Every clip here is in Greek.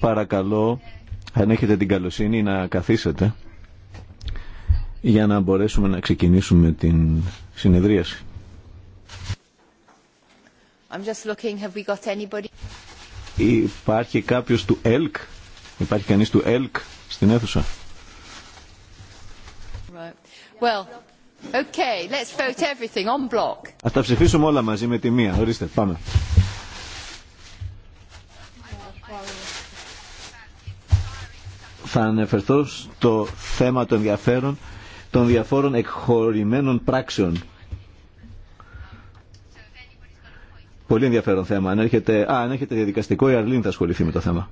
Παρακαλώ, αν έχετε την καλοσύνη να καθίσετε για να μπορέσουμε να ξεκινήσουμε την συνεδρίαση. Υπάρχει κάποιος του ΕΛΚ, υπάρχει κανείς του ΕΛΚ στην αίθουσα. Right. Ας τα ψηφίσουμε όλα μαζί με τη μία, ορίστε, πάμε. θα αναφερθώ στο θέμα των ενδιαφέρων των διαφόρων εκχωρημένων πράξεων. Πολύ ενδιαφέρον θέμα. Αν έρχεται, α, αν έρχεται διαδικαστικό, η Αρλίν θα ασχοληθεί με το θέμα.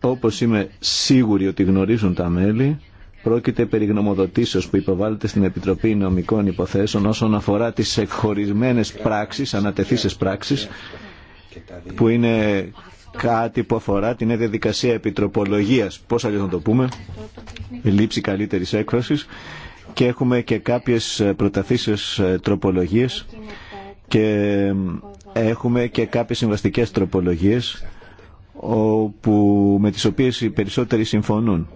Όπως είμαι σίγουροι ότι γνωρίζουν τα μέλη, πρόκειται περί γνωμοδοτήσεως που υποβάλλεται στην Επιτροπή Νομικών Υποθέσεων όσον αφορά τις εκχωρισμένες πράξεις, ανατεθήσεις πράξεις, που είναι κάτι που αφορά την διαδικασία επιτροπολογίας, πώς αλλιώς να το πούμε, λήψη καλύτερης έκφρασης και έχουμε και κάποιες προταθήσεις ε, τροπολογίες και έχουμε και κάποιες συμβαστικές τροπολογίες όπου, με τις οποίες οι περισσότεροι συμφωνούν.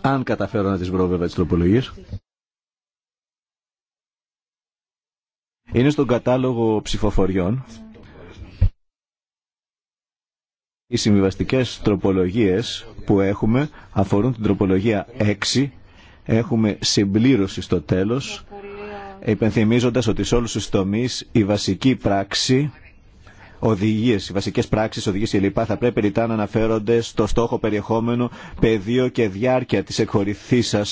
Αν καταφέρω να τις βρω βέβαια τις τροπολογίες. Είναι στον κατάλογο ψηφοφοριών. Οι συμβιβαστικές τροπολογίες που έχουμε αφορούν την τροπολογία 6. Έχουμε συμπλήρωση στο τέλος, υπενθυμίζοντας ότι σε όλους τους τομείς η βασική πράξη οδηγίε, οι βασικέ πράξει, οδηγίε κλπ. θα πρέπει ρητά να αναφέρονται στο στόχο περιεχόμενο, πεδίο και διάρκεια τη εκχωρηθή σα ε,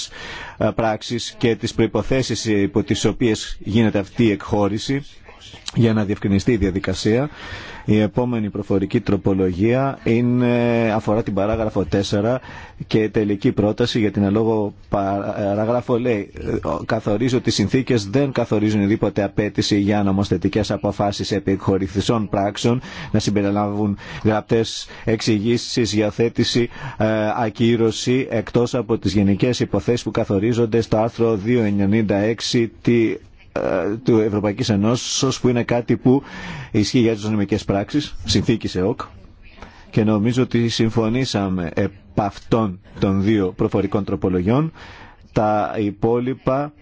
πράξη και τι προποθέσει υπό τι οποίε γίνεται αυτή η εκχώρηση για να διευκρινιστεί η διαδικασία, η επόμενη προφορική τροπολογία είναι, αφορά την παράγραφο 4 και τελική πρόταση για την αλόγω παράγραφο λέει «Καθορίζω ότι οι συνθήκες δεν καθορίζουν οδήποτε απέτηση για νομοθετικές αποφάσεις επί πράξεων να συμπεριλάβουν γραπτές εξηγήσει για θέτηση ε, ακύρωση εκτός από τις γενικές υποθέσεις που καθορίζονται στο άρθρο 296 του Ευρωπαϊκή Ενώσεω, που είναι κάτι που ισχύει για τι νομικέ πράξεις, συνθήκη ΕΟΚ. και νομίζω ότι συμφωνήσαμε επ' αυτών των δύο προφορικών τροπολογιών. Τα υπόλοιπα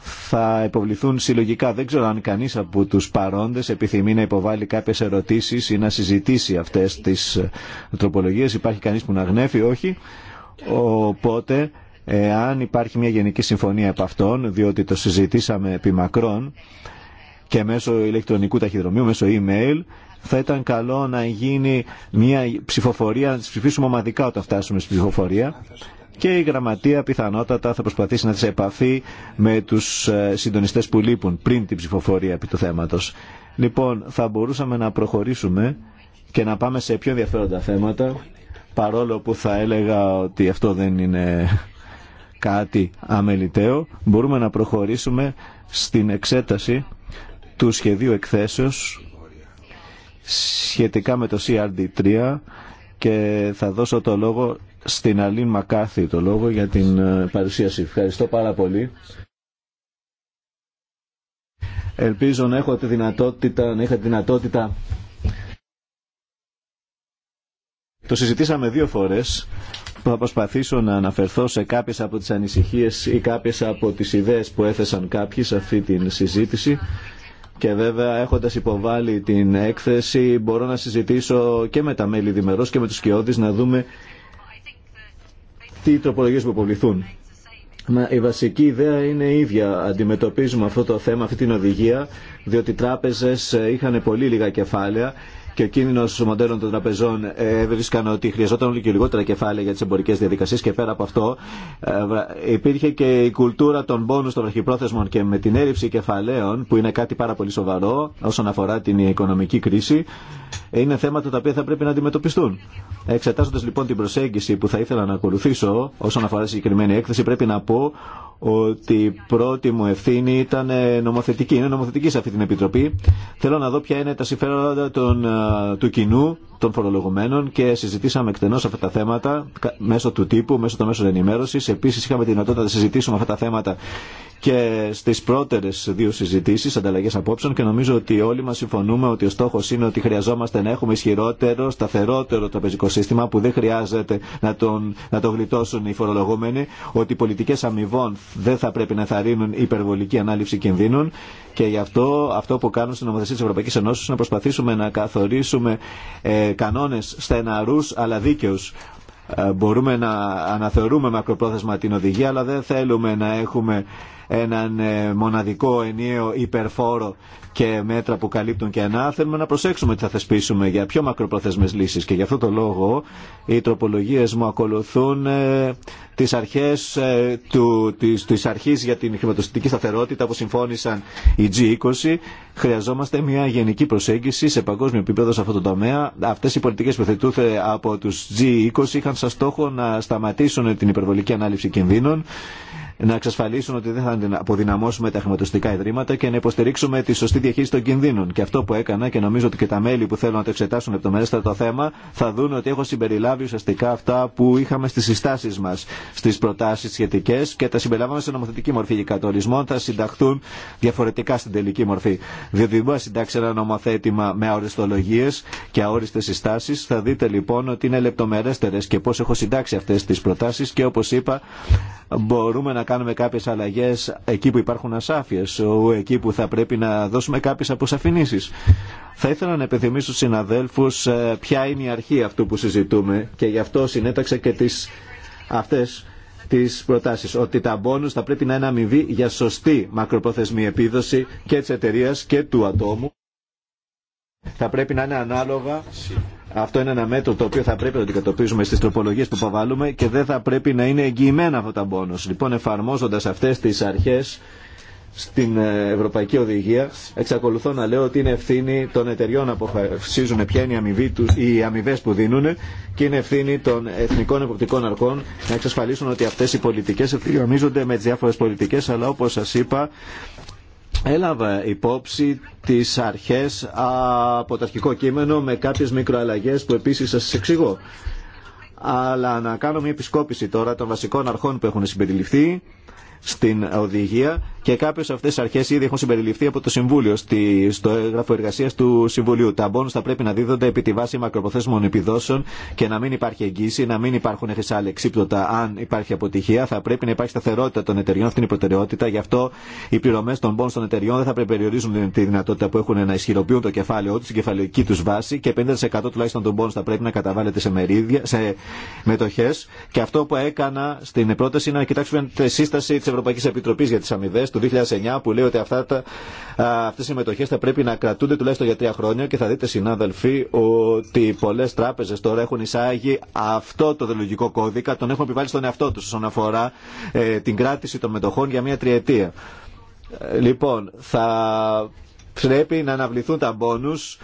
θα υποβληθούν συλλογικά. Δεν ξέρω αν κανείς από τους παρόντες επιθυμεί να υποβάλει κάποιες ερωτήσεις ή να συζητήσει αυτές τις τροπολογίες. Υπάρχει κανείς που να γνέφει, όχι. Οπότε εάν υπάρχει μια γενική συμφωνία από αυτόν, διότι το συζητήσαμε επί μακρόν και μέσω ηλεκτρονικού ταχυδρομείου, μέσω email, θα ήταν καλό να γίνει μια ψηφοφορία, να τις ψηφίσουμε ομαδικά όταν φτάσουμε στην ψηφοφορία και η γραμματεία πιθανότατα θα προσπαθήσει να τις επαφεί με τους ε, συντονιστές που λείπουν πριν την ψηφοφορία επί του θέματος. Λοιπόν, θα μπορούσαμε να προχωρήσουμε και να πάμε σε πιο ενδιαφέροντα θέματα παρόλο που θα έλεγα ότι αυτό δεν είναι κάτι αμεληταίο, μπορούμε να προχωρήσουμε στην εξέταση του σχεδίου εκθέσεως σχετικά με το CRD3 και θα δώσω το λόγο στην Αλήν Μακάθη το λόγο για την ε, παρουσίαση. Ευχαριστώ πάρα πολύ. Ελπίζω να έχω τη δυνατότητα, να είχα τη δυνατότητα το συζητήσαμε δύο φορές θα προσπαθήσω να αναφερθώ σε κάποιες από τις ανησυχίες ή κάποιες από τις ιδέες που έθεσαν κάποιοι σε αυτή την συζήτηση και βέβαια έχοντας υποβάλει την έκθεση μπορώ να συζητήσω και με τα μέλη διμερός και με τους κοιόδης να δούμε τι τροπολογίες που υποβληθούν. Μα η βασική ιδέα είναι η ίδια. Αντιμετωπίζουμε αυτό το θέμα, αυτή την οδηγία, διότι οι τράπεζες είχαν πολύ λίγα κεφάλαια και ο κίνδυνο μοντέλων των τραπεζών έβρισκαν ε, ότι χρειαζόταν όλο και λιγότερα κεφάλαια για τι εμπορικέ διαδικασίε και πέρα από αυτό ε, υπήρχε και η κουλτούρα των πόνου των αρχιπρόθεσμων και με την έλλειψη κεφαλαίων που είναι κάτι πάρα πολύ σοβαρό όσον αφορά την οικονομική κρίση είναι θέματα τα οποία θα πρέπει να αντιμετωπιστούν. Εξετάζοντα λοιπόν την προσέγγιση που θα ήθελα να ακολουθήσω όσον αφορά τη συγκεκριμένη έκθεση πρέπει να πω ότι η πρώτη μου ευθύνη ήταν ε, νομοθετική. Είναι νομοθετική σε αυτή την Επιτροπή. Θέλω να δω ποια είναι τα συμφέροντα των, ε, του κοινού των φορολογουμένων και συζητήσαμε εκτενώ αυτά τα θέματα μέσω του τύπου, μέσω των μέσων ενημέρωση. Επίση, είχαμε τη δυνατότητα να συζητήσουμε αυτά τα θέματα και στι πρώτερε δύο συζητήσει, ανταλλαγέ απόψεων και νομίζω ότι όλοι μα συμφωνούμε ότι ο στόχο είναι ότι χρειαζόμαστε να έχουμε ισχυρότερο, σταθερότερο τραπεζικό σύστημα που δεν χρειάζεται να, να το γλιτώσουν οι φορολογούμενοι, ότι οι πολιτικέ αμοιβών δεν θα πρέπει να θαρρύνουν υπερβολική ανάληψη κινδύνων και γι' αυτό αυτό που κάνουμε στην νομοθεσία τη Ευρωπαϊκή Ενώση να προσπαθήσουμε να καθορίσουμε ε, κανόνες στεναρούς αλλά δίκαιους. Ε, μπορούμε να αναθεωρούμε μακροπρόθεσμα την οδηγία αλλά δεν θέλουμε να έχουμε έναν ε, μοναδικό ενιαίο υπερφόρο και μέτρα που καλύπτουν και ανά θέλουμε να προσέξουμε τι θα θεσπίσουμε για πιο μακροπροθεσμε λύσει. Και γι' αυτό το λόγο οι τροπολογίε μου ακολουθούν ε, τι αρχέ ε, τη αρχή για την χρηματοσυντική σταθερότητα που συμφώνησαν οι G20. Χρειαζόμαστε μια γενική προσέγγιση σε παγκόσμιο επίπεδο σε αυτό το τομέα. Αυτέ οι πολιτικέ που θετούθε από του G20 είχαν σαν στόχο να σταματήσουν την υπερβολική ανάληψη κινδύνων να εξασφαλίσουν ότι δεν θα αποδυναμώσουμε τα χρηματοστικά ιδρύματα και να υποστηρίξουμε τη σωστή διαχείριση των κινδύνων. Και αυτό που έκανα και νομίζω ότι και τα μέλη που θέλουν να το εξετάσουν λεπτομερέστερα το θέμα θα δουν ότι έχω συμπεριλάβει ουσιαστικά αυτά που είχαμε στι συστάσει μα, στι προτάσει σχετικέ και τα συμπεριλάβαμε σε νομοθετική μορφή για κατορισμό. Θα συνταχθούν διαφορετικά στην τελική μορφή. Διότι δεν μπορεί να συντάξει ένα νομοθέτημα με αοριστολογίε και αόριστε συστάσει. Θα δείτε λοιπόν ότι είναι λεπτομερέστερε και πώ έχω συντάξει αυτέ τι προτάσει και όπω είπα μπορούμε να κάνουμε κάποιες αλλαγές εκεί που υπάρχουν ασάφειες, εκεί που θα πρέπει να δώσουμε κάποιες αποσαφηνίσεις Θα ήθελα να επιθυμίσω στους συναδέλφους ε, ποια είναι η αρχή αυτού που συζητούμε και γι' αυτό συνέταξα και τις, αυτές τις προτάσεις. Ότι τα μπόνους θα πρέπει να είναι αμοιβή για σωστή μακροπρόθεσμη επίδοση και της εταιρεία και του ατόμου. Θα πρέπει να είναι ανάλογα αυτό είναι ένα μέτρο το οποίο θα πρέπει να αντικατοπίζουμε στι τροπολογίε που παβάλλουμε και δεν θα πρέπει να είναι εγγυημένα αυτά τα μπόνου. Λοιπόν, εφαρμόζοντα αυτέ τι αρχέ στην ε, Ευρωπαϊκή Οδηγία, εξακολουθώ να λέω ότι είναι ευθύνη των εταιριών να αποφασίζουν ποια είναι η αμοιβή οι αμοιβέ που δίνουν και είναι ευθύνη των εθνικών εποπτικών αρχών να εξασφαλίσουν ότι αυτέ οι πολιτικέ ευθυγραμμίζονται με τι διάφορε πολιτικέ, αλλά όπω σα είπα, έλαβα υπόψη τις αρχές από το αρχικό κείμενο με κάποιες μικροαλλαγές που επίσης σας εξηγώ. Αλλά να κάνω μια επισκόπηση τώρα των βασικών αρχών που έχουν συμπεριληφθεί στην οδηγία και κάποιε αυτέ τι αρχέ ήδη έχουν συμπεριληφθεί από το Συμβούλιο στη, στο έγγραφο εργασία του Συμβουλίου. Τα μπόνου θα πρέπει να δίδονται επί τη βάση μακροπροθέσμων επιδόσεων και να μην υπάρχει εγγύηση, να μην υπάρχουν χρυσά λεξίπτωτα αν υπάρχει αποτυχία. Θα πρέπει να υπάρχει σταθερότητα των εταιριών, αυτή είναι η προτεραιότητα. Γι' αυτό οι πληρωμέ των μπόνου των εταιριών δεν θα πρέπει να περιορίζουν τη δυνατότητα που έχουν να ισχυροποιούν το κεφάλαιό του, την κεφαλαιοκή του βάση και 50% τουλάχιστον των μπόνου θα πρέπει να καταβάλλεται σε, μερίδια, σε μετοχέ. Και αυτό που έκανα στην πρόταση είναι να κοιτάξουμε τη σύσταση τη Ευρωπαϊκή Επιτροπή για τι αμοιβέ του 2009 που λέει ότι αυτέ οι συμμετοχέ θα πρέπει να κρατούνται τουλάχιστον για τρία χρόνια και θα δείτε, συνάδελφοι, ότι πολλέ τράπεζε τώρα έχουν εισάγει αυτό το δελογικό κώδικα, τον έχουν επιβάλει στον εαυτό του όσον αφορά ε, την κράτηση των μετοχών για μία τριετία. Ε, λοιπόν, θα πρέπει να αναβληθούν τα μπόνους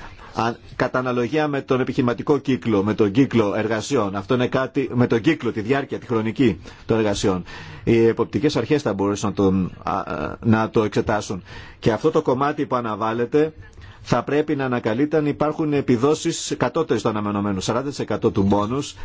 κατά αναλογία με τον επιχειρηματικό κύκλο, με τον κύκλο εργασιών. Αυτό είναι κάτι με τον κύκλο, τη διάρκεια, τη χρονική των εργασιών. Οι εποπτικές αρχές θα μπορούσαν να, το εξετάσουν. Και αυτό το κομμάτι που αναβάλλεται θα πρέπει να ανακαλείται αν υπάρχουν επιδόσει κατώτερε των αναμενόμενου. 40% του μπόνους,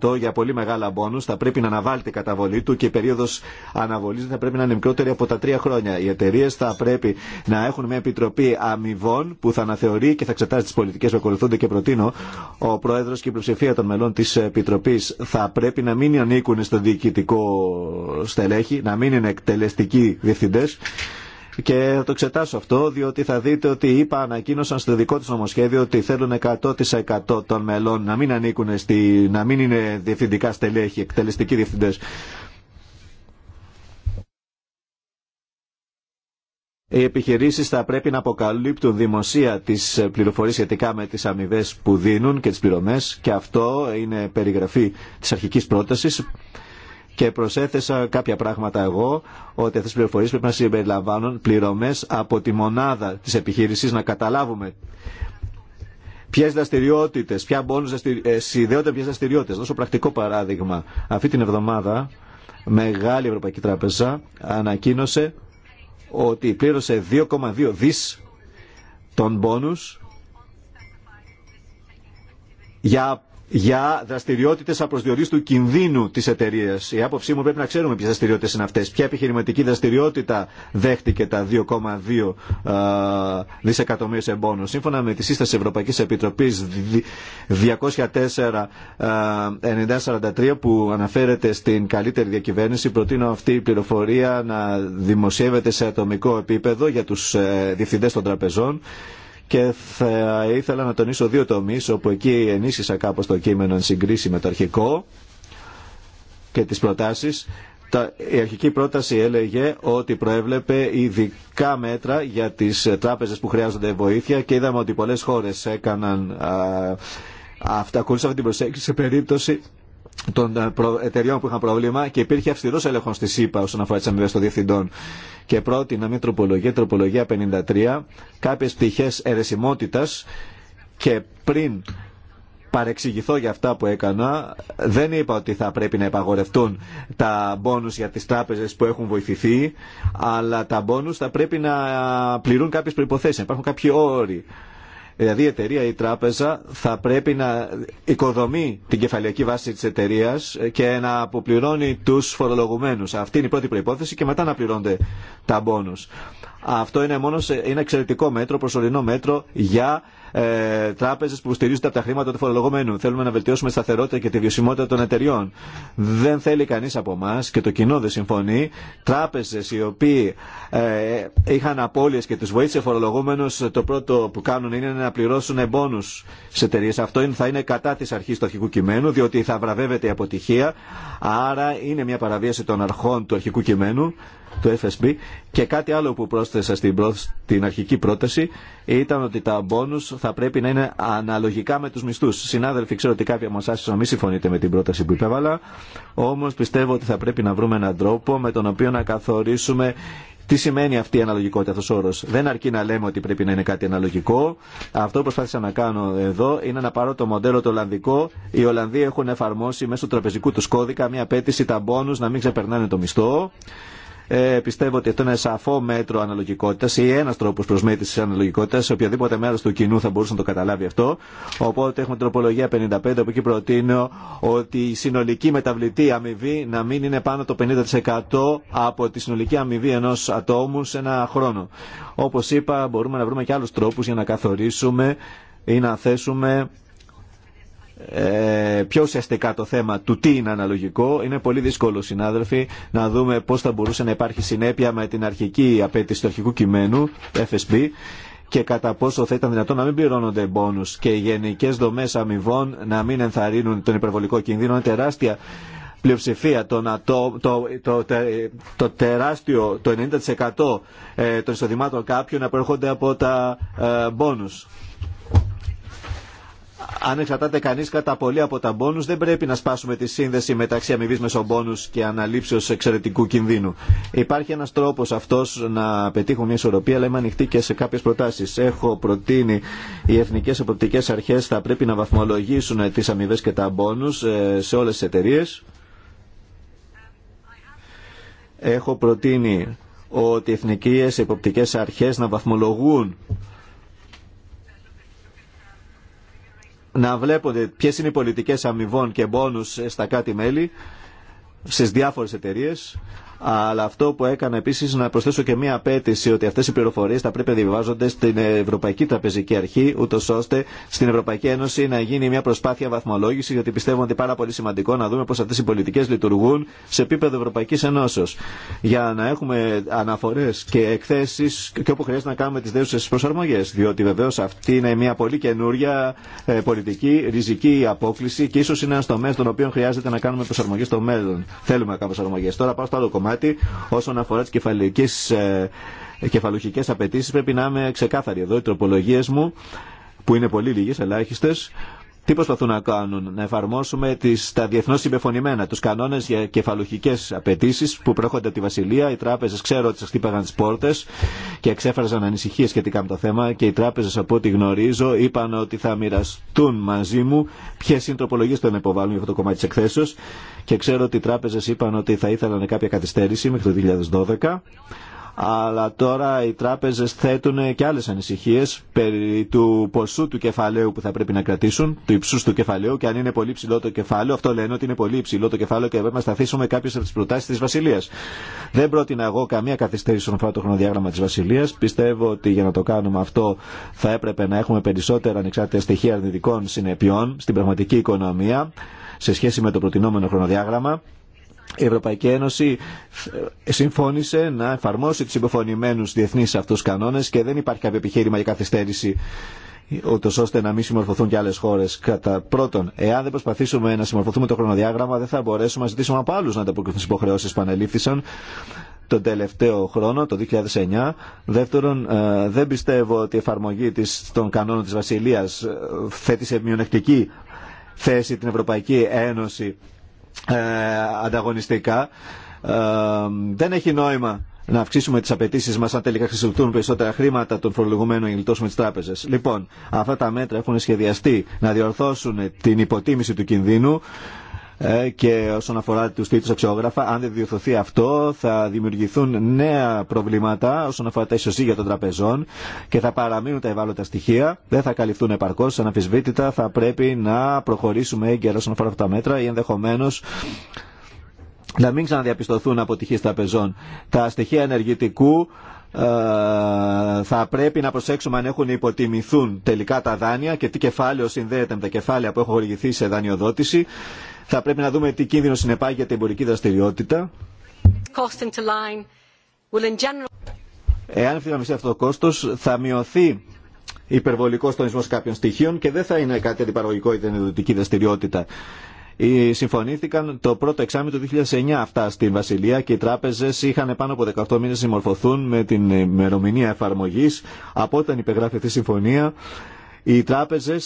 60% για πολύ μεγάλα μπόνους θα πρέπει να αναβάλλεται η καταβολή του και η περίοδο αναβολή θα πρέπει να είναι μικρότερη από τα τρία χρόνια. Οι εταιρείε θα πρέπει να έχουν μια επιτροπή αμοιβών που θα αναθεωρεί και θα εξετάζει τι πολιτικέ που ακολουθούνται και προτείνω. Ο πρόεδρο και η πλειοψηφία των μελών τη επιτροπή. θα πρέπει να μην ανήκουν στο διοικητικό στελέχη, να μην είναι εκτελεστικοί διευθυντέ και θα το εξετάσω αυτό διότι θα δείτε ότι είπα, ανακοίνωσαν στο δικό τους νομοσχέδιο ότι θέλουν 100% των μελών να μην ανήκουν στη, να μην είναι διευθυντικά στελέχη, εκτελεστικοί διευθυντές. Οι επιχειρήσει θα πρέπει να αποκαλύπτουν δημοσία τι πληροφορίε σχετικά με τι αμοιβέ που δίνουν και τι πληρωμέ και αυτό είναι περιγραφή τη αρχική πρόταση και προσέθεσα κάποια πράγματα εγώ ότι αυτές τις πληροφορίες πρέπει να συμπεριλαμβάνουν πληρωμές από τη μονάδα της επιχείρησης να καταλάβουμε ποιες δραστηριότητες, ποια μπόνους ε, συνδέονται ποιες δραστηριότητες. Δώσω πρακτικό παράδειγμα. Αυτή την εβδομάδα Μεγάλη Ευρωπαϊκή Τράπεζα ανακοίνωσε ότι πλήρωσε 2,2 δις τον πόνους για για δραστηριότητε απροσδιορίστου κινδύνου τη εταιρεία. Η άποψή μου πρέπει να ξέρουμε ποιε δραστηριότητε είναι αυτέ. Ποια επιχειρηματική δραστηριότητα δέχτηκε τα 2,2 ε, δισεκατομμύρια σε Σύμφωνα με τη σύσταση Ευρωπαϊκή Επιτροπή 204-943 που αναφέρεται στην καλύτερη διακυβέρνηση, προτείνω αυτή η πληροφορία να δημοσιεύεται σε ατομικό επίπεδο για του ε, διευθυντέ των τραπεζών και θα ήθελα να τονίσω δύο τομεί, όπου εκεί ενίσχυσα κάπως το κείμενο εν συγκρίση με το αρχικό και τις προτάσεις. Η αρχική πρόταση έλεγε ότι προέβλεπε ειδικά μέτρα για τις τράπεζες που χρειάζονται βοήθεια και είδαμε ότι πολλές χώρες έκαναν αυτά, ακούσαμε την προσέγγιση σε περίπτωση των ε, εταιριών που είχαν πρόβλημα και υπήρχε αυστηρό έλεγχο στη ΣΥΠΑ όσον αφορά τι αμοιβέ των διευθυντών. Και πρότεινα μια τροπολογία, τροπολογία 53, κάποιε πτυχέ αιρεσιμότητα και πριν παρεξηγηθώ για αυτά που έκανα, δεν είπα ότι θα πρέπει να επαγορευτούν τα μπόνους για τις τράπεζες που έχουν βοηθηθεί, αλλά τα μπόνους θα πρέπει να πληρούν κάποιες προϋποθέσεις, υπάρχουν κάποιοι όροι. Δηλαδή η εταιρεία ή η τράπεζα θα πρέπει να οικοδομεί την κεφαλιακή βάση της εταιρεία και να αποπληρώνει τους φορολογουμένους. Αυτή είναι η πρώτη προϋπόθεση και μετά να πληρώνται τα μπόνους. Αυτό είναι μόνο σε, είναι εξαιρετικό μέτρο, προσωρινό μέτρο για ε, τράπεζε που στηρίζονται από τα χρήματα του φορολογωμένου. Θέλουμε να βελτιώσουμε σταθερότητα και τη βιωσιμότητα των εταιριών. Δεν θέλει κανεί από εμά και το κοινό δεν συμφωνεί. Τράπεζε οι οποίοι ε, είχαν απώλειε και του βοήθησε φορολογούμενο, το πρώτο που κάνουν είναι να πληρώσουν εμπόνου σε εταιρείε. Αυτό είναι, θα είναι κατά τη αρχή του αρχικού κειμένου, διότι θα βραβεύεται η αποτυχία. Άρα είναι μια παραβίαση των αρχών του αρχικού κειμένου του FSB και κάτι άλλο που πρόσθεσα στην, προ... αρχική πρόταση ήταν ότι τα μπόνους θα πρέπει να είναι αναλογικά με τους μισθούς. Συνάδελφοι, ξέρω ότι κάποιοι από εσάς να μην συμφωνείτε με την πρόταση που υπέβαλα, όμως πιστεύω ότι θα πρέπει να βρούμε έναν τρόπο με τον οποίο να καθορίσουμε τι σημαίνει αυτή η αναλογικότητα, αυτό όρο. Δεν αρκεί να λέμε ότι πρέπει να είναι κάτι αναλογικό. Αυτό που προσπάθησα να κάνω εδώ είναι να πάρω το μοντέλο το Ολλανδικό. Οι Ολλανδοί έχουν εφαρμόσει μέσω τραπεζικού του κώδικα μια απέτηση τα μπόνου να μην ξεπερνάνε το μισθό. Ε, πιστεύω ότι αυτό είναι σαφό μέτρο αναλογικότητα ή ένα τρόπο προσμέτρηση αναλογικότητα. Σε οποιοδήποτε μέρο του κοινού θα μπορούσε να το καταλάβει αυτό. Οπότε έχουμε τροπολογία 55, από εκεί προτείνω ότι η συνολική μεταβλητή αμοιβή να μην είναι πάνω το 50% από τη συνολική αμοιβή ενό ατόμου σε ένα χρόνο. Όπω είπα, μπορούμε να βρούμε και άλλου τρόπου για να καθορίσουμε ή να θέσουμε ε, πιο ουσιαστικά το θέμα του τι είναι αναλογικό. Είναι πολύ δύσκολο, συνάδελφοι, να δούμε πώς θα μπορούσε να υπάρχει συνέπεια με την αρχική απέτηση του αρχικού κειμένου, FSB, και κατά πόσο θα ήταν δυνατόν να μην πληρώνονται μπόνους και οι γενικές δομές αμοιβών να μην ενθαρρύνουν τον υπερβολικό κίνδυνο. Είναι τεράστια πλειοψηφία το, το, το, το, τεράστιο, το 90% ε, των εισοδημάτων κάποιου να προέρχονται από τα ε, μπόνους αν εξαρτάται κανεί κατά πολύ από τα μπόνου, δεν πρέπει να σπάσουμε τη σύνδεση μεταξύ αμοιβή μεσομπόνου και αναλήψεω εξαιρετικού κινδύνου. Υπάρχει ένα τρόπο αυτό να πετύχουμε μια ισορροπία, αλλά είμαι ανοιχτή και σε κάποιε προτάσει. Έχω προτείνει οι εθνικέ εποπτικέ αρχέ θα πρέπει να βαθμολογήσουν τι αμοιβέ και τα μπόνου ε, σε όλε τι εταιρείε. Έχω προτείνει ότι οι εθνικέ εποπτικέ αρχέ να βαθμολογούν να βλέπονται ποιε είναι οι πολιτικέ αμοιβών και μπόνους στα κάτι μέλη στι διάφορε εταιρείε. Αλλά αυτό που έκανα επίση να προσθέσω και μία απέτηση ότι αυτέ οι πληροφορίε θα πρέπει να διαβάζονται στην Ευρωπαϊκή Τραπεζική Αρχή, ούτω ώστε στην Ευρωπαϊκή Ένωση να γίνει μια προσπάθεια βαθμολόγηση, γιατί πιστεύω ότι είναι πάρα πολύ σημαντικό να δούμε πώ αυτέ οι πολιτικέ προσπαθεια βαθμολογηση γιατι πιστευω οτι παρα πολυ σημαντικο να δουμε πω αυτε οι πολιτικε λειτουργουν σε επίπεδο Ευρωπαϊκή Ενώσεω. Για να έχουμε αναφορέ και εκθέσει και όπου χρειάζεται να κάνουμε τι δέουσε προσαρμογέ. Διότι βεβαίω αυτή είναι μια πολύ καινούρια ε, πολιτική, ριζική απόκληση και ίσω είναι ένα τομέα στον οποίο χρειάζεται να κάνουμε προσαρμογέ στο μέλλον. Θέλουμε να κάνουμε προσαρμογέ. Τώρα πάω στο άλλο κομμάτι όσον αφορά τις κεφαλικές, ε, κεφαλουχικές απαιτήσεις πρέπει να είμαι ξεκάθαρη εδώ οι τροπολογίες μου που είναι πολύ λίγες, ελάχιστες τι προσπαθούν να κάνουν, να εφαρμόσουμε τις, τα διεθνώ συμπεφωνημένα, του κανόνε για κεφαλουχικέ απαιτήσει που προέρχονται από τη Βασιλεία. Οι τράπεζε ξέρω ότι σα χτύπαγαν τι πόρτε και εξέφραζαν ανησυχίε σχετικά με το θέμα και οι τράπεζε από ό,τι γνωρίζω είπαν ότι θα μοιραστούν μαζί μου ποιε είναι τροπολογίε που θα υποβάλουν για αυτό το κομμάτι τη εκθέσεω και ξέρω ότι οι τράπεζε είπαν ότι θα ήθελαν κάποια καθυστέρηση μέχρι το 2012 αλλά τώρα οι τράπεζες θέτουν και άλλες ανησυχίες περί του ποσού του κεφαλαίου που θα πρέπει να κρατήσουν, του υψού του κεφαλαίου και αν είναι πολύ ψηλό το κεφάλαιο, αυτό λένε ότι είναι πολύ ψηλό το κεφάλαιο και πρέπει να σταθήσουμε κάποιες από τις προτάσεις της Βασιλείας. Δεν πρότεινα εγώ καμία καθυστέρηση στον αφορά το χρονοδιάγραμμα της Βασιλείας. Πιστεύω ότι για να το κάνουμε αυτό θα έπρεπε να έχουμε περισσότερα ανεξάρτητα στοιχεία αρνητικών συνεπειών στην πραγματική οικονομία σε σχέση με το προτινόμενο χρονοδιάγραμμα η Ευρωπαϊκή Ένωση ε, συμφώνησε να εφαρμόσει του υποφωνημένου διεθνεί αυτού κανόνε και δεν υπάρχει κάποιο επιχείρημα για καθυστέρηση ούτω ώστε να μην συμμορφωθούν και άλλε χώρε. Κατά πρώτον, εάν δεν προσπαθήσουμε να συμμορφωθούμε το χρονοδιάγραμμα, δεν θα μπορέσουμε να ζητήσουμε από άλλου να ανταποκριθούν στι υποχρεώσει που ανελήφθησαν τον τελευταίο χρόνο, το 2009. Δεύτερον, ε, δεν πιστεύω ότι η εφαρμογή της, των κανόνων τη Βασιλεία ε, θέτει σε μειονεκτική θέση την Ευρωπαϊκή Ένωση ε, ανταγωνιστικά. Ε, δεν έχει νόημα να αυξήσουμε τι απαιτήσει μα αν τελικά χρησιμοποιούν περισσότερα χρήματα των φορολογουμένων για να γλιτώσουμε τι τράπεζε. Λοιπόν, αυτά τα μέτρα έχουν σχεδιαστεί να διορθώσουν την υποτίμηση του κινδύνου ε, και όσον αφορά του τίτλου αξιόγραφα, αν δεν διορθωθεί αυτό, θα δημιουργηθούν νέα προβλήματα όσον αφορά τα ισοσύγια των τραπεζών και θα παραμείνουν τα ευάλωτα στοιχεία, δεν θα καλυφθούν επαρκώς, αναφισβήτητα θα πρέπει να προχωρήσουμε έγκαιρα όσον αφορά αυτά τα μέτρα ή ενδεχομένω να μην ξαναδιαπιστωθούν αποτυχίε τραπεζών. Τα στοιχεία ενεργητικού ε, θα πρέπει να προσέξουμε αν έχουν υποτιμηθούν τελικά τα δάνεια και τι κεφάλαιο συνδέεται με τα κεφάλαια που έχουν χορηγηθεί σε δανειοδότηση θα πρέπει να δούμε τι κίνδυνο για την εμπορική δραστηριότητα. Εάν φυλαμιστεί αυτό το κόστο, θα μειωθεί υπερβολικό τονισμό κάποιων στοιχείων και δεν θα είναι κάτι αντιπαραγωγικό ή την ιδιωτική δραστηριότητα. συμφωνήθηκαν το πρώτο εξάμεινο του 2009 αυτά στην Βασιλεία και οι τράπεζε είχαν πάνω από 18 μήνε συμμορφωθούν με την ημερομηνία εφαρμογή. Από όταν υπεγράφει αυτή η συμφωνία, οι τράπεζε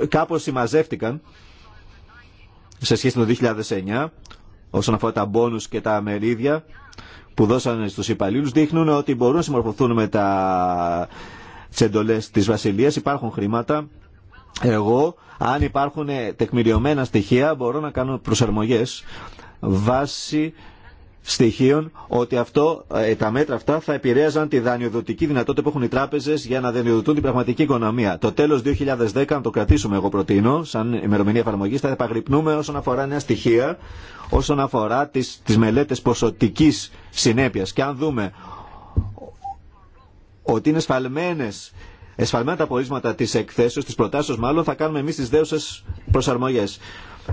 ε, κάπω συμμαζεύτηκαν σε σχέση με το 2009 όσον αφορά τα μπόνους και τα μερίδια που δώσανε στους υπαλλήλους δείχνουν ότι μπορούν να συμμορφωθούν με τα τις εντολές της Βασιλείας υπάρχουν χρήματα εγώ αν υπάρχουν τεκμηριωμένα στοιχεία μπορώ να κάνω προσαρμογές βάσει στοιχείων ότι αυτό, ε, τα μέτρα αυτά θα επηρέαζαν τη δανειοδοτική δυνατότητα που έχουν οι τράπεζε για να δανειοδοτούν την πραγματική οικονομία. Το τέλο 2010, αν το κρατήσουμε, εγώ προτείνω, σαν ημερομηνία εφαρμογή, θα επαγρυπνούμε όσον αφορά νέα στοιχεία, όσον αφορά τι μελέτε ποσοτική συνέπεια. Και αν δούμε ότι είναι σφαλμένε Εσφαλμένα τα πορίσματα τη εκθέσεω, τη προτάσεω μάλλον, θα κάνουμε εμεί τι δέουσε προσαρμογέ.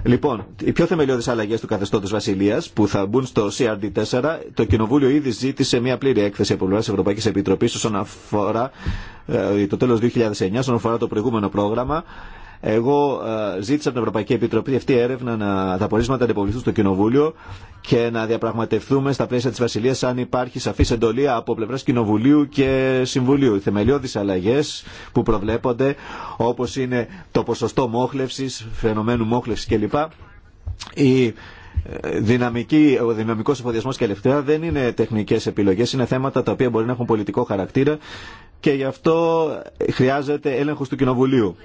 Λοιπόν, οι πιο θεμελιώδεις αλλαγές του καθεστώτος Βασιλείας που θα μπουν στο CRD4, το Κοινοβούλιο ήδη ζήτησε μια πλήρη έκθεση από πλευράς Ευρωπαϊκή Επιτροπή όσον αφορά ε, το τέλος 2009, όσον αφορά το προηγούμενο πρόγραμμα εγώ ε, ζήτησα από την Ευρωπαϊκή Επιτροπή αυτή η έρευνα να τα πορίσματα αντιποβληθούν στο Κοινοβούλιο και να διαπραγματευτούμε στα πλαίσια τη Βασιλεία αν υπάρχει σαφή εντολή από πλευρά Κοινοβουλίου και Συμβουλίου. Οι θεμελιώδει αλλαγέ που προβλέπονται, όπω είναι το ποσοστό μόχλευση, φαινομένου μόχλευση κλπ. Η ε, δυναμική, ο δυναμικός εφοδιασμός και ελευθερία δεν είναι τεχνικές επιλογές, είναι θέματα τα οποία μπορεί να έχουν πολιτικό χαρακτήρα και γι' αυτό χρειάζεται έλεγχος του Κοινοβουλίου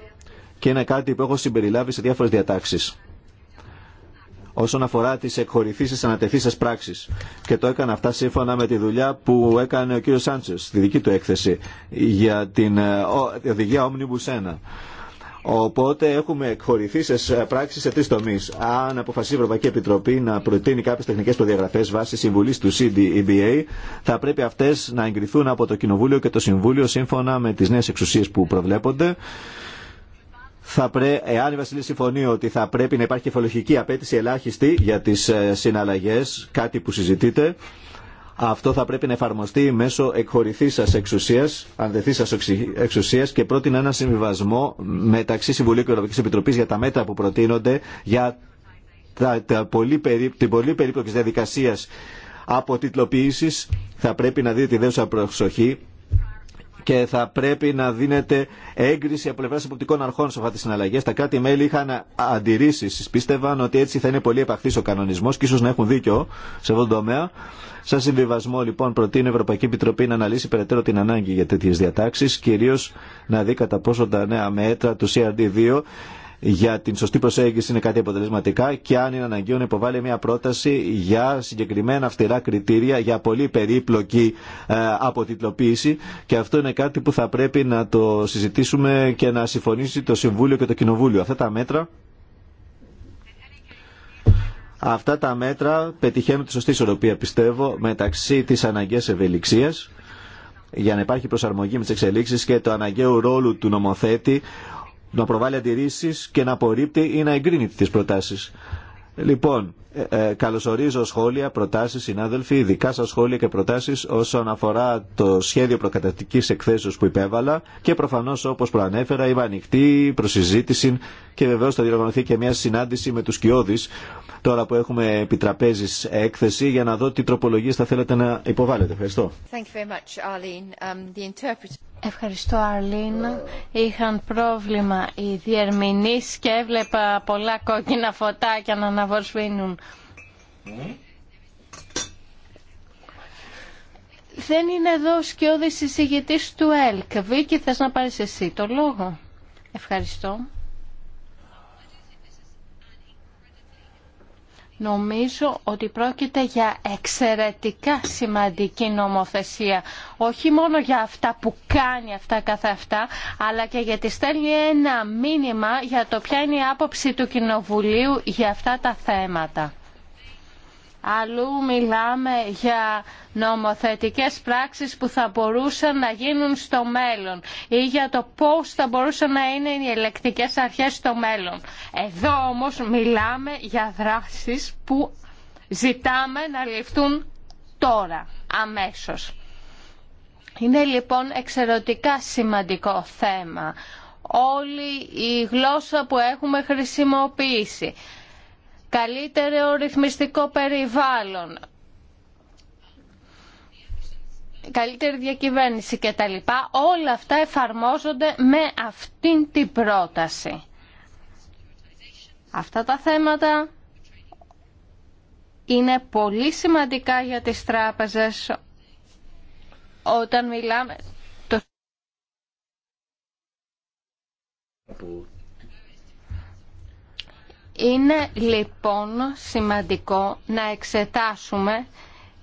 και είναι κάτι που έχω συμπεριλάβει σε διάφορες διατάξεις όσον αφορά τις εκχωρηθήσεις ανατεθήσεις πράξεις. Και το έκανα αυτά σύμφωνα με τη δουλειά που έκανε ο κύριος Σάντσες, τη δική του έκθεση, για την ε, οδηγία Omnibus 1. Οπότε έχουμε εκχωρηθεί ε, σε πράξει σε τρει τομεί. Αν αποφασίσει η Ευρωπαϊκή Επιτροπή να προτείνει κάποιε τεχνικέ προδιαγραφέ βάσει συμβουλή του CDEBA, θα πρέπει αυτέ να εγκριθούν από το Κοινοβούλιο και το Συμβούλιο σύμφωνα με τι νέε εξουσίε που προβλέπονται εάν η Βασιλή συμφωνεί ότι θα πρέπει να υπάρχει κεφαλογική απέτηση ελάχιστη για τις ε, συναλλαγές, κάτι που συζητείτε, αυτό θα πρέπει να εφαρμοστεί μέσω εκχωρηθής σας εξουσίας, ανδεθής σας εξουσίας και πρότεινα ένα συμβιβασμό μεταξύ Συμβουλίου και Ευρωπαϊκής Επιτροπής για τα μέτρα που προτείνονται για πολύ περί... την πολύ περίπτωση διαδικασία αποτιτλοποίησης θα πρέπει να δείτε τη δέουσα προσοχή και θα πρέπει να δίνεται έγκριση από πλευρά υποπτικών αρχών σε αυτέ τι συναλλαγέ. Τα κράτη-μέλη είχαν αντιρρήσει. Πίστευαν ότι έτσι θα είναι πολύ επαχθή ο κανονισμό και ίσω να έχουν δίκιο σε αυτόν τον τομέα. Σαν συμβιβασμό, λοιπόν, προτείνει η Ευρωπαϊκή Επιτροπή να αναλύσει περαιτέρω την ανάγκη για τέτοιε διατάξει, κυρίω να δει κατά πόσο τα νέα μέτρα του CRD2 για την σωστή προσέγγιση είναι κάτι αποτελεσματικά και αν είναι αναγκαίο να υποβάλει μια πρόταση για συγκεκριμένα αυστηρά κριτήρια για πολύ περίπλοκη ε, αποτιτλοποίηση και αυτό είναι κάτι που θα πρέπει να το συζητήσουμε και να συμφωνήσει το Συμβούλιο και το Κοινοβούλιο. Αυτά τα μέτρα Αυτά τα μέτρα πετυχαίνουν τη σωστή ισορροπία, πιστεύω, μεταξύ τη αναγκαία ευελιξία για να υπάρχει προσαρμογή με τι εξελίξει και του αναγκαίου ρόλου του νομοθέτη να προβάλλει αντιρρήσει και να απορρίπτει ή να εγκρίνει τι προτάσει. Λοιπόν, ε, ε, καλωσορίζω σχόλια, προτάσεις, συνάδελφοι, ειδικά σας σχόλια και προτάσεις όσον αφορά το σχέδιο προκατατικής εκθέσεως που υπέβαλα και προφανώς όπως προανέφερα είμαι ανοιχτή προς συζήτηση και βεβαίως θα διοργανωθεί και μια συνάντηση με τους Κιώδης τώρα που έχουμε επιτραπέζης έκθεση για να δω τι τροπολογίες θα θέλετε να υποβάλλετε. Ευχαριστώ. Um, Ευχαριστώ Αρλίν. Είχαν πρόβλημα οι διερμηνείς και έβλεπα πολλά κόκκινα φωτάκια να αναβοσβήνουν. Δεν είναι εδώ ο σκιώδης εισηγητής του ΕΛΚ. Βίκη, θες να πάρεις εσύ το λόγο. Ευχαριστώ. Νομίζω ότι πρόκειται για εξαιρετικά σημαντική νομοθεσία. Όχι μόνο για αυτά που κάνει αυτά καθ' αυτά, αλλά και γιατί στέλνει ένα μήνυμα για το ποια είναι η άποψη του Κοινοβουλίου για αυτά τα θέματα. Αλλού μιλάμε για νομοθετικές πράξεις που θα μπορούσαν να γίνουν στο μέλλον ή για το πώς θα μπορούσαν να είναι οι ελεκτικές αρχές στο μέλλον. Εδώ όμως μιλάμε για δράσεις που ζητάμε να ληφθούν τώρα, αμέσως. Είναι λοιπόν εξαιρετικά σημαντικό θέμα όλη η γλώσσα που έχουμε χρησιμοποιήσει καλύτερο ρυθμιστικό περιβάλλον, καλύτερη διακυβέρνηση κτλ. Όλα αυτά εφαρμόζονται με αυτήν την πρόταση. Αυτά τα θέματα είναι πολύ σημαντικά για τις τράπεζες όταν μιλάμε... Είναι λοιπόν σημαντικό να εξετάσουμε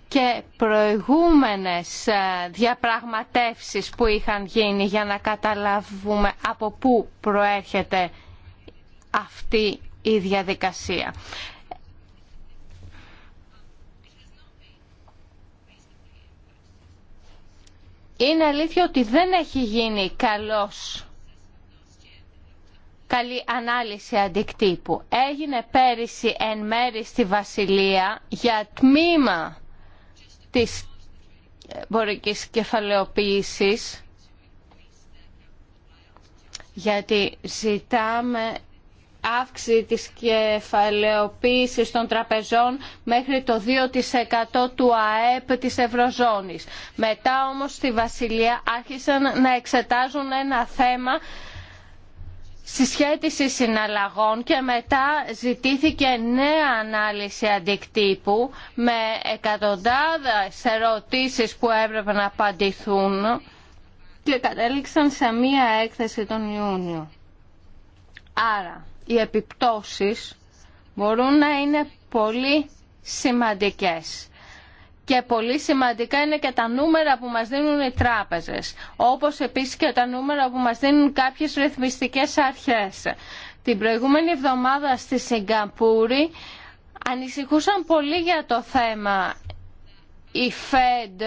και προηγούμενες ε, διαπραγματεύσεις που είχαν γίνει για να καταλάβουμε από πού προέρχεται αυτή η διαδικασία. Είναι αλήθεια ότι δεν έχει γίνει καλός καλή ανάλυση αντικτύπου. Έγινε πέρυσι εν μέρη στη Βασιλεία για τμήμα της ε, εμπορικής κεφαλαιοποίησης γιατί ζητάμε αύξηση της κεφαλαιοποίησης των τραπεζών μέχρι το 2% του ΑΕΠ της Ευρωζώνης. Μετά όμως στη Βασιλεία άρχισαν να εξετάζουν ένα θέμα συσχέτιση συναλλαγών και μετά ζητήθηκε νέα ανάλυση αντικτύπου με εκατοντάδες ερωτήσεις που έπρεπε να απαντηθούν και κατέληξαν σε μία έκθεση τον Ιούνιο. Άρα, οι επιπτώσεις μπορούν να είναι πολύ σημαντικές. Και πολύ σημαντικά είναι και τα νούμερα που μας δίνουν οι τράπεζες, όπως επίσης και τα νούμερα που μας δίνουν κάποιες ρυθμιστικές αρχές. Την προηγούμενη εβδομάδα στη Σιγκαπούρη ανησυχούσαν πολύ για το θέμα η Fed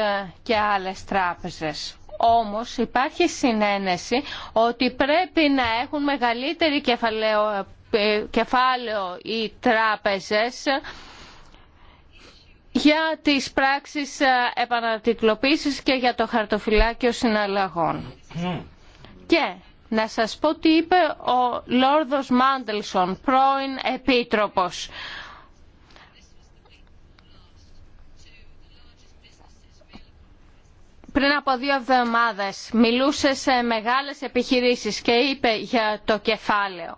και άλλες τράπεζες. Όμως υπάρχει συνένεση ότι πρέπει να έχουν μεγαλύτερη κεφαλαίο, κεφάλαιο οι τράπεζες για τις πράξεις ε, επανατυκλοποίησης και για το χαρτοφυλάκιο συναλλαγών. Και να σας πω τι είπε ο Λόρδος Μάντελσον, πρώην επίτροπος. Πριν από δύο εβδομάδες μιλούσε σε μεγάλες επιχειρήσεις και είπε για το κεφάλαιο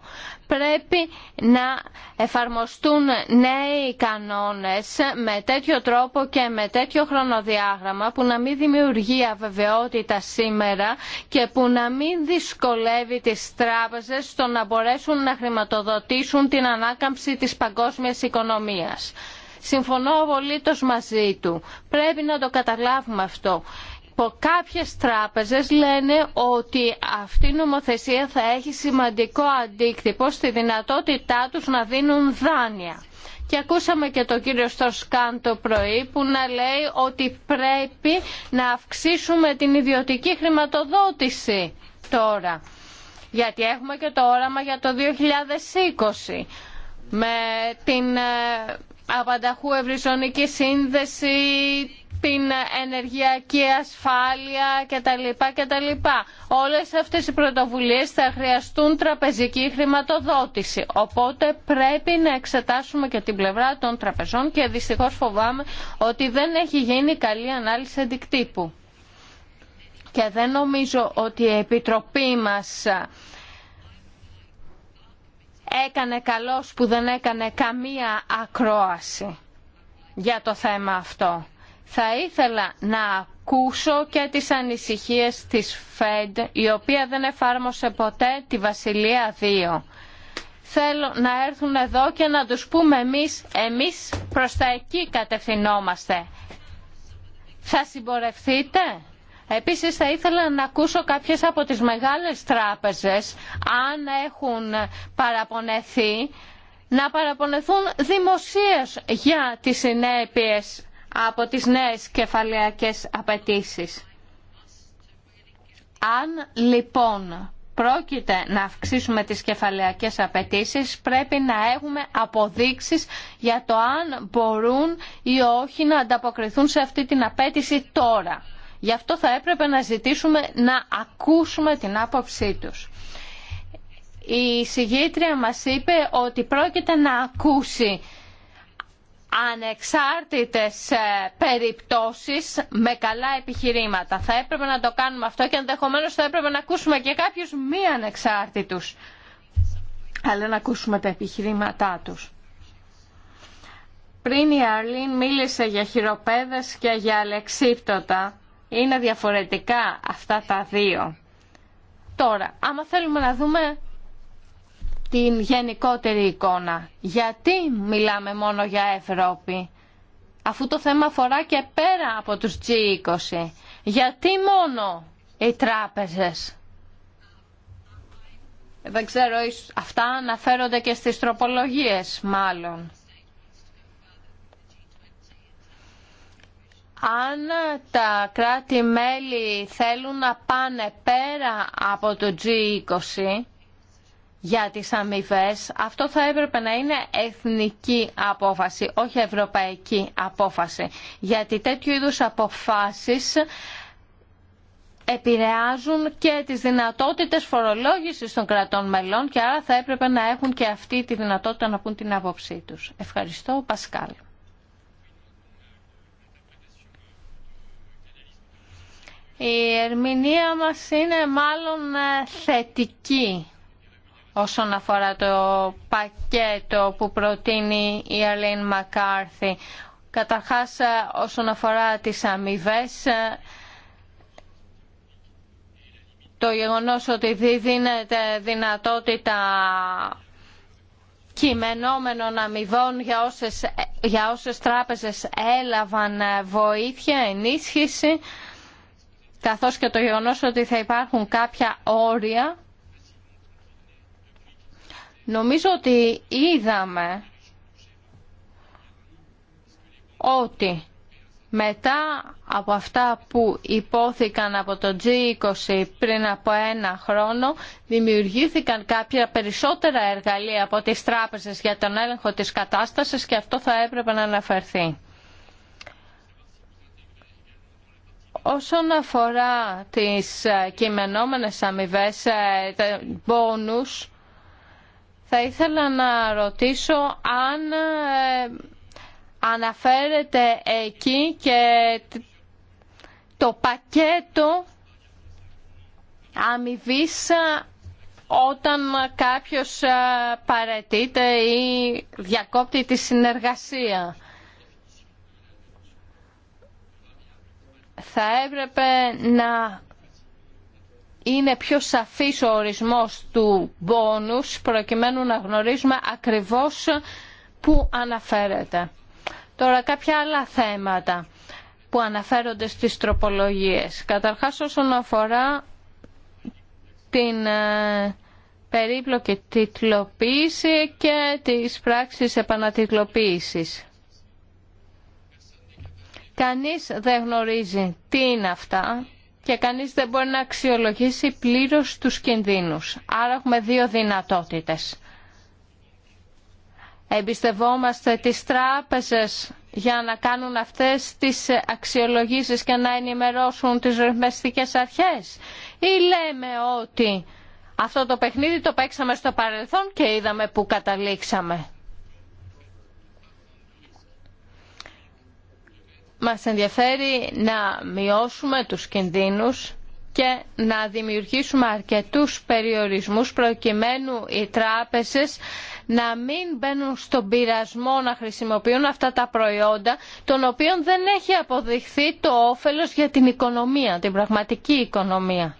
πρέπει να εφαρμοστούν νέοι κανόνες με τέτοιο τρόπο και με τέτοιο χρονοδιάγραμμα που να μην δημιουργεί αβεβαιότητα σήμερα και που να μην δυσκολεύει τις τράπεζες στο να μπορέσουν να χρηματοδοτήσουν την ανάκαμψη της παγκόσμιας οικονομίας. Συμφωνώ απολύτω μαζί του. Πρέπει να το καταλάβουμε αυτό. Κάποιες τράπεζες λένε ότι αυτή η νομοθεσία θα έχει σημαντικό αντίκτυπο στη δυνατότητά τους να δίνουν δάνεια. Και ακούσαμε και τον κύριο Στοσκάν το πρωί που να λέει ότι πρέπει να αυξήσουμε την ιδιωτική χρηματοδότηση τώρα. Γιατί έχουμε και το όραμα για το 2020 με την ε, απανταχού ευρυζωνική σύνδεση την ενεργειακή ασφάλεια κτλ. κτλ. Όλες αυτές οι πρωτοβουλίες θα χρειαστούν τραπεζική χρηματοδότηση. Οπότε πρέπει να εξετάσουμε και την πλευρά των τραπεζών και δυστυχώς φοβάμαι ότι δεν έχει γίνει καλή ανάλυση αντικτύπου. Και δεν νομίζω ότι η Επιτροπή μας έκανε καλός που δεν έκανε καμία ακρόαση για το θέμα αυτό. Θα ήθελα να ακούσω και τις ανησυχίες της ΦΕΔ, η οποία δεν εφάρμοσε ποτέ τη Βασιλεία 2. Θέλω να έρθουν εδώ και να τους πούμε εμείς, εμείς προς τα εκεί κατευθυνόμαστε. Θα συμπορευτείτε. Επίσης θα ήθελα να ακούσω κάποιες από τις μεγάλες τράπεζες, αν έχουν παραπονεθεί, να παραπονεθούν δημοσίες για τις συνέπειες από τις νέες κεφαλαιακές απαιτήσεις. Αν λοιπόν πρόκειται να αυξήσουμε τις κεφαλαιακές απαιτήσεις πρέπει να έχουμε αποδείξεις για το αν μπορούν ή όχι να ανταποκριθούν σε αυτή την απέτηση τώρα. Γι' αυτό θα έπρεπε να ζητήσουμε να ακούσουμε την άποψή τους. Η συγγήτρια μας είπε ότι πρόκειται να ακούσει ανεξάρτητες ε, περιπτώσεις με καλά επιχειρήματα. Θα έπρεπε να το κάνουμε αυτό και ενδεχομένω θα έπρεπε να ακούσουμε και κάποιους μη ανεξάρτητους. Αλλά να ακούσουμε τα επιχειρήματά τους. Πριν η Αρλίν μίλησε για χειροπέδες και για αλεξίπτωτα. Είναι διαφορετικά αυτά τα δύο. Τώρα, άμα θέλουμε να δούμε την γενικότερη εικόνα. Γιατί μιλάμε μόνο για Ευρώπη, αφού το θέμα αφορά και πέρα από τους G20. Γιατί μόνο οι τράπεζες. Δεν ξέρω, αυτά αναφέρονται και στις τροπολογίες μάλλον. αν τα κράτη-μέλη θέλουν να πάνε πέρα από το G20, για τις αμοιβέ, αυτό θα έπρεπε να είναι εθνική απόφαση, όχι ευρωπαϊκή απόφαση. Γιατί τέτοιου είδους αποφάσεις επηρεάζουν και τις δυνατότητες φορολόγησης των κρατών μελών και άρα θα έπρεπε να έχουν και αυτή τη δυνατότητα να πούν την άποψή τους. Ευχαριστώ, Πασκάλ. Η ερμηνεία μας είναι μάλλον ε, θετική όσον αφορά το πακέτο που προτείνει η Αλήν Μακάρθη. Καταρχάς ε, όσον αφορά τις αμοιβέ, ε, το γεγονός ότι δίνεται δυνατότητα κειμενόμενων αμοιβών για όσες, για όσες τράπεζες έλαβαν ε, βοήθεια, ενίσχυση, καθώς και το γεγονός ότι θα υπάρχουν κάποια όρια Νομίζω ότι είδαμε ότι μετά από αυτά που υπόθηκαν από το G20 πριν από ένα χρόνο, δημιουργήθηκαν κάποια περισσότερα εργαλεία από τις τράπεζες για τον έλεγχο της κατάστασης και αυτό θα έπρεπε να αναφερθεί. Όσον αφορά τις ε, κειμενόμενες αμοιβές, ε, τα bonus, θα ήθελα να ρωτήσω αν ε, αναφέρεται εκεί και το πακέτο αμοιβή ε, όταν κάποιος ε, παρετείται ή διακόπτει τη συνεργασία. Θα έπρεπε να είναι πιο σαφής ο ορισμός του μπόνους προκειμένου να γνωρίζουμε ακριβώς που αναφέρεται. Τώρα κάποια άλλα θέματα που αναφέρονται στις τροπολογίες. Καταρχάς όσον αφορά την ε, περίπλοκη τιτλοποίηση και τις πράξεις επανατιτλοποίησης. Κανείς δεν γνωρίζει τι είναι αυτά, και κανείς δεν μπορεί να αξιολογήσει πλήρως τους κινδύνους. Άρα έχουμε δύο δυνατότητες. Εμπιστευόμαστε τις τράπεζες για να κάνουν αυτές τις αξιολογήσεις και να ενημερώσουν τις ρυθμιστικές αρχές ή λέμε ότι αυτό το παιχνίδι το παίξαμε στο παρελθόν και είδαμε που καταλήξαμε. Μας ενδιαφέρει να μειώσουμε τους κινδύνους και να δημιουργήσουμε αρκετούς περιορισμούς προκειμένου οι τράπεζες να μην μπαίνουν στον πειρασμό να χρησιμοποιούν αυτά τα προϊόντα των οποίων δεν έχει αποδειχθεί το όφελος για την οικονομία, την πραγματική οικονομία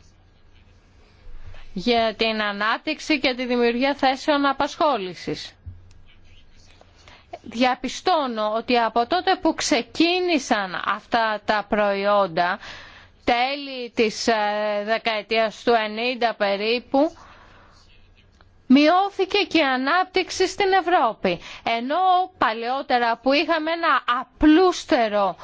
για την ανάπτυξη και τη δημιουργία θέσεων απασχόλησης διαπιστώνω ότι από τότε που ξεκίνησαν αυτά τα προϊόντα, τέλη της ε, δεκαετίας του 90 περίπου, μειώθηκε και η ανάπτυξη στην Ευρώπη. Ενώ παλαιότερα που είχαμε ένα απλούστερο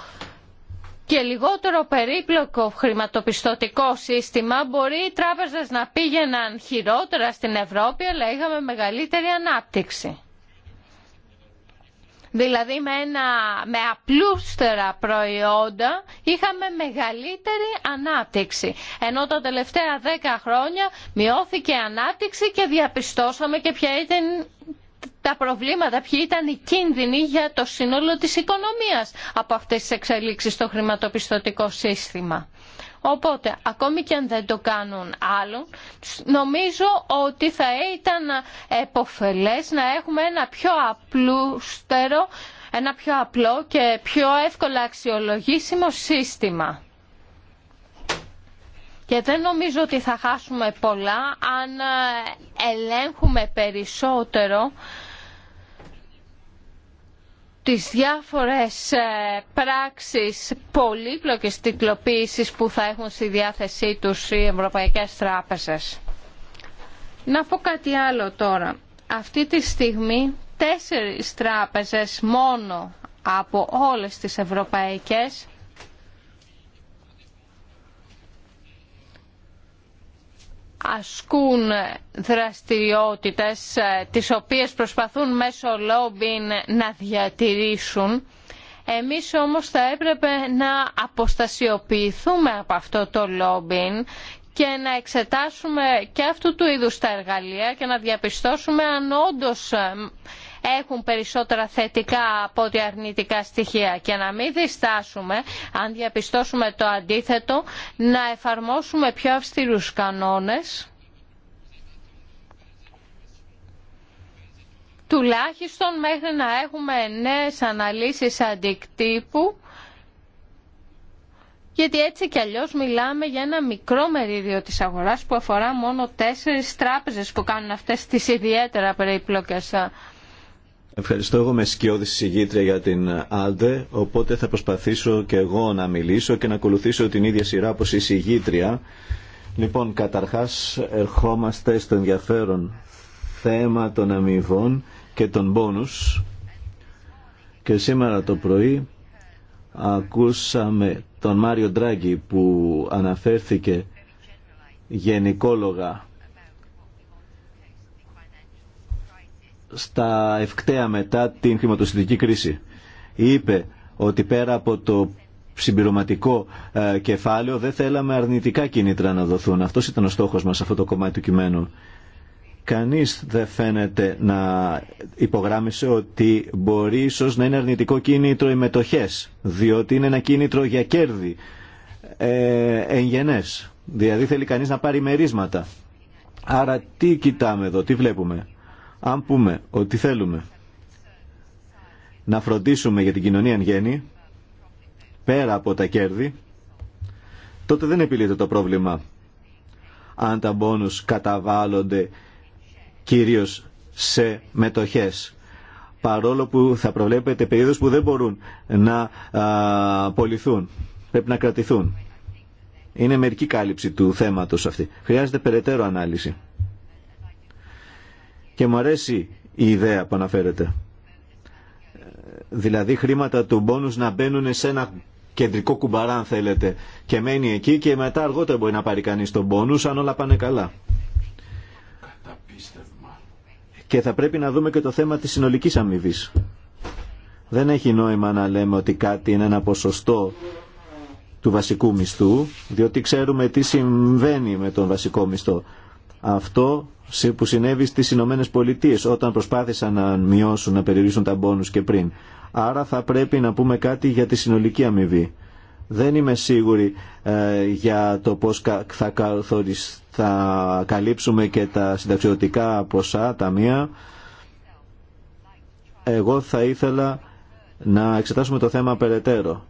και λιγότερο περίπλοκο χρηματοπιστωτικό σύστημα μπορεί οι τράπεζες να πήγαιναν χειρότερα στην Ευρώπη αλλά είχαμε μεγαλύτερη ανάπτυξη δηλαδή με, ένα, με απλούστερα προϊόντα είχαμε μεγαλύτερη ανάπτυξη. Ενώ τα τελευταία δέκα χρόνια μειώθηκε η ανάπτυξη και διαπιστώσαμε και ποια ήταν τα προβλήματα, ποιοι ήταν οι κίνδυνοι για το σύνολο της οικονομίας από αυτές τις εξελίξεις στο χρηματοπιστωτικό σύστημα. Οπότε, ακόμη και αν δεν το κάνουν άλλων, νομίζω ότι θα ήταν εποφελές να έχουμε ένα πιο απλούστερο, ένα πιο απλό και πιο εύκολα αξιολογήσιμο σύστημα. Και δεν νομίζω ότι θα χάσουμε πολλά αν ελέγχουμε περισσότερο τις διάφορες ε, πράξεις πολύπλοκης τυκλοποίησης που θα έχουν στη διάθεσή τους οι ευρωπαϊκές τράπεζες. Να πω κάτι άλλο τώρα. Αυτή τη στιγμή τέσσερις τράπεζες μόνο από όλες τις ευρωπαϊκές ασκούν δραστηριότητες ε, τις οποίες προσπαθούν μέσω Λόμπιν να διατηρήσουν. Εμείς όμως θα έπρεπε να αποστασιοποιηθούμε από αυτό το Λόμπιν και να εξετάσουμε και αυτού του είδους τα εργαλεία και να διαπιστώσουμε αν όντως ε, έχουν περισσότερα θετικά από ότι αρνητικά στοιχεία και να μην διστάσουμε αν διαπιστώσουμε το αντίθετο να εφαρμόσουμε πιο αυστηρούς κανόνες τουλάχιστον μέχρι να έχουμε νέες αναλύσεις αντικτύπου γιατί έτσι κι αλλιώς μιλάμε για ένα μικρό μερίδιο της αγοράς που αφορά μόνο τέσσερις τράπεζες που κάνουν αυτές τις ιδιαίτερα περιπλοκές Ευχαριστώ εγώ με σκιώδη συγγήτρια για την Άλτε, οπότε θα προσπαθήσω και εγώ να μιλήσω και να ακολουθήσω την ίδια σειρά όπως η συγγήτρια. Λοιπόν, καταρχάς ερχόμαστε στο ενδιαφέρον θέμα των αμοιβών και των πόνους και σήμερα το πρωί ακούσαμε τον Μάριο Ντράγκη που αναφέρθηκε γενικόλογα στα ευκταία μετά την χρηματοσυντική κρίση. Είπε ότι πέρα από το συμπληρωματικό ε, κεφάλαιο δεν θέλαμε αρνητικά κίνητρα να δοθούν. Αυτός ήταν ο στόχος μας σε αυτό το κομμάτι του κειμένου. Κανείς δεν φαίνεται να υπογράμμισε ότι μπορεί ίσως να είναι αρνητικό κίνητρο οι μετοχές, διότι είναι ένα κίνητρο για κέρδη ε, εγγενές. Δηλαδή θέλει κανείς να πάρει μερίσματα. Άρα τι κοιτάμε εδώ, τι βλέπουμε. Αν πούμε ότι θέλουμε να φροντίσουμε για την κοινωνία εν γέννη, πέρα από τα κέρδη, τότε δεν επιλύεται το πρόβλημα αν τα μπόνους καταβάλλονται κυρίως σε μετοχές παρόλο που θα προβλέπετε περίοδους που δεν μπορούν να α, πρέπει να κρατηθούν. Είναι μερική κάλυψη του θέματος αυτή. Χρειάζεται περαιτέρω ανάλυση. Και μου αρέσει η ιδέα που αναφέρεται. Δηλαδή χρήματα του μπόνους να μπαίνουν σε ένα κεντρικό κουμπαρά αν θέλετε και μένει εκεί και μετά αργότερα μπορεί να πάρει κανείς τον πόνους αν όλα πάνε καλά. Και θα πρέπει να δούμε και το θέμα της συνολικής αμοιβή. Δεν έχει νόημα να λέμε ότι κάτι είναι ένα ποσοστό του βασικού μισθού, διότι ξέρουμε τι συμβαίνει με τον βασικό μισθό. Αυτό που συνέβη στι Ηνωμένε Πολιτείε, όταν προσπάθησαν να μειώσουν, να περιορίσουν τα μπόνους και πριν. Άρα θα πρέπει να πούμε κάτι για τη συνολική αμοιβή. Δεν είμαι σίγουρη ε, για το πώς θα, θα καλύψουμε και τα συνταξιωτικά ποσά, μία. Εγώ θα ήθελα να εξετάσουμε το θέμα περαιτέρω.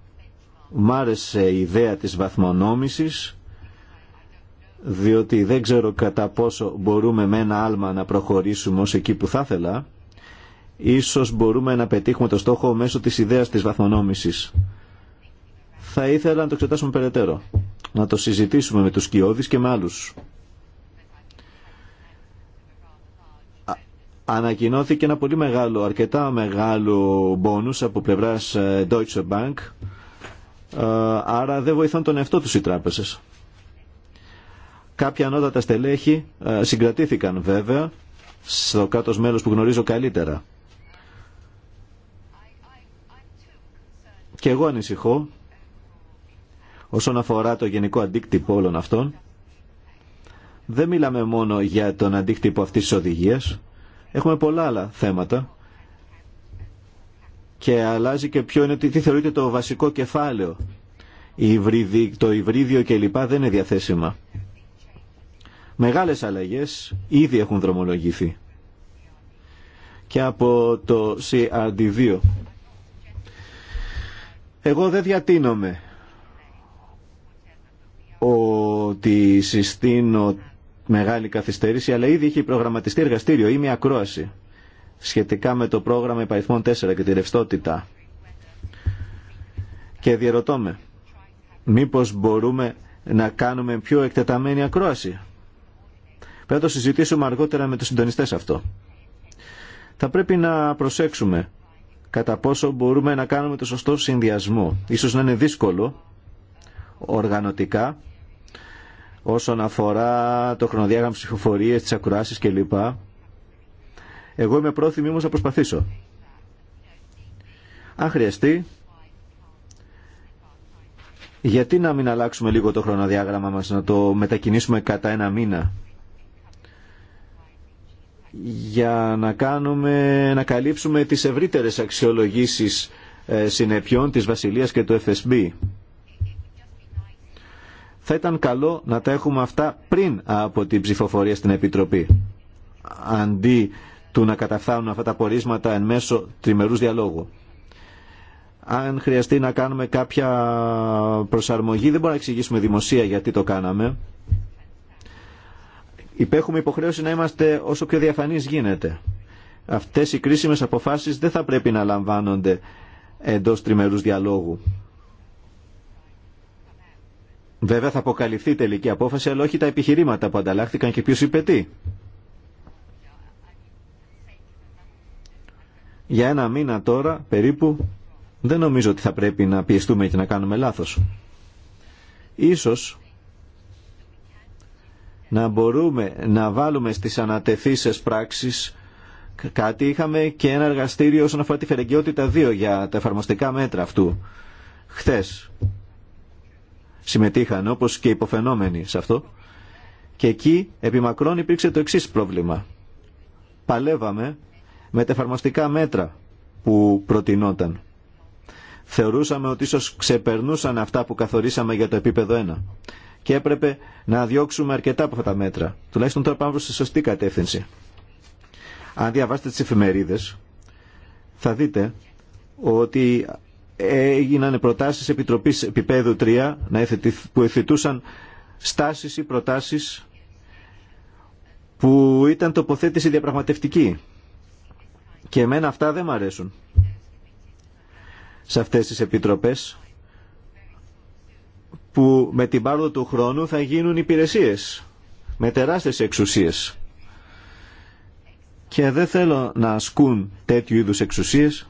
Μ' άρεσε η ιδέα της βαθμονόμησης διότι δεν ξέρω κατά πόσο μπορούμε με ένα άλμα να προχωρήσουμε ως εκεί που θα ήθελα, ίσως μπορούμε να πετύχουμε το στόχο μέσω της ιδέας της βαθμονόμησης. Θα ήθελα να το εξετάσουμε περαιτέρω, να το συζητήσουμε με τους κοιόδης και με άλλους. Ανακοινώθηκε ένα πολύ μεγάλο, αρκετά μεγάλο μπόνους από πλευράς ε, Deutsche Bank, ε, άρα δεν βοηθούν τον εαυτό τους οι τράπεζες. Κάποια ανώτατα στελέχη ε, συγκρατήθηκαν βέβαια στο κάτω μέλος που γνωρίζω καλύτερα. Και εγώ ανησυχώ όσον αφορά το γενικό αντίκτυπο όλων αυτών. Δεν μιλάμε μόνο για τον αντίκτυπο αυτής της οδηγίας. Έχουμε πολλά άλλα θέματα και αλλάζει και ποιο είναι, τι θεωρείται το βασικό κεφάλαιο. Το υβρίδιο κλπ δεν είναι διαθέσιμα. Μεγάλες αλλαγές ήδη έχουν δρομολογηθεί και από το CRD2. Εγώ δεν διατείνομαι ότι συστήνω μεγάλη καθυστέρηση, αλλά ήδη έχει προγραμματιστεί εργαστήριο ή μια ακρόαση σχετικά με το πρόγραμμα υπαριθμών 4 και τη ρευστότητα. Και διαρωτώ με, μήπως μπορούμε να κάνουμε πιο εκτεταμένη ακρόαση Πρέπει να το συζητήσουμε αργότερα με τους συντονιστές αυτό. Θα πρέπει να προσέξουμε κατά πόσο μπορούμε να κάνουμε το σωστό συνδυασμό. Ίσως να είναι δύσκολο οργανωτικά όσον αφορά το χρονοδιάγραμμα ψηφοφορίες, τις ακουράσεις κλπ. Εγώ είμαι πρόθυμη όμως να προσπαθήσω. Αν χρειαστεί, γιατί να μην αλλάξουμε λίγο το χρονοδιάγραμμα μας, να το μετακινήσουμε κατά ένα μήνα για να, κάνουμε, να καλύψουμε τις ευρύτερες αξιολογήσεις ε, συνεπιών της Βασιλείας και του FSB. Θα ήταν καλό να τα έχουμε αυτά πριν από την ψηφοφορία στην Επιτροπή, αντί του να καταφθάνουν αυτά τα πορίσματα εν μέσω τριμερούς διαλόγου. Αν χρειαστεί να κάνουμε κάποια προσαρμογή, δεν μπορούμε να εξηγήσουμε δημοσία γιατί το κάναμε. Υπέχουμε υποχρέωση να είμαστε όσο πιο διαφανείς γίνεται. Αυτές οι κρίσιμες αποφάσεις δεν θα πρέπει να λαμβάνονται εντός τριμερούς διαλόγου. Βέβαια θα αποκαλυφθεί η τελική απόφαση, αλλά όχι τα επιχειρήματα που ανταλλάχθηκαν και ποιος είπε τι. Για ένα μήνα τώρα, περίπου, δεν νομίζω ότι θα πρέπει να πιεστούμε και να κάνουμε λάθος. Ίσως να μπορούμε να βάλουμε στις ανατεθήσεις πράξεις κάτι. Είχαμε και ένα εργαστήριο όσον αφορά τη φερεγγιότητα 2 για τα εφαρμοστικά μέτρα αυτού. Χθες συμμετείχαν όπως και υποφαινόμενοι σε αυτό. Και εκεί επί μακρόν υπήρξε το εξής πρόβλημα. Παλεύαμε με τα εφαρμοστικά μέτρα που προτινόταν. Θεωρούσαμε ότι ίσως ξεπερνούσαν αυτά που καθορίσαμε για το επίπεδο 1 και έπρεπε να διώξουμε αρκετά από αυτά τα μέτρα. Τουλάχιστον τώρα πάμε προς τη σωστή κατεύθυνση. Αν διαβάσετε τις εφημερίδες, θα δείτε ότι έγιναν προτάσει επιτροπή επίπεδου 3 που εθετούσαν στάσεις ή προτάσεις που ήταν τοποθέτηση διαπραγματευτική. Και εμένα αυτά δεν μ' αρέσουν σε αυτές τις επιτροπές που με την πάροδο του χρόνου θα γίνουν υπηρεσίες με τεράστιες εξουσίες. Και δεν θέλω να ασκούν τέτοιου είδους εξουσίες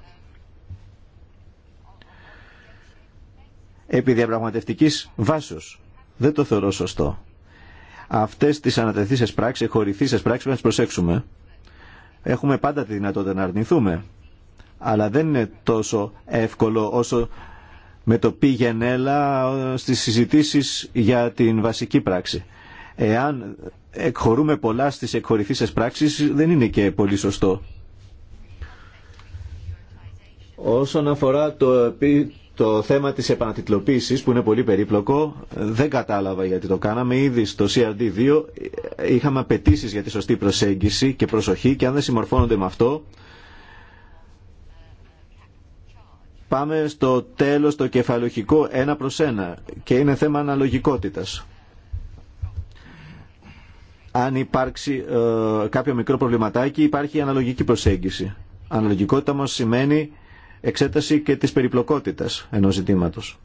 επί διαπραγματευτικής βάσεως. Δεν το θεωρώ σωστό. Αυτές τις ανατεθήσεις πράξεις, εχωρηθήσεις πράξεις πρέπει να προσέξουμε. Έχουμε πάντα τη δυνατότητα να αρνηθούμε. Αλλά δεν είναι τόσο εύκολο όσο με το πηγενέλα στις συζητήσεις για την βασική πράξη. Εάν εκχωρούμε πολλά στις εκχωρηθήσεις πράξεις δεν είναι και πολύ σωστό. Όσον αφορά το, το θέμα της επανατιτλοποίησης που είναι πολύ περίπλοκο δεν κατάλαβα γιατί το κάναμε ήδη στο CRD2 είχαμε απαιτήσει για τη σωστή προσέγγιση και προσοχή και αν δεν συμμορφώνονται με αυτό πάμε στο τέλος το κεφαλοχικό ένα προς ένα και είναι θέμα αναλογικότητας. Αν υπάρξει ε, κάποιο μικρό προβληματάκι υπάρχει αναλογική προσέγγιση. Αναλογικότητα όμως σημαίνει εξέταση και της περιπλοκότητας ενός ζητήματος.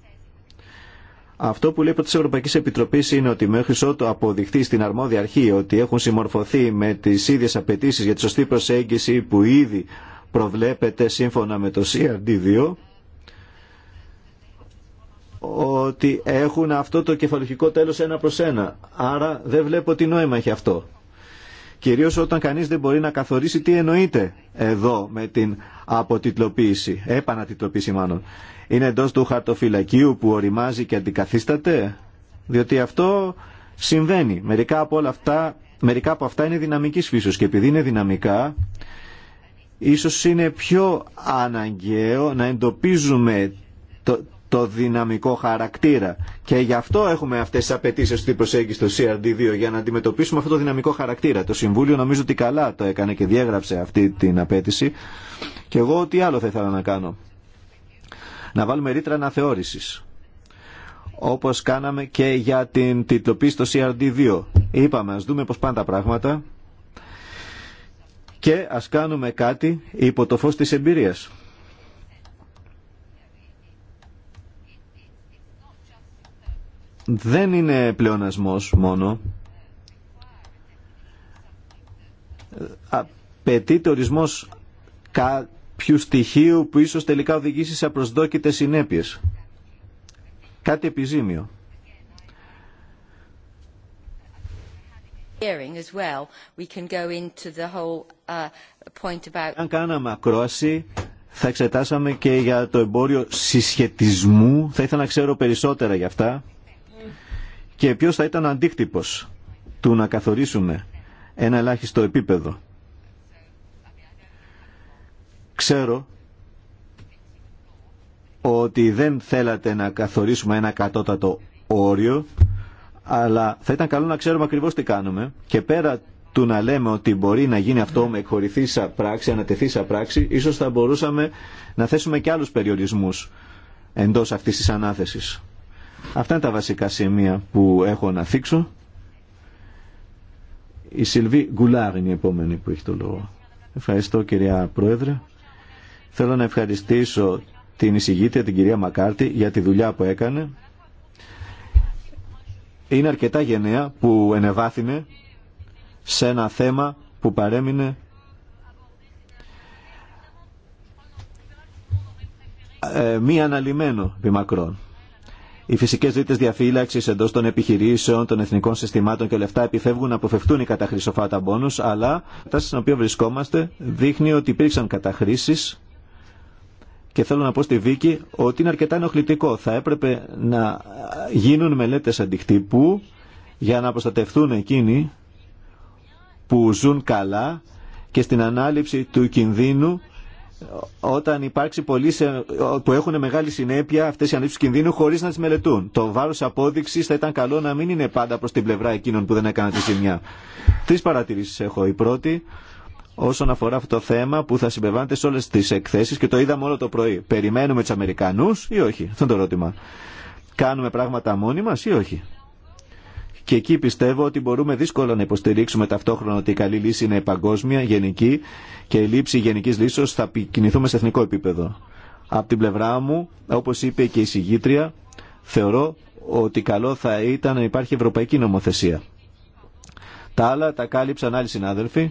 Αυτό που λέει από τη Ευρωπαϊκή Επιτροπή είναι ότι μέχρι ότου αποδειχθεί στην αρμόδια αρχή ότι έχουν συμμορφωθεί με τις ίδιες απαιτήσει για τη σωστή προσέγγιση που ήδη προβλέπεται σύμφωνα με το CRD2, ότι έχουν αυτό το κεφαλουχικό τέλος ένα προς ένα. Άρα δεν βλέπω τι νόημα έχει αυτό. Κυρίως όταν κανείς δεν μπορεί να καθορίσει τι εννοείται εδώ με την αποτιτλοποίηση, επανατιτλοποίηση μάλλον. Είναι εντός του χαρτοφυλακίου που οριμάζει και αντικαθίσταται. Διότι αυτό συμβαίνει. Μερικά από, όλα αυτά, μερικά από αυτά είναι δυναμικής φύσεως και επειδή είναι δυναμικά ίσως είναι πιο αναγκαίο να εντοπίζουμε το, το δυναμικό χαρακτήρα. Και γι' αυτό έχουμε αυτέ τι απαιτήσει στην προσέγγιση του CRD2 για να αντιμετωπίσουμε αυτό το δυναμικό χαρακτήρα. Το Συμβούλιο νομίζω ότι καλά το έκανε και διέγραψε αυτή την απέτηση. Και εγώ τι άλλο θα ήθελα να κάνω. Να βάλουμε ρήτρα αναθεώρηση. Όπω κάναμε και για την τυπλοποίηση στο CRD2. Είπαμε, α δούμε πώ πάνε τα πράγματα και ας κάνουμε κάτι υπό το φως της εμπειρίας. δεν είναι πλεονασμός μόνο. Απαιτείται ορισμός κάποιου στοιχείου που ίσως τελικά οδηγήσει σε απροσδόκητες συνέπειες. Κάτι επιζήμιο. Αν κάναμε ακρόαση, θα εξετάσαμε και για το εμπόριο συσχετισμού. Θα ήθελα να ξέρω περισσότερα για αυτά και ποιος θα ήταν ο αντίκτυπος του να καθορίσουμε ένα ελάχιστο επίπεδο. Ξέρω ότι δεν θέλατε να καθορίσουμε ένα κατώτατο όριο, αλλά θα ήταν καλό να ξέρουμε ακριβώς τι κάνουμε και πέρα του να λέμε ότι μπορεί να γίνει αυτό με εκχωρηθήσα πράξη, ανατεθήσα πράξη, ίσως θα μπορούσαμε να θέσουμε και άλλους περιορισμούς εντός αυτής της ανάθεσης. Αυτά είναι τα βασικά σημεία που έχω να θίξω. Η Σιλβή Γκουλάρ είναι η επόμενη που έχει το λόγο. Ευχαριστώ κυρία Πρόεδρε. Θέλω να ευχαριστήσω την εισηγήτρια, την κυρία Μακάρτη, για τη δουλειά που έκανε. Είναι αρκετά γενναία που ενεβάθυνε σε ένα θέμα που παρέμεινε ε, μη αναλυμένο επί οι φυσικέ ρήτε διαφύλαξη εντό των επιχειρήσεων, των εθνικών συστημάτων και λεφτά επιφεύγουν να αποφευτούν οι καταχρησοφάτα μπόνου, αλλά η κατάσταση στην οποία βρισκόμαστε δείχνει ότι υπήρξαν καταχρήσει και θέλω να πω στη Βίκη ότι είναι αρκετά ενοχλητικό. Θα έπρεπε να γίνουν μελέτες αντικτύπου για να προστατευτούν εκείνοι που ζουν καλά και στην ανάληψη του κινδύνου όταν υπάρξει σε, που έχουν μεγάλη συνέπεια αυτέ οι ανήψει κινδύνου χωρί να τι μελετούν. Το βάρο απόδειξη θα ήταν καλό να μην είναι πάντα προ την πλευρά εκείνων που δεν έκαναν τη ζημιά. Τρει παρατηρήσει έχω. Η πρώτη, όσον αφορά αυτό το θέμα που θα συμπεριλαμβάνεται σε όλε τι εκθέσει και το είδαμε όλο το πρωί. Περιμένουμε του Αμερικανού ή όχι. Αυτό είναι το ερώτημα. Κάνουμε πράγματα μόνοι μα ή όχι. Και εκεί πιστεύω ότι μπορούμε δύσκολα να υποστηρίξουμε ταυτόχρονα ότι η καλή λύση είναι παγκόσμια, γενική και η λήψη γενική λύσεω θα κινηθούμε σε εθνικό επίπεδο. Από την πλευρά μου, όπω είπε και η συγγήτρια, θεωρώ ότι καλό θα ήταν να υπάρχει ευρωπαϊκή νομοθεσία. Τα άλλα τα κάλυψαν άλλοι συνάδελφοι,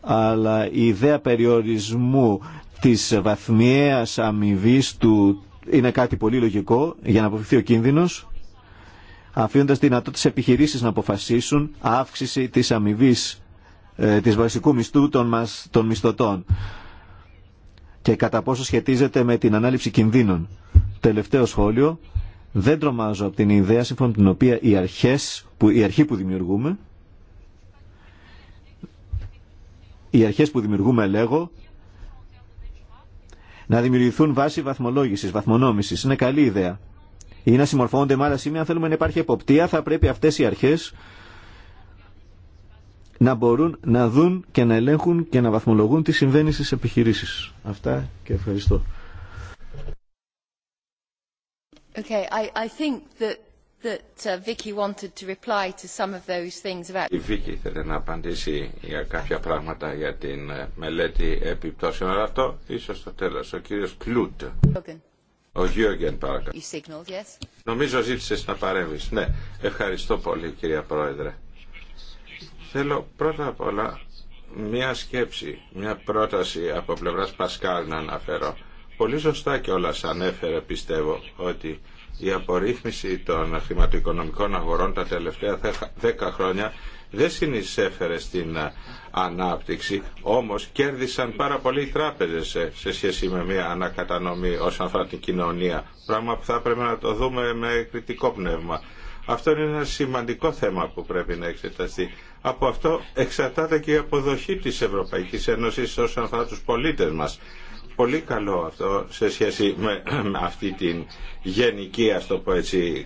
αλλά η ιδέα περιορισμού της βαθμιαίας αμοιβή του είναι κάτι πολύ λογικό για να αποφευθεί ο κίνδυνος αφήνοντα δυνατότητε επιχειρήσεις επιχειρήσει να αποφασίσουν αύξηση τη αμοιβή ε, τη βασικού μισθού των, μας, των μισθωτών και κατά πόσο σχετίζεται με την ανάληψη κινδύνων. Τελευταίο σχόλιο. Δεν τρομάζω από την ιδέα σύμφωνα με την οποία οι αρχές, που, η αρχή που δημιουργούμε, οι αρχές που δημιουργούμε λέγω, να δημιουργηθούν βάσει βαθμολόγησης, βαθμονόμησης. Είναι καλή ιδέα ή να συμμορφώνονται με άλλα σημεία. Αν θέλουμε να υπάρχει εποπτεία, θα πρέπει αυτέ οι αρχέ να μπορούν να δουν και να ελέγχουν και να βαθμολογούν τι συμβαίνει στι επιχειρήσει. Αυτά και ευχαριστώ. Okay, I, I think that that uh, Vicky wanted to reply to some of those things about. Η Vicky θέλει να απαντήσει για κάποια πράγματα για την ε, μελέτη επιπτώσεων, αυτό ίσως στο τέλος. Ο κύριος Κλούτ. Ο Γιώργεν παρακαλώ. yes. Νομίζω ζήτησε να παρέμβει. Ναι, ευχαριστώ πολύ κυρία Πρόεδρε. Θέλω πρώτα απ' όλα μια σκέψη, μια πρόταση από πλευρά Πασκάλ να αναφέρω. Πολύ σωστά κιόλα ανέφερε πιστεύω ότι η απορρίθμιση των χρηματοοικονομικών αγορών τα τελευταία δέκα χρόνια δεν συνεισέφερε στην ανάπτυξη, όμως κέρδισαν πάρα πολλοί τράπεζες ε, σε σχέση με μια ανακατανομή όσον αφορά την κοινωνία, πράγμα που θα πρέπει να το δούμε με κριτικό πνεύμα. Αυτό είναι ένα σημαντικό θέμα που πρέπει να εξεταστεί. Από αυτό εξαρτάται και η αποδοχή της Ευρωπαϊκής Ένωσης όσον αφορά τους πολίτες μας. Πολύ καλό αυτό σε σχέση με αυτή την γενική,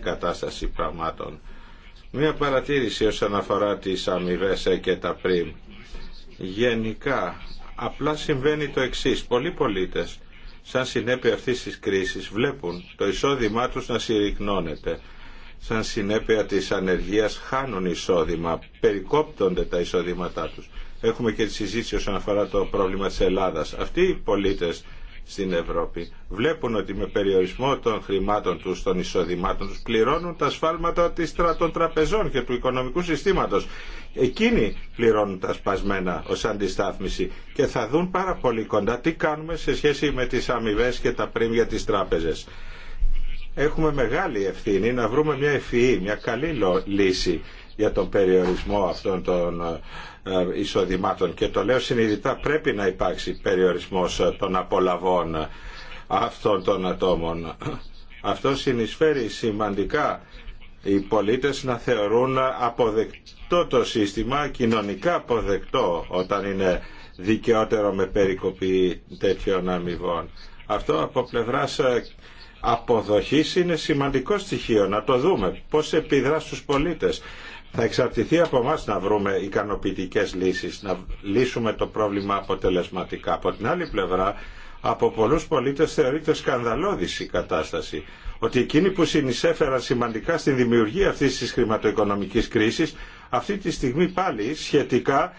κατάσταση πραγμάτων. Μία παρατήρηση όσον αφορά τις αμοιβέ ε, και τα πριμ. Γενικά, απλά συμβαίνει το εξής. Πολλοί πολίτες, σαν συνέπεια αυτής της κρίσης, βλέπουν το εισόδημά τους να συρρυκνώνεται. Σαν συνέπεια της ανεργίας χάνουν εισόδημα, περικόπτονται τα εισόδηματά τους. Έχουμε και τη συζήτηση όσον αφορά το πρόβλημα της Ελλάδας. Αυτοί οι πολίτες στην Ευρώπη βλέπουν ότι με περιορισμό των χρημάτων τους, των εισοδημάτων τους πληρώνουν τα σφάλματα των τραπεζών και του οικονομικού συστήματος. Εκείνοι πληρώνουν τα σπασμένα ως αντιστάθμιση και θα δουν πάρα πολύ κοντά τι κάνουμε σε σχέση με τις αμοιβέ και τα πρίμια της τράπεζες. Έχουμε μεγάλη ευθύνη να βρούμε μια ευφυή, μια καλή λύση για τον περιορισμό αυτών των ε, εισοδημάτων και το λέω συνειδητά πρέπει να υπάρξει περιορισμός των απολαβών αυτών των ατόμων. Αυτό συνεισφέρει σημαντικά οι πολίτες να θεωρούν αποδεκτό το σύστημα, κοινωνικά αποδεκτό όταν είναι δικαιότερο με περικοπή τέτοιων αμοιβών. Αυτό από πλευράς ε, αποδοχής είναι σημαντικό στοιχείο, να το δούμε πώς επιδρά στους πολίτες. Θα εξαρτηθεί από εμά να βρούμε ικανοποιητικέ λύσεις, να λύσουμε το πρόβλημα αποτελεσματικά. Από την άλλη πλευρά, από πολλούς πολίτες θεωρείται σκανδαλώδη η κατάσταση. Ότι εκείνοι που συνεισέφεραν σημαντικά στην δημιουργία αυτής της χρηματοοικονομική κρίσης, αυτή τη στιγμή πάλι σχετικά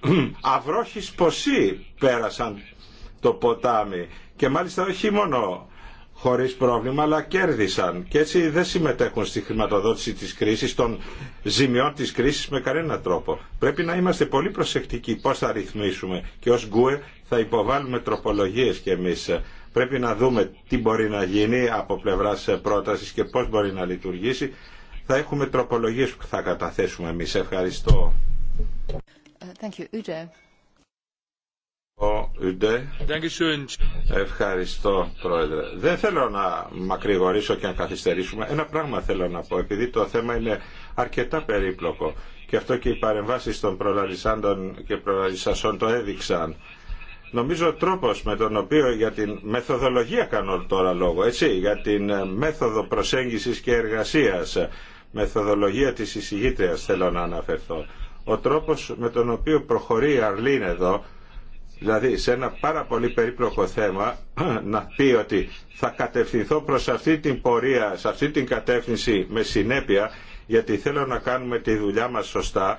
αυρόχης ποσοί πέρασαν το ποτάμι. Και μάλιστα όχι μόνο χωρίς πρόβλημα, αλλά κέρδισαν και έτσι δεν συμμετέχουν στη χρηματοδότηση της κρίσης, των ζημιών της κρίσης με κανέναν τρόπο. Πρέπει να είμαστε πολύ προσεκτικοί πώς θα ρυθμίσουμε και ως γκουε θα υποβάλουμε τροπολογίες και εμείς. Πρέπει να δούμε τι μπορεί να γίνει από πλευράς πρότασης και πώς μπορεί να λειτουργήσει. Θα έχουμε τροπολογίες που θα καταθέσουμε εμείς. Ευχαριστώ. Thank Ευχαριστώ, Πρόεδρε. Δεν θέλω να μακρηγορήσω και να καθυστερήσουμε. Ένα πράγμα θέλω να πω, επειδή το θέμα είναι αρκετά περίπλοκο και αυτό και οι παρεμβάσει των προλαλισάντων και προλαλισσασών το έδειξαν. Νομίζω ο τρόπος με τον οποίο για την μεθοδολογία κάνω τώρα λόγο, έτσι, για την μέθοδο προσέγγισης και εργασίας, μεθοδολογία της εισηγήτριας θέλω να αναφερθώ. Ο τρόπος με τον οποίο προχωρεί η Αρλίν εδώ, δηλαδή σε ένα πάρα πολύ περίπλοκο θέμα να πει ότι θα κατευθυνθώ προς αυτή την πορεία, σε αυτή την κατεύθυνση με συνέπεια γιατί θέλω να κάνουμε τη δουλειά μας σωστά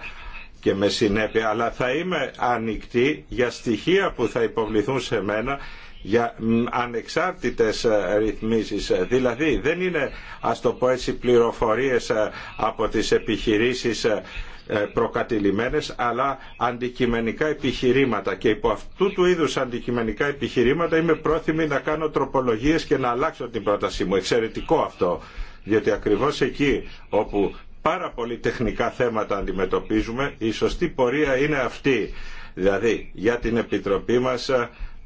και με συνέπεια αλλά θα είμαι ανοιχτή για στοιχεία που θα υποβληθούν σε μένα για ανεξάρτητες ε, ρυθμίσεις. Δηλαδή δεν είναι ας το πω έτσι πληροφορίες ε, από τις επιχειρήσεις ε, ε, προκατηλημένες αλλά αντικειμενικά επιχειρήματα και υπό αυτού του είδους αντικειμενικά επιχειρήματα είμαι πρόθυμη να κάνω τροπολογίες και να αλλάξω την πρότασή μου. Εξαιρετικό αυτό διότι ακριβώς εκεί όπου πάρα πολύ τεχνικά θέματα αντιμετωπίζουμε η σωστή πορεία είναι αυτή. Δηλαδή για την Επιτροπή μας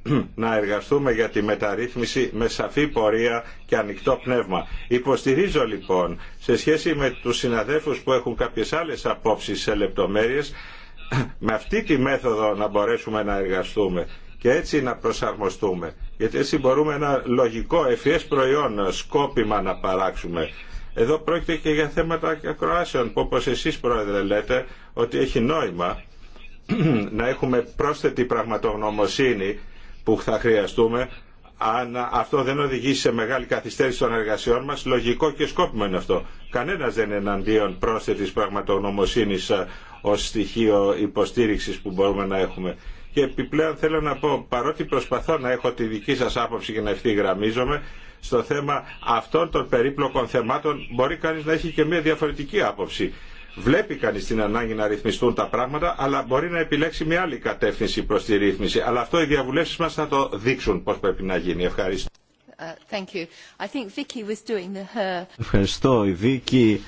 να εργαστούμε για τη μεταρρύθμιση με σαφή πορεία και ανοιχτό πνεύμα. Υποστηρίζω λοιπόν σε σχέση με τους συναδέλφους που έχουν κάποιες άλλες απόψεις σε λεπτομέρειες με αυτή τη μέθοδο να μπορέσουμε να εργαστούμε και έτσι να προσαρμοστούμε. Γιατί έτσι μπορούμε ένα λογικό ευφυές προϊόν ε, σκόπιμα να παράξουμε. Εδώ πρόκειται και για θέματα ακροάσεων που όπως εσείς πρόεδρε λέτε ότι έχει νόημα να έχουμε πρόσθετη πραγματογνωμοσύνη που θα χρειαστούμε αν αυτό δεν οδηγήσει σε μεγάλη καθυστέρηση των εργασιών μας, λογικό και σκόπιμο είναι αυτό. Κανένας δεν είναι εναντίον πρόσθετης πραγματογνωμοσύνης ε, ως στοιχείο υποστήριξης που μπορούμε να έχουμε. Και επιπλέον θέλω να πω, παρότι προσπαθώ να έχω τη δική σας άποψη και να ευθυγραμμίζομαι, στο θέμα αυτών των περίπλοκων θεμάτων μπορεί κανείς να έχει και μια διαφορετική άποψη βλέπει κανείς την ανάγκη να ρυθμιστούν τα πράγματα, αλλά μπορεί να επιλέξει μια άλλη κατεύθυνση προς τη ρύθμιση. Αλλά αυτό οι διαβουλεύσεις μας θα το δείξουν πώς πρέπει να γίνει. Ευχαριστώ. Ευχαριστώ. Η Βίκη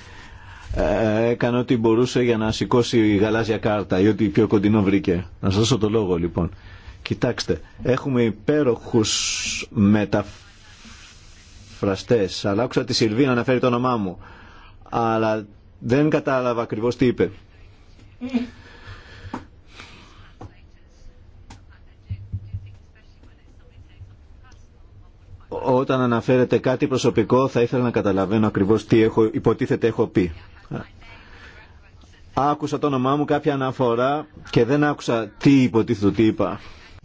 ε, έκανε ό,τι μπορούσε για να σηκώσει η γαλάζια κάρτα ή ό,τι πιο κοντινό βρήκε. Να σας δώσω το λόγο λοιπόν. Κοιτάξτε, έχουμε υπέροχους μεταφραστές, αλλά άκουσα τη Σιλβή να αναφέρει το όνομά μου. Αλλά δεν κατάλαβα ακριβώς τι είπε. Όταν αναφέρεται κάτι προσωπικό θα ήθελα να καταλαβαίνω ακριβώς τι έχω, υποτίθεται έχω πει. Άκουσα το όνομά μου κάποια αναφορά και δεν άκουσα τι υποτίθεται τι είπα.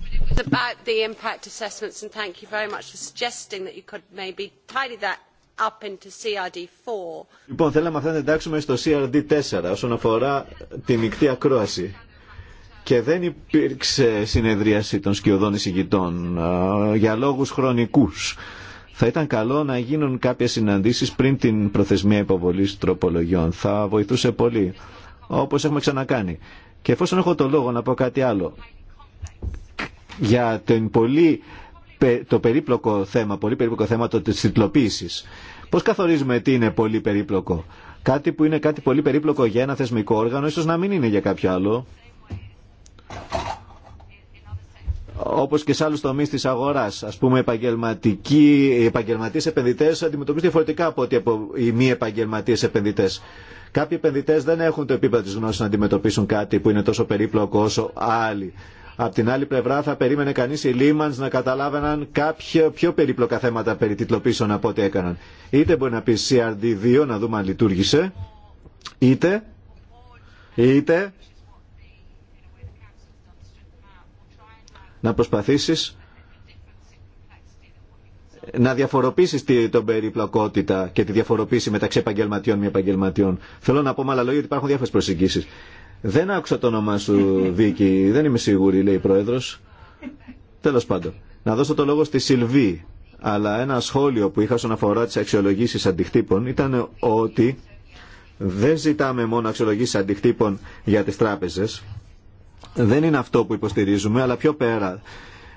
It was about the impact assessments and thank you very much for suggesting that you could maybe tidy that up into CRD4. Λοιπόν, θέλαμε αυτά να εντάξουμε στο CRD4 όσον αφορά τη μεικτή ακρόαση. Και δεν υπήρξε συνεδρίαση των σκιωδών εισηγητών για λόγους χρονικούς. Θα ήταν καλό να γίνουν κάποιες συναντήσεις πριν την προθεσμία υποβολής τροπολογιών. Θα βοηθούσε πολύ, όπως έχουμε ξανακάνει. Και εφόσον έχω το λόγο να πω κάτι άλλο για την πολύ το περίπλοκο θέμα, πολύ περίπλοκο θέμα ...το της τυπλοποίησης. Πώς καθορίζουμε τι είναι πολύ περίπλοκο. Κάτι που είναι κάτι πολύ περίπλοκο για ένα θεσμικό όργανο, ίσως να μην είναι για κάποιο άλλο. Όπως και σε άλλους τομείς της αγοράς, ας πούμε επαγγελματικοί, οι επαγγελματίες επενδυτές αντιμετωπίζουν διαφορετικά από ότι οι μη επαγγελματίες επενδυτές. Κάποιοι επενδυτές δεν έχουν το επίπεδο τη γνώσης να αντιμετωπίσουν κάτι που είναι τόσο περίπλοκο όσο άλλοι Απ' την άλλη πλευρά θα περίμενε κανεί οι Λίμανς να καταλάβαιναν κάποια πιο περίπλοκα θέματα περί τυπλοποίησεων από ό,τι έκαναν. Είτε μπορεί να πει CRD2 να δούμε αν λειτουργήσε, είτε, είτε να προσπαθήσεις να διαφοροποιήσει την περιπλοκότητα και τη διαφοροποίηση μεταξύ επαγγελματιών μη επαγγελματιών. Θέλω να πω με άλλα λόγια ότι υπάρχουν διάφορε προσεγγίσεις. Δεν άκουσα το όνομά σου, Βίκη. Δεν είμαι σίγουρη, λέει η πρόεδρο. Τέλο πάντων. Να δώσω το λόγο στη Σιλβή. Αλλά ένα σχόλιο που είχα στον αφορά τι αξιολογήσει αντιχτύπων ήταν ότι δεν ζητάμε μόνο αξιολογήσει αντιχτύπων για τι τράπεζε. Δεν είναι αυτό που υποστηρίζουμε, αλλά πιο πέρα.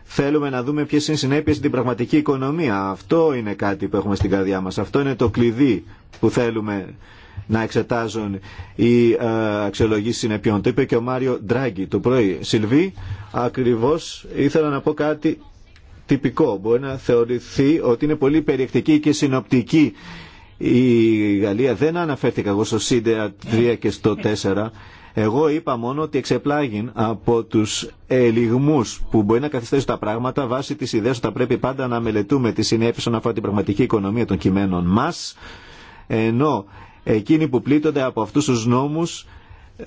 Θέλουμε να δούμε ποιε είναι οι συνέπειε στην πραγματική οικονομία. Αυτό είναι κάτι που έχουμε στην καρδιά μα. Αυτό είναι το κλειδί που θέλουμε να εξετάζουν οι ε, αξιολογήσει συνεπιών. Το είπε και ο Μάριο Ντράγκη το πρωί. Σιλβί, ακριβώ ήθελα να πω κάτι τυπικό. Μπορεί να θεωρηθεί ότι είναι πολύ περιεκτική και συνοπτική η Γαλλία. Δεν αναφέρθηκα εγώ στο ΣΥΝΤΕΑ 3 και στο 4. Εγώ είπα μόνο ότι εξεπλάγει από του ελιγμού που μπορεί να καθιστέσουν τα πράγματα βάσει τη ιδέα ότι θα πρέπει πάντα να μελετούμε τι συνέπειε όσον αφορά την πραγματική οικονομία των κειμένων μα. Ενώ Εκείνοι που πλήττονται από αυτούς τους νόμους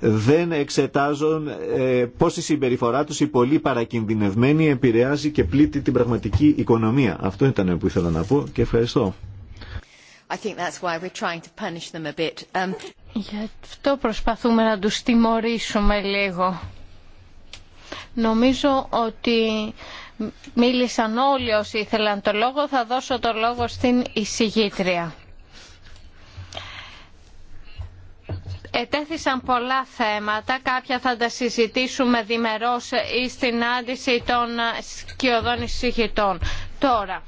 δεν εξετάζουν ε, πώς η συμπεριφορά τους η πολύ παρακινδυνευμένη επηρεάζει και πλήττει την πραγματική οικονομία. Αυτό ήταν που ήθελα να πω και ευχαριστώ. I think Γι' αυτό προσπαθούμε να τους τιμωρήσουμε λίγο. Νομίζω ότι μίλησαν όλοι όσοι ήθελαν το λόγο. Θα δώσω το λόγο στην εισηγήτρια. Ετέθησαν πολλά θέματα, κάποια θα τα συζητήσουμε διμερώς ή στην άντιση των σκιωδών εισηγητών. Τώρα,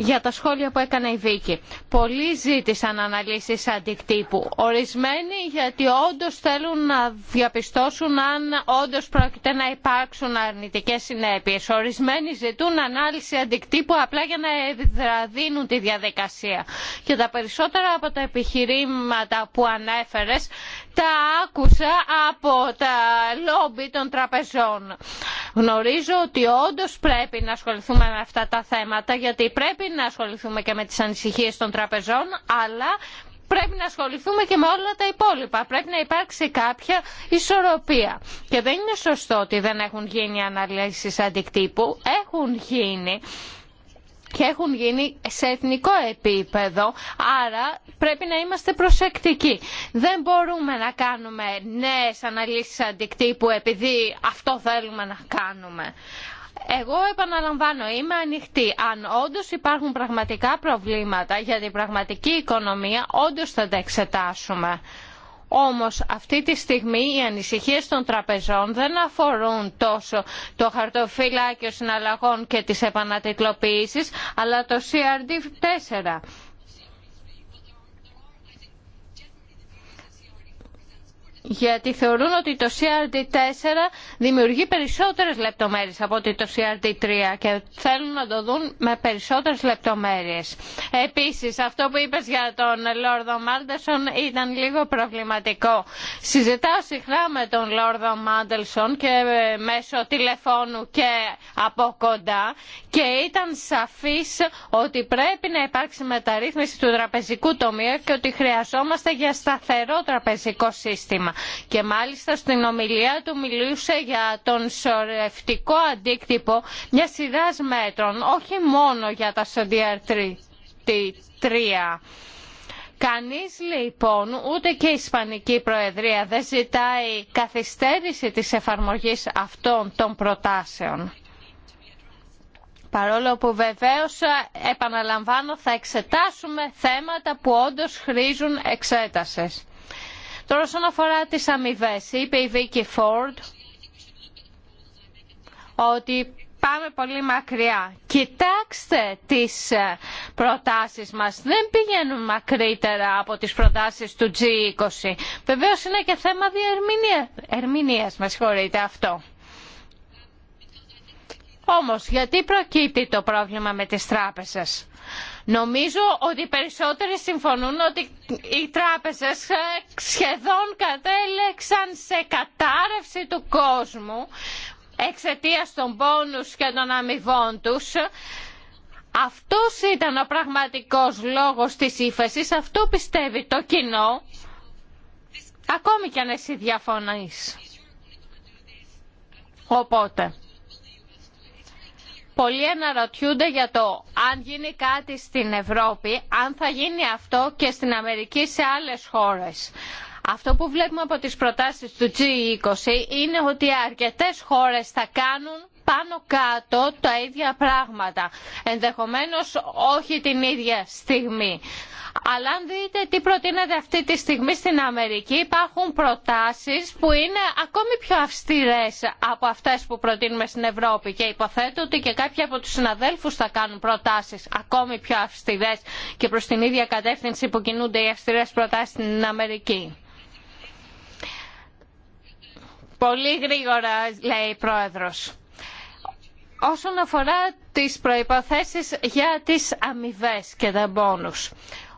για τα σχόλια που έκανε η Βίκη. Πολλοί ζήτησαν αναλύσεις αντικτύπου. Ορισμένοι γιατί όντως θέλουν να διαπιστώσουν αν όντως πρόκειται να υπάρξουν αρνητικές συνέπειες. Ορισμένοι ζητούν ανάλυση αντικτύπου απλά για να ευδραδίνουν τη διαδικασία. Και τα περισσότερα από τα επιχειρήματα που ανέφερες τα άκουσα από τα λόμπι των τραπεζών. Γνωρίζω ότι όντω πρέπει να ασχοληθούμε με αυτά τα θέματα γιατί πρέπει να ασχοληθούμε και με τις ανησυχίες των τραπεζών αλλά πρέπει να ασχοληθούμε και με όλα τα υπόλοιπα. Πρέπει να υπάρξει κάποια ισορροπία. Και δεν είναι σωστό ότι δεν έχουν γίνει αναλύσεις αντικτύπου. Έχουν γίνει και έχουν γίνει σε εθνικό επίπεδο, άρα πρέπει να είμαστε προσεκτικοί. Δεν μπορούμε να κάνουμε νέες αναλύσεις αντικτύπου επειδή αυτό θέλουμε να κάνουμε. Εγώ επαναλαμβάνω, είμαι ανοιχτή. Αν όντω υπάρχουν πραγματικά προβλήματα για την πραγματική οικονομία, όντω θα τα εξετάσουμε. Όμως αυτή τη στιγμή οι ανησυχίες των τραπεζών δεν αφορούν τόσο το χαρτοφυλάκιο συναλλαγών και τις επανατιτλοποιήσεις, αλλά το CRD4 γιατί θεωρούν ότι το CRD4 δημιουργεί περισσότερες λεπτομέρειες από ότι το CRD3 και θέλουν να το δουν με περισσότερες λεπτομέρειες. Επίσης, αυτό που είπες για τον Λόρδο Μάντελσον ήταν λίγο προβληματικό. Συζητάω συχνά με τον Λόρδο Μάντελσον και ε, μέσω τηλεφώνου και από κοντά και ήταν σαφής ότι πρέπει να υπάρξει μεταρρύθμιση του τραπεζικού τομείου και ότι χρειαζόμαστε για σταθερό τραπεζικό σύστημα και μάλιστα στην ομιλία του μιλούσε για τον σορευτικό αντίκτυπο μια σειρά μέτρων, όχι μόνο για τα sdr3. Κανείς λοιπόν, ούτε και η Ισπανική Προεδρία δεν ζητάει καθυστέρηση της εφαρμογής αυτών των προτάσεων. Παρόλο που βεβαίως επαναλαμβάνω θα εξετάσουμε θέματα που όντως χρήζουν εξέτασης. Τώρα όσον αφορά τις αμοιβέ, είπε η Βίκη Φόρντ ότι πάμε πολύ μακριά. Κοιτάξτε τις ε, προτάσεις μας. Δεν πηγαίνουν μακρύτερα από τις προτάσεις του G20. Βεβαίως είναι και θέμα διερμηνίας, με συγχωρείτε αυτό. Όμως, γιατί προκύπτει το πρόβλημα με τις τράπεζες. Νομίζω ότι οι περισσότεροι συμφωνούν ότι οι τράπεζες ε, σχεδόν κατέλεξαν σε κατάρρευση του κόσμου εξαιτίας των πόνους και των αμοιβών τους. Αυτός ήταν ο πραγματικός λόγος της ύφεσης, αυτό πιστεύει το κοινό, ακόμη κι αν εσύ διαφωνείς. Οπότε... Πολλοί αναρωτιούνται για το αν γίνει κάτι στην Ευρώπη, αν θα γίνει αυτό και στην Αμερική σε άλλες χώρες. Αυτό που βλέπουμε από τις προτάσεις του G20 είναι ότι αρκετές χώρες θα κάνουν πάνω κάτω τα ίδια πράγματα, ενδεχομένως όχι την ίδια στιγμή. Αλλά αν δείτε τι προτείνεται αυτή τη στιγμή στην Αμερική, υπάρχουν προτάσεις που είναι ακόμη πιο αυστηρές από αυτές που προτείνουμε στην Ευρώπη και υποθέτω ότι και κάποιοι από τους συναδέλφους θα κάνουν προτάσεις ακόμη πιο αυστηρές και προς την ίδια κατεύθυνση που κινούνται οι αυστηρές προτάσεις στην Αμερική. Πολύ γρήγορα, λέει η Πρόεδρος. Όσον αφορά τις προϋποθέσεις για τις αμοιβέ και τα μπόνους.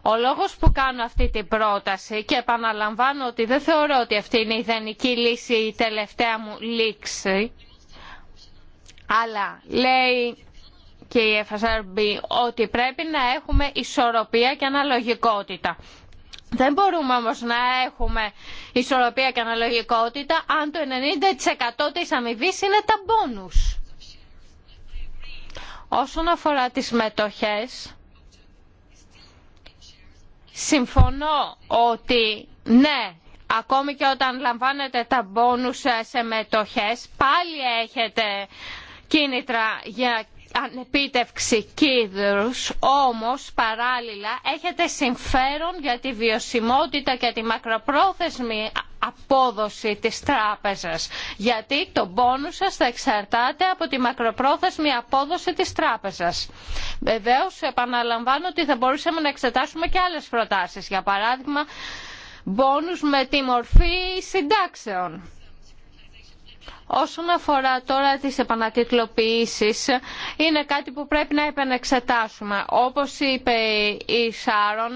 Ο λόγος που κάνω αυτή την πρόταση και επαναλαμβάνω ότι δεν θεωρώ ότι αυτή είναι η ιδανική λύση η τελευταία μου λήξη αλλά λέει και η FSRB ότι πρέπει να έχουμε ισορροπία και αναλογικότητα. Δεν μπορούμε όμως να έχουμε ισορροπία και αναλογικότητα αν το 90% της αμοιβή είναι τα μπόνους. Όσον αφορά τις μετοχές, Συμφωνώ ότι ναι, ακόμη και όταν λαμβάνετε τα μπόνους σε μετοχές, πάλι έχετε κίνητρα για ανεπίτευξη κίνδυνους, όμως παράλληλα έχετε συμφέρον για τη βιωσιμότητα και τη μακροπρόθεσμη απόδοση της τράπεζας. Γιατί το πόνου σας θα εξαρτάται από τη μακροπρόθεσμη απόδοση της τράπεζας. Βεβαίως επαναλαμβάνω ότι θα μπορούσαμε να εξετάσουμε και άλλες προτάσεις. Για παράδειγμα, πόνους με τη μορφή συντάξεων Όσον αφορά τώρα τις επανακυκλοποιήσεις, είναι κάτι που πρέπει να επανεξετάσουμε. Όπως είπε η Σάρων,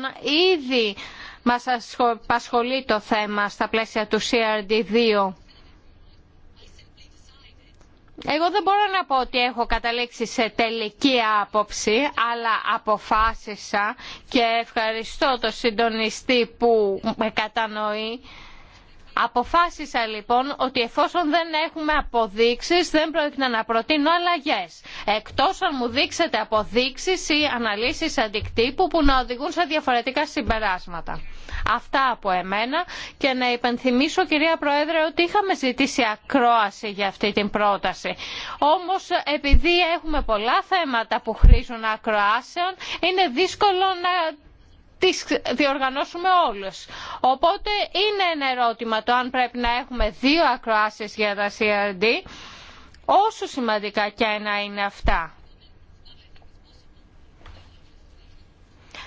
ήδη μας απασχολεί το θέμα στα πλαίσια του CRD2. Εγώ δεν μπορώ να πω ότι έχω καταλήξει σε τελική άποψη, αλλά αποφάσισα και ευχαριστώ τον συντονιστή που με κατανοεί Αποφάσισα λοιπόν ότι εφόσον δεν έχουμε αποδείξεις δεν πρόκειται να προτείνω αλλαγές. Εκτός αν μου δείξετε αποδείξεις ή αναλύσεις αντικτύπου που να οδηγούν σε διαφορετικά συμπεράσματα. Αυτά από εμένα και να υπενθυμίσω κυρία Πρόεδρε ότι είχαμε ζητήσει ακρόαση για αυτή την πρόταση. Όμως επειδή έχουμε πολλά θέματα που χρήζουν ακροάσεων είναι δύσκολο να τις διοργανώσουμε όλες. Οπότε είναι ένα ερώτημα το αν πρέπει να έχουμε δύο ακροάσεις για τα CRD, όσο σημαντικά και να είναι αυτά.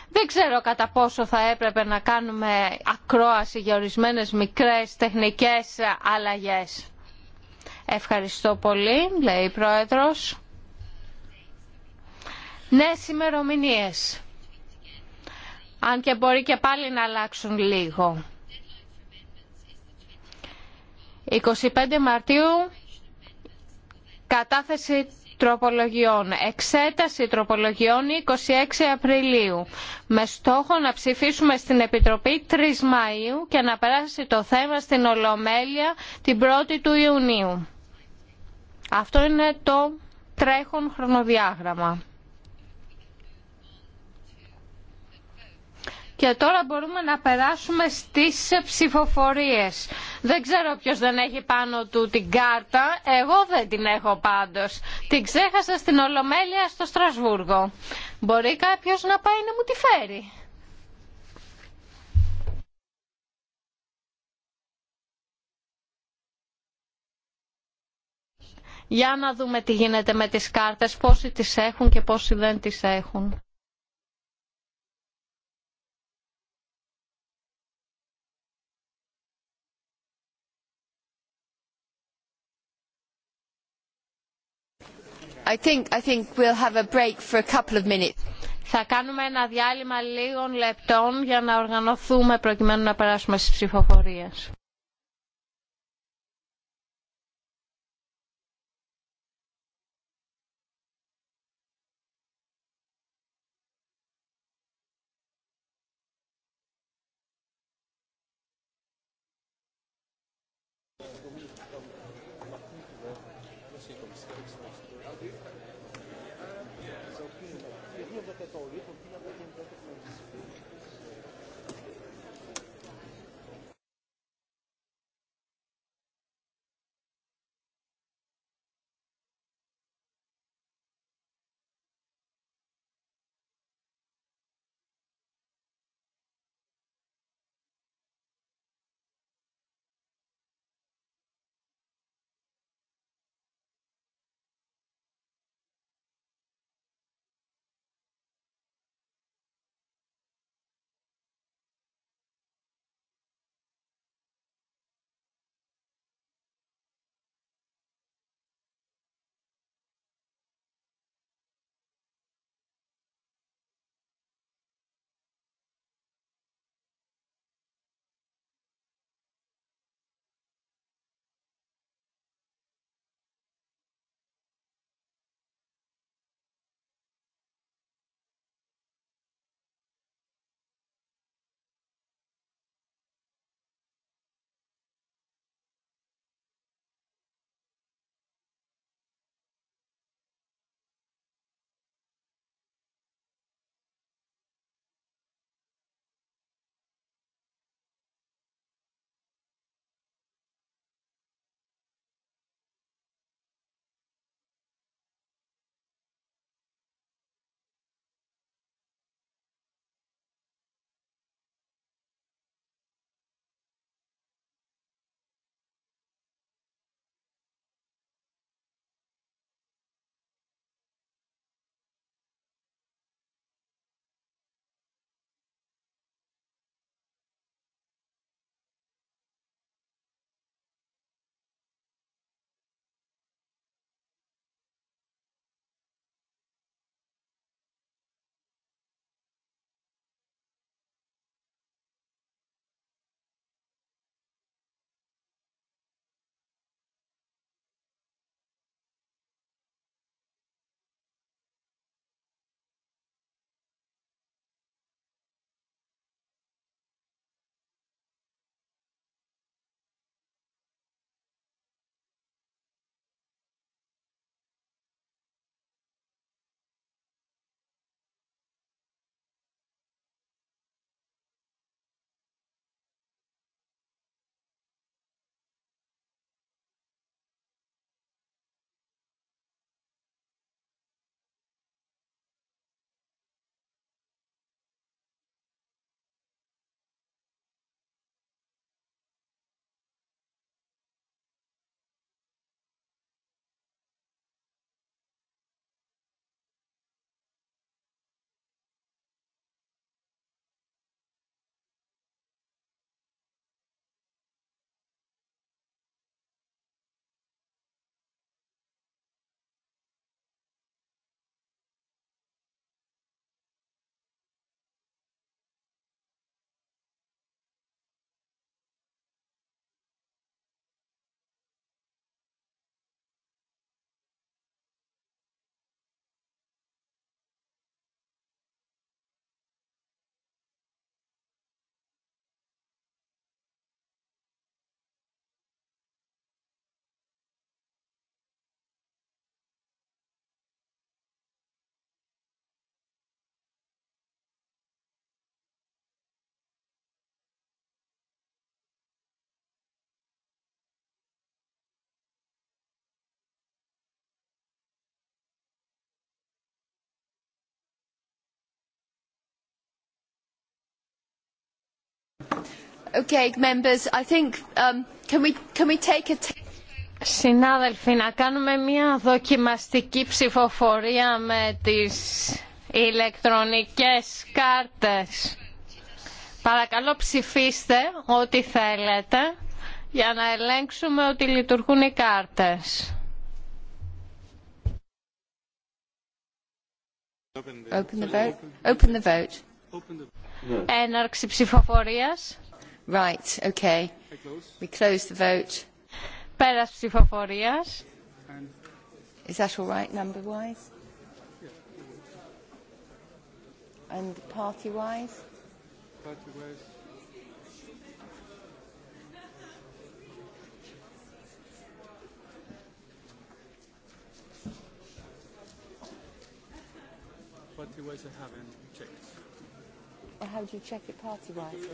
Δεν ξέρω κατά πόσο θα έπρεπε να κάνουμε ακρόαση για ορισμένες μικρές τεχνικές αλλαγές. Ευχαριστώ πολύ, λέει η Πρόεδρος. Νέες ημερομηνίες αν και μπορεί και πάλι να αλλάξουν λίγο. 25 Μαρτίου κατάθεση τροπολογιών, εξέταση τροπολογιών 26 Απριλίου, με στόχο να ψηφίσουμε στην Επιτροπή 3 Μαΐου και να περάσει το θέμα στην Ολομέλεια την 1η του Ιουνίου. Αυτό είναι το τρέχον χρονοδιάγραμμα. Και τώρα μπορούμε να περάσουμε στις ψηφοφορίες. Δεν ξέρω ποιος δεν έχει πάνω του την κάρτα. Εγώ δεν την έχω πάντως. Την ξέχασα στην Ολομέλεια στο Στρασβούργο. Μπορεί κάποιος να πάει να μου τη φέρει. Για να δούμε τι γίνεται με τις κάρτες, πόσοι τις έχουν και πόσοι δεν τις έχουν. Θα κάνουμε ένα διάλειμμα λίγων λεπτών για να οργανωθούμε προκειμένου να περάσουμε στις ψηφοφορίες. Συνάδελφοι, να κάνουμε μια δοκιμαστική ψηφοφορία με τις ηλεκτρονικές κάρτες. Παρακαλώ ψηφίστε ό,τι θέλετε για να ελέγξουμε ότι λειτουργούν οι κάρτες. Open the vote. Open the vote. Έναρξη ψηφοφορίας. Right, okay. We close the vote. Πέρας ψηφοφορίας. Is that all right, number-wise? And party-wise? Party-wise. Party-wise I haven't checked. how do you check it party-wise?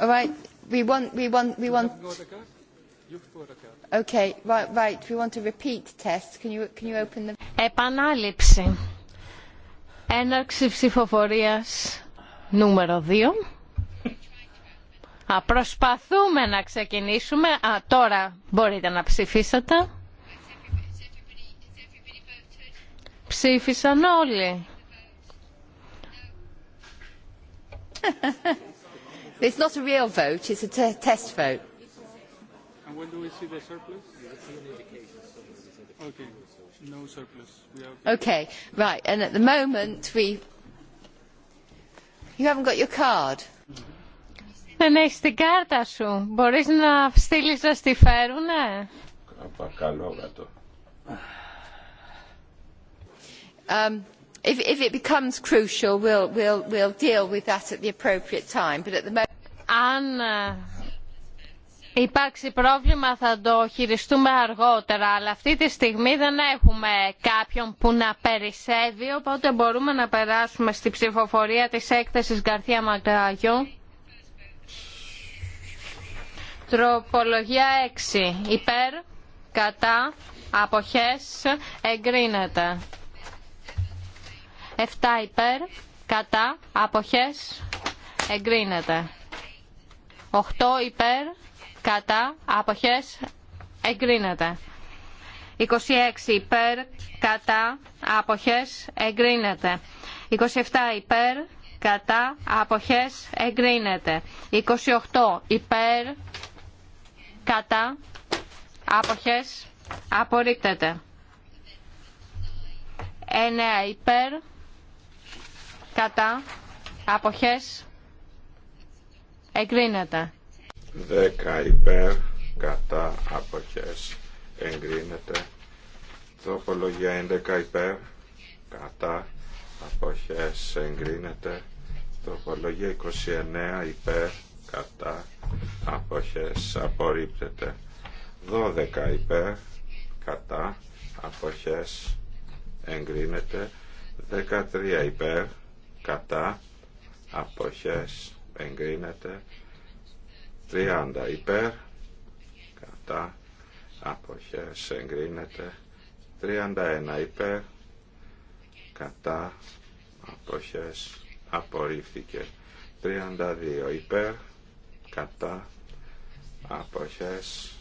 Right, we want, we want, we want. Okay, right, right. We want a repeat test. Can you, can you open the? Επανάληψη. Έναρξη ψηφοφορίας νούμερο 2. Α, προσπαθούμε να ξεκινήσουμε. Α, τώρα μπορείτε να ψηφίσετε. Ψήφισαν όλοι. It's not a real vote, it's a test vote. And when do we see the surplus? Okay, no surplus. We have Okay, right, and at the moment we... You haven't got your card. Δεν έχεις την κάρτα σου. Μπορείς να στείλεις να στη φέρουνε. Καλό γατό. If it crucial, deal with the αν ε, υπάρξει πρόβλημα θα το χειριστούμε αργότερα. Αλλά αυτή τη στιγμή δεν έχουμε κάποιον που να περισσεύει, οπότε μπορούμε να περάσουμε στη ψηφοφορία της έκθεσης Γκαρθία Μαγκάγιου. Τροπολογία 6. Υπέρ, κατά, αποχές, εγκρίνεται. 7 υπέρ, κατά, αποχές, εγκρίνεται. 8 υπέρ, κατά, αποχές, εγκρίνεται. 26 υπέρ, κατά, αποχές, εγκρίνεται. 27 υπέρ, κατά, αποχές, εγκρίνεται. 28 υπέρ, κατά, αποχές, απορρίπτεται. 9 υπέρ, κατά, αποχές, εγκρίνεται. 10 υπέρ, κατά, αποχές, εγκρίνεται. Τοπολογία 11 υπέρ, κατά, αποχές, εγκρίνεται. Τοπολογία 29 υπέρ, κατά, αποχές, απορρίπτεται. 12 υπέρ, κατά, αποχές, εγκρίνεται. 13 υπέρ, κατά αποχές εγκρίνεται 30 υπέρ κατά αποχές εγκρίνεται 31 υπέρ κατά αποχές απορρίφθηκε 32 υπέρ κατά αποχές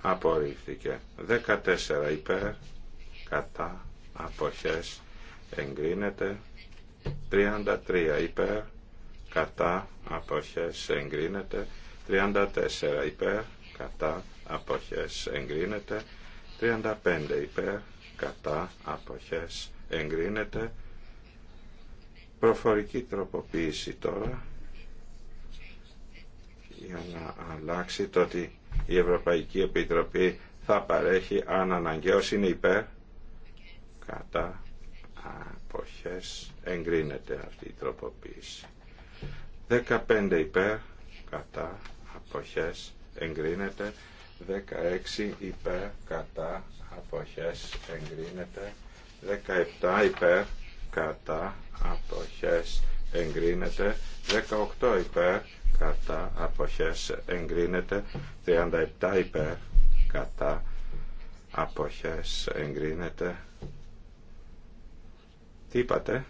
απορρίφθηκε 14 υπέρ κατά αποχές εγκρίνεται 33 υπέρ κατά αποχές εγκρίνεται 34 υπέρ κατά αποχές εγκρίνεται 35 υπέρ κατά αποχές εγκρίνεται προφορική τροποποίηση τώρα για να αλλάξει το ότι η Ευρωπαϊκή Επιτροπή θα παρέχει αν αναγκαίως είναι υπέρ κατά αποχές εγκρίνεται αυτή η τροποποίηση 15 υπέρ κατά αποχές εγκρίνεται 16 υπέρ κατά αποχές εγκρίνεται 17 υπέρ κατά αποχές εγκρίνεται 18 υπέρ κατά αποχές εγκρίνεται 37 υπέρ κατά αποχές εγκρίνεται τι είπατε.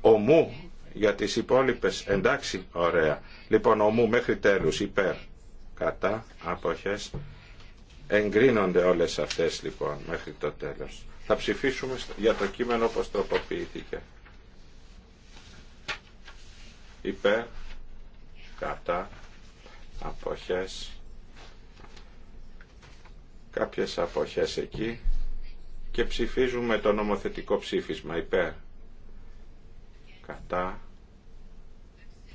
Ομού για τις υπόλοιπες. Εντάξει, ωραία. Λοιπόν, ομού μέχρι τέλους υπέρ. Κατά αποχές. Εγκρίνονται όλες αυτές λοιπόν μέχρι το τέλος. Θα ψηφίσουμε για το κείμενο όπως τροποποιήθηκε. Υπέρ, κατά, αποχές, κάποιες αποχές εκεί, και ψηφίζουμε το νομοθετικό ψήφισμα υπέρ κατά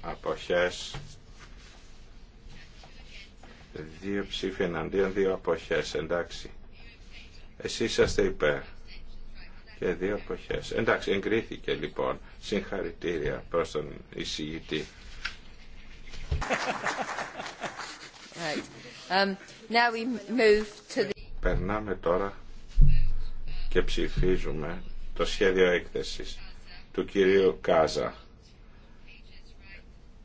αποχές δύο ψήφοι εναντίον δύο αποχές εντάξει εσείς είσαστε υπέρ και δύο αποχές εντάξει εγκρίθηκε λοιπόν συγχαρητήρια προς τον εισηγητή um, περνάμε τώρα και ψηφίζουμε το σχέδιο έκθεσης του κυρίου Κάζα.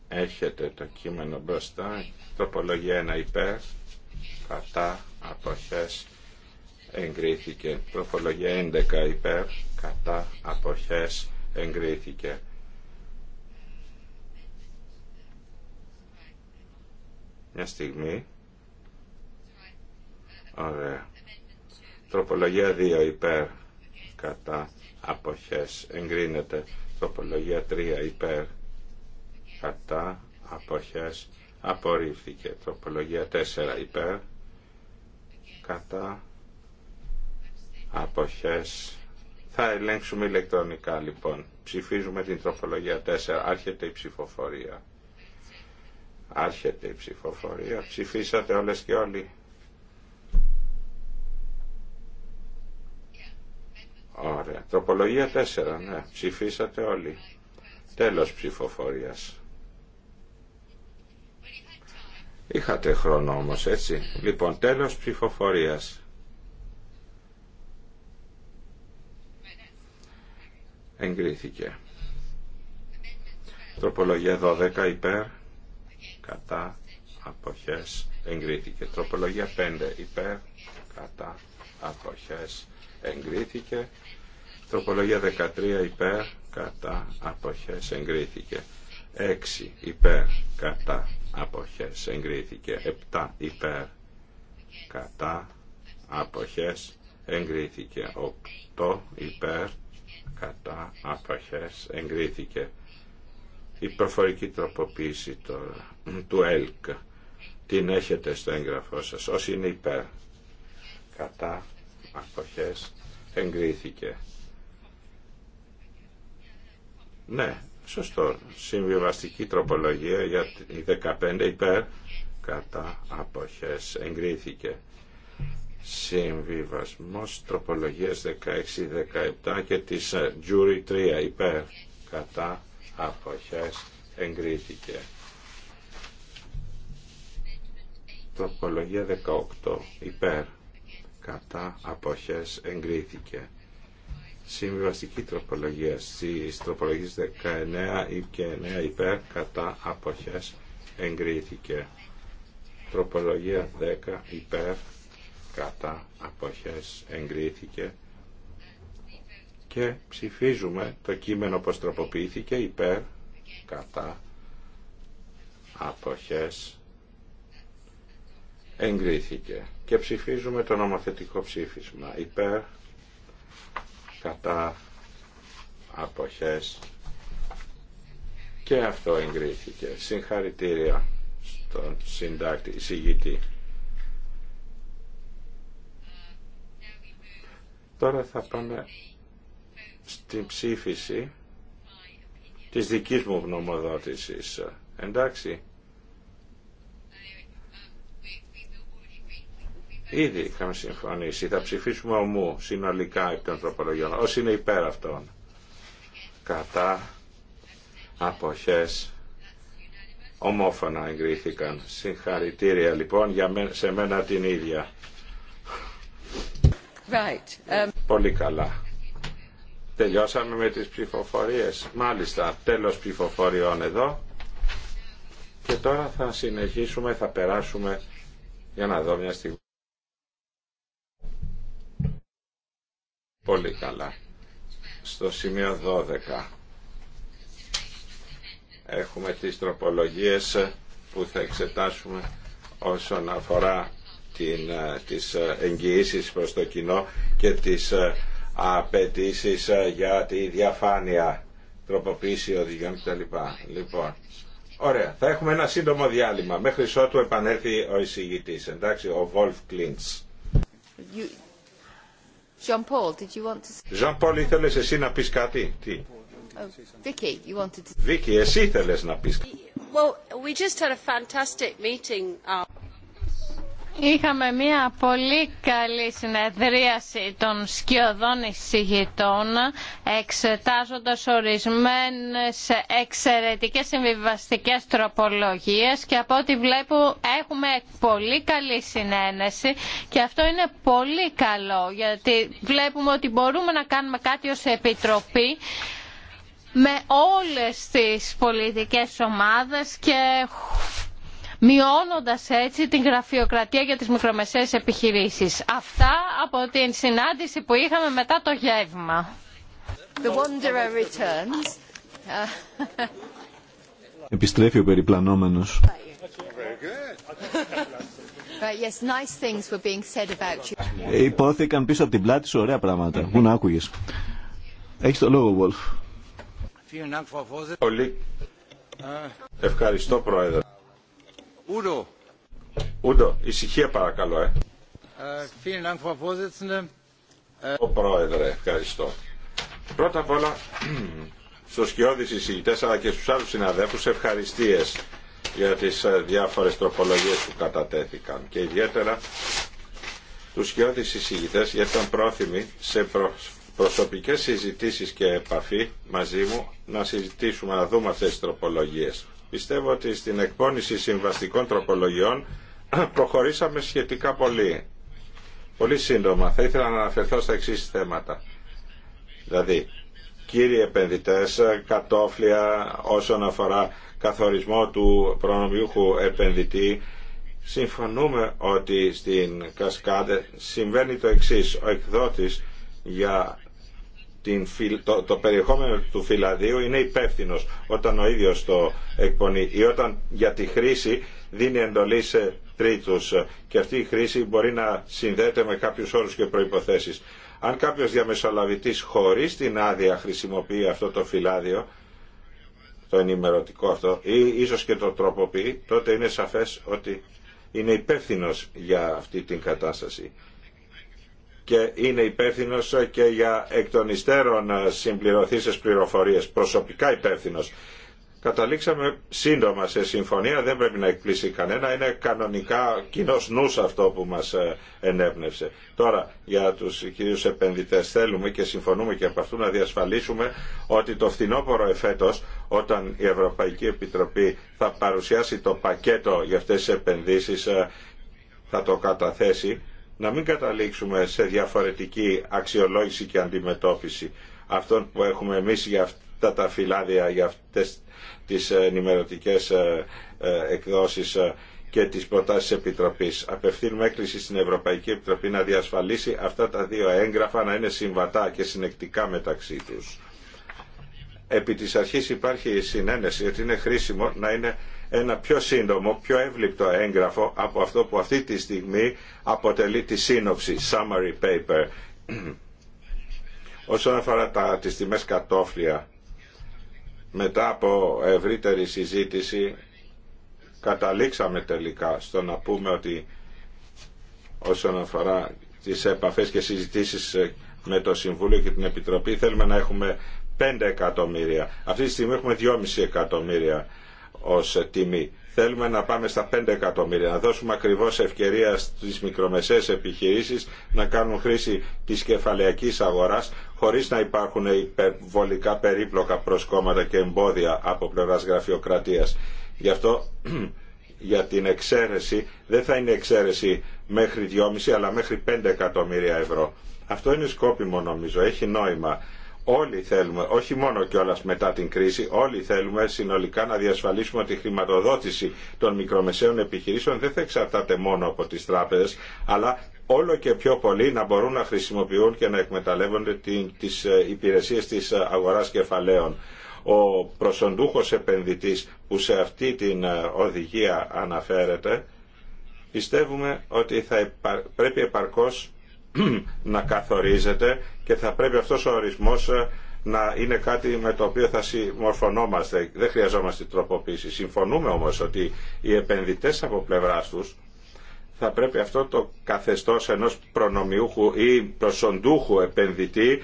Έχετε το κείμενο μπροστά, τροπολογία 1 υπέρ, κατά, αποχές, εγκρίθηκε. Τροπολογία 11 υπέρ, κατά, αποχές, εγκρίθηκε. Μια στιγμή. Ωραία. Τροπολογία 2 υπέρ κατά αποχές εγκρίνεται. Τροπολογία 3 υπέρ κατά αποχές απορρίφθηκε. Τροπολογία 4 υπέρ κατά αποχές θα ελέγξουμε ηλεκτρονικά λοιπόν. Ψηφίζουμε την τροπολογία 4. Άρχεται η ψηφοφορία. Άρχεται η ψηφοφορία. Ψηφίσατε όλες και όλοι. Ωραία. Τροπολογία 4. Ναι. Ψηφίσατε όλοι. Τέλος ψηφοφορίας. Είχατε χρόνο όμως, έτσι. Λοιπόν, τέλος ψηφοφορίας. Εγκρίθηκε. Τροπολογία 12 υπέρ, κατά, αποχές, εγκρίθηκε. Τροπολογία 5 υπέρ, κατά, αποχές, εγκρίθηκε. Τροπολογία 13 υπέρ κατά αποχές εγκρίθηκε. 6 υπέρ κατά αποχές εγκρίθηκε. 7 υπέρ κατά αποχές εγκρίθηκε. 8 υπέρ κατά αποχές εγκρίθηκε. Η προφορική τροποποίηση τώρα του ΕΛΚ την έχετε στο έγγραφό σας. Όσοι είναι υπέρ κατά αποχές εγκρίθηκε. Ναι, σωστό. Συμβιβαστική τροπολογία για την 15 υπέρ κατά αποχές εγκρίθηκε. Συμβιβασμός τροπολογίας 16-17 και της ε, Jury 3 υπέρ κατά αποχές εγκρίθηκε. Τροπολογία 18 υπέρ κατά αποχές εγκρίθηκε. Συμβιβαστική τροπολογία στι τροπολογίες 19 και 9 υπέρ κατά αποχές εγκρίθηκε. Τροπολογία 10 υπέρ κατά αποχές εγκρίθηκε. Και ψηφίζουμε το κείμενο πως τροποποιήθηκε υπέρ κατά αποχές εγκρίθηκε. Και ψηφίζουμε το νομοθετικό ψήφισμα υπέρ κατά αποχές και αυτό εγκρίθηκε. Συγχαρητήρια στον συντάκτη, εισηγητή. Τώρα θα πάμε στην ψήφιση της δικής μου γνωμοδότησης. Εντάξει. Ήδη είχαμε συμφωνήσει. Θα ψηφίσουμε ομού συνολικά επί των τροπολογιών. Όσοι είναι υπέρ αυτών. Κατά αποχές ομόφωνα εγκρίθηκαν. Συγχαρητήρια λοιπόν για σε μένα την ίδια. Right. Um- Πολύ καλά. Τελειώσαμε με τις ψηφοφορίες. Μάλιστα, τέλος ψηφοφοριών εδώ. Και τώρα θα συνεχίσουμε, θα περάσουμε για να δω μια στιγμή. Πολύ καλά. Στο σημείο 12 έχουμε τις τροπολογίες που θα εξετάσουμε όσον αφορά την, ε, τις ε, εγγυήσεις προς το κοινό και τις ε, απαιτήσει για τη διαφάνεια, τροποποίηση οδηγιών κτλ. Λοιπόν, ωραία. Θα έχουμε ένα σύντομο διάλειμμα μέχρι ότου επανέλθει ο εισηγητής. Εντάξει, ο Βολφ Κλίντς. Jean Paul, did you want to... Jean Paul, ήθελες εσύ να πεις κάτι. Τι. Oh, Vicky, you wanted to... Vicky, εσύ ήθελες να πεις. Well, we just had a fantastic meeting. Είχαμε μια πολύ καλή συνεδρίαση των σκιωδών εισηγητών εξετάζοντας ορισμένες εξαιρετικές συμβιβαστικές τροπολογίες και από ό,τι βλέπω έχουμε πολύ καλή συνένεση και αυτό είναι πολύ καλό γιατί βλέπουμε ότι μπορούμε να κάνουμε κάτι ως Επιτροπή με όλες τις πολιτικές ομάδες και μειώνοντας έτσι την γραφειοκρατία για τις μικρομεσαίες επιχειρήσεις. Αυτά από την συνάντηση που είχαμε μετά το γεύμα. Επιστρέφει ο περιπλανόμενος. Ε, υπόθηκαν πίσω από την πλάτη σου ωραία πράγματα. Πού να άκουγες. Έχεις το λόγο, Βολφ. Ευχαριστώ, Πρόεδρε. Udo. ησυχία παρακαλώ. Ε. Ε, ε. Ο Πρόεδρε, ευχαριστώ. Πρώτα απ' όλα, στου σκιώδεις εισηγητές αλλά και στους άλλους συναδέλφους ευχαριστίες για τις ε, διάφορες τροπολογίες που κατατέθηκαν και ιδιαίτερα τους σκιώδεις εισηγητές γιατί ήταν πρόθυμοι σε προσωπικέ συζητήσεις και επαφή μαζί μου να συζητήσουμε, να δούμε αυτές τις τροπολογίες. Πιστεύω ότι στην εκπόνηση συμβαστικών τροπολογιών προχωρήσαμε σχετικά πολύ. Πολύ σύντομα. Θα ήθελα να αναφερθώ στα εξή θέματα. Δηλαδή, κύριοι επενδυτές, κατόφλια όσον αφορά καθορισμό του προνομιούχου επενδυτή, συμφωνούμε ότι στην Κασκάδε συμβαίνει το εξής. Ο εκδότης για το, περιεχόμενο του φυλαδίου είναι υπεύθυνο όταν ο ίδιος το εκπονεί ή όταν για τη χρήση δίνει εντολή σε τρίτους και αυτή η χρήση μπορεί να συνδέεται με κάποιους όρους και προϋποθέσεις. Αν κάποιος διαμεσολαβητής χωρίς την άδεια χρησιμοποιεί αυτό το φυλάδιο, το ενημερωτικό αυτό, ή ίσως και το τροποποιεί, τότε είναι σαφές ότι είναι υπεύθυνο για αυτή την κατάσταση και είναι υπεύθυνο και για εκ των υστέρων συμπληρωθήσεις πληροφορίες, προσωπικά υπεύθυνο. Καταλήξαμε σύντομα σε συμφωνία, δεν πρέπει να εκπλήσει κανένα, είναι κανονικά κοινό νους αυτό που μας ε, ενέπνευσε. Τώρα για τους κυρίους επενδυτές θέλουμε και συμφωνούμε και από αυτού να διασφαλίσουμε ότι το φθινόπωρο εφέτος όταν η Ευρωπαϊκή Επιτροπή θα παρουσιάσει το πακέτο για αυτές τις επενδύσεις ε, θα το καταθέσει να μην καταλήξουμε σε διαφορετική αξιολόγηση και αντιμετώπιση αυτών που έχουμε εμείς για αυτά τα φυλάδια, για αυτές τις ενημερωτικέ ε, ε, εκδόσεις ε, και τις προτάσεις Επιτροπής. Απευθύνουμε έκκληση στην Ευρωπαϊκή Επιτροπή να διασφαλίσει αυτά τα δύο έγγραφα να είναι συμβατά και συνεκτικά μεταξύ τους. Επί της αρχής υπάρχει συνένεση ότι είναι χρήσιμο να είναι ένα πιο σύντομο, πιο εύληπτο έγγραφο από αυτό που αυτή τη στιγμή αποτελεί τη σύνοψη, summary paper. Όσον αφορά τα, τις τιμές κατόφλια, μετά από ευρύτερη συζήτηση καταλήξαμε τελικά στο να πούμε ότι όσον αφορά τις επαφές και συζητήσεις ε, με το Συμβούλιο και την Επιτροπή θέλουμε να έχουμε 5 εκατομμύρια. Αυτή τη στιγμή έχουμε 2,5 εκατομμύρια ως τιμή. Θέλουμε να πάμε στα 5 εκατομμύρια, να δώσουμε ακριβώς ευκαιρία στις μικρομεσαίες επιχειρήσεις να κάνουν χρήση της κεφαλαιακής αγοράς χωρίς να υπάρχουν υπερβολικά περίπλοκα προσκόμματα και εμπόδια από πλευράς γραφειοκρατίας. Γι' αυτό για την εξαίρεση δεν θα είναι εξαίρεση μέχρι 2,5 αλλά μέχρι 5 εκατομμύρια ευρώ. Αυτό είναι σκόπιμο νομίζω, έχει νόημα Όλοι θέλουμε, όχι μόνο κιόλα μετά την κρίση, όλοι θέλουμε συνολικά να διασφαλίσουμε ότι η χρηματοδότηση των μικρομεσαίων επιχειρήσεων δεν θα εξαρτάται μόνο από τις τράπεζε, αλλά όλο και πιο πολύ να μπορούν να χρησιμοποιούν και να εκμεταλλεύονται τις ε, υπηρεσίες τη ε, αγορά κεφαλαίων. Ο προσοντούχος επενδυτής που σε αυτή την ε, οδηγία αναφέρεται, πιστεύουμε ότι θα πρέπει επαρκώς να καθορίζεται και θα πρέπει αυτός ο ορισμός ε, να είναι κάτι με το οποίο θα συμμορφωνόμαστε. Δεν χρειαζόμαστε τροποποίηση. Συμφωνούμε όμως ότι οι επενδυτές από πλευρά τους θα πρέπει αυτό το καθεστώς ενός προνομιούχου ή προσοντούχου επενδυτή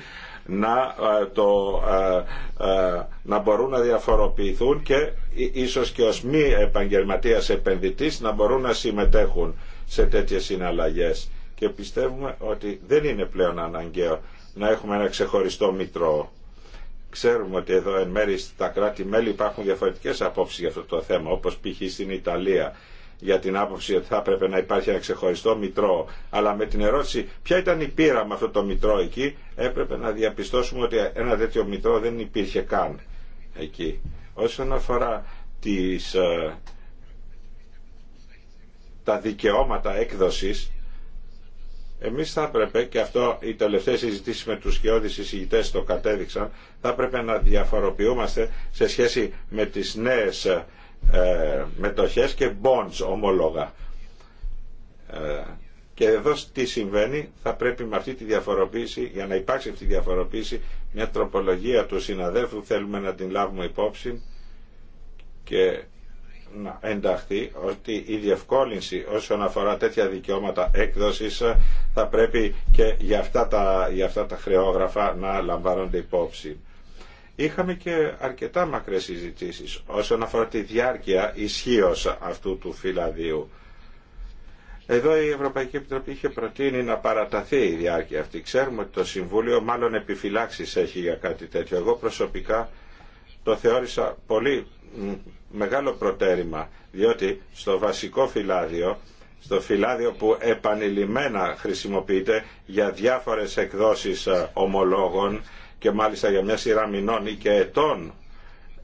να, ε, το, ε, να μπορούν να διαφοροποιηθούν και ίσως και ως μη επαγγελματίας επενδυτής να μπορούν να συμμετέχουν σε τέτοιες συναλλαγές και πιστεύουμε ότι δεν είναι πλέον αναγκαίο να έχουμε ένα ξεχωριστό μητρό. Ξέρουμε ότι εδώ εν μέρει στα κράτη-μέλη υπάρχουν διαφορετικές απόψεις για αυτό το θέμα, όπως π.χ. στην Ιταλία για την άποψη ότι θα έπρεπε να υπάρχει ένα ξεχωριστό μητρό, αλλά με την ερώτηση ποια ήταν η πείρα με αυτό το μητρό εκεί, έπρεπε να διαπιστώσουμε ότι ένα τέτοιο μητρό δεν υπήρχε καν εκεί. Όσον αφορά τις, ε, τα δικαιώματα έκδοσης, εμείς θα έπρεπε, και αυτό οι τελευταίες συζητήσεις με τους κοιόδης εισηγητές το κατέδειξαν, θα έπρεπε να διαφοροποιούμαστε σε σχέση με τις νέες ε, μετοχές και bonds ομολόγα. Ε, και εδώ τι συμβαίνει, θα πρέπει με αυτή τη διαφοροποίηση, για να υπάρξει αυτή τη διαφοροποίηση, μια τροπολογία του συναδέλφου θέλουμε να την λάβουμε υπόψη και να ενταχθεί ότι η διευκόλυνση όσον αφορά τέτοια δικαιώματα έκδοσης ε, θα πρέπει και για αυτά τα, για αυτά τα χρεόγραφα να λαμβάνονται υπόψη. Είχαμε και αρκετά μακρές συζητήσεις όσον αφορά τη διάρκεια ισχύω αυτού του φυλαδίου. Εδώ η Ευρωπαϊκή Επιτροπή είχε προτείνει να παραταθεί η διάρκεια αυτή. Ξέρουμε ότι το Συμβούλιο μάλλον επιφυλάξεις έχει για κάτι τέτοιο. Εγώ προσωπικά το θεώρησα πολύ μεγάλο προτέρημα, διότι στο βασικό φυλάδιο, στο φυλάδιο που επανειλημμένα χρησιμοποιείται για διάφορες εκδόσεις ε, ομολόγων και μάλιστα για μια σειρά μηνών ή και ετών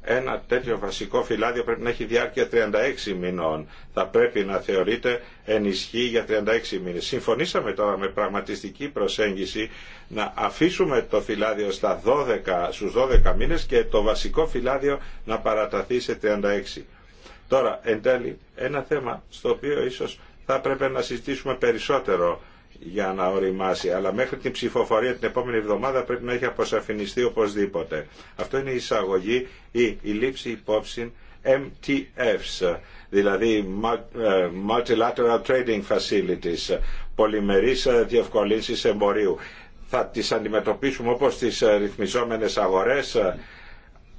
ένα τέτοιο βασικό φυλάδιο πρέπει να έχει διάρκεια 36 μηνών. Θα πρέπει να θεωρείται ενισχύ για 36 μήνες. Συμφωνήσαμε τώρα με πραγματιστική προσέγγιση να αφήσουμε το φυλάδιο στα 12, στους 12 μήνες και το βασικό φυλάδιο να παραταθεί σε 36. Τώρα, εν τέλει, ένα θέμα στο οποίο ίσως θα πρέπει να συζητήσουμε περισσότερο για να οριμάσει, αλλά μέχρι την ψηφοφορία την επόμενη εβδομάδα πρέπει να έχει αποσαφινιστεί οπωσδήποτε. Αυτό είναι η εισαγωγή ή η λήψη υπόψη MTFs, δηλαδή ε, Multilateral Trading Facilities, πολυμερείς ε, διευκολύνσεις εμπορίου. Θα τις αντιμετωπίσουμε όπως τις ε, ρυθμιζόμενες αγορές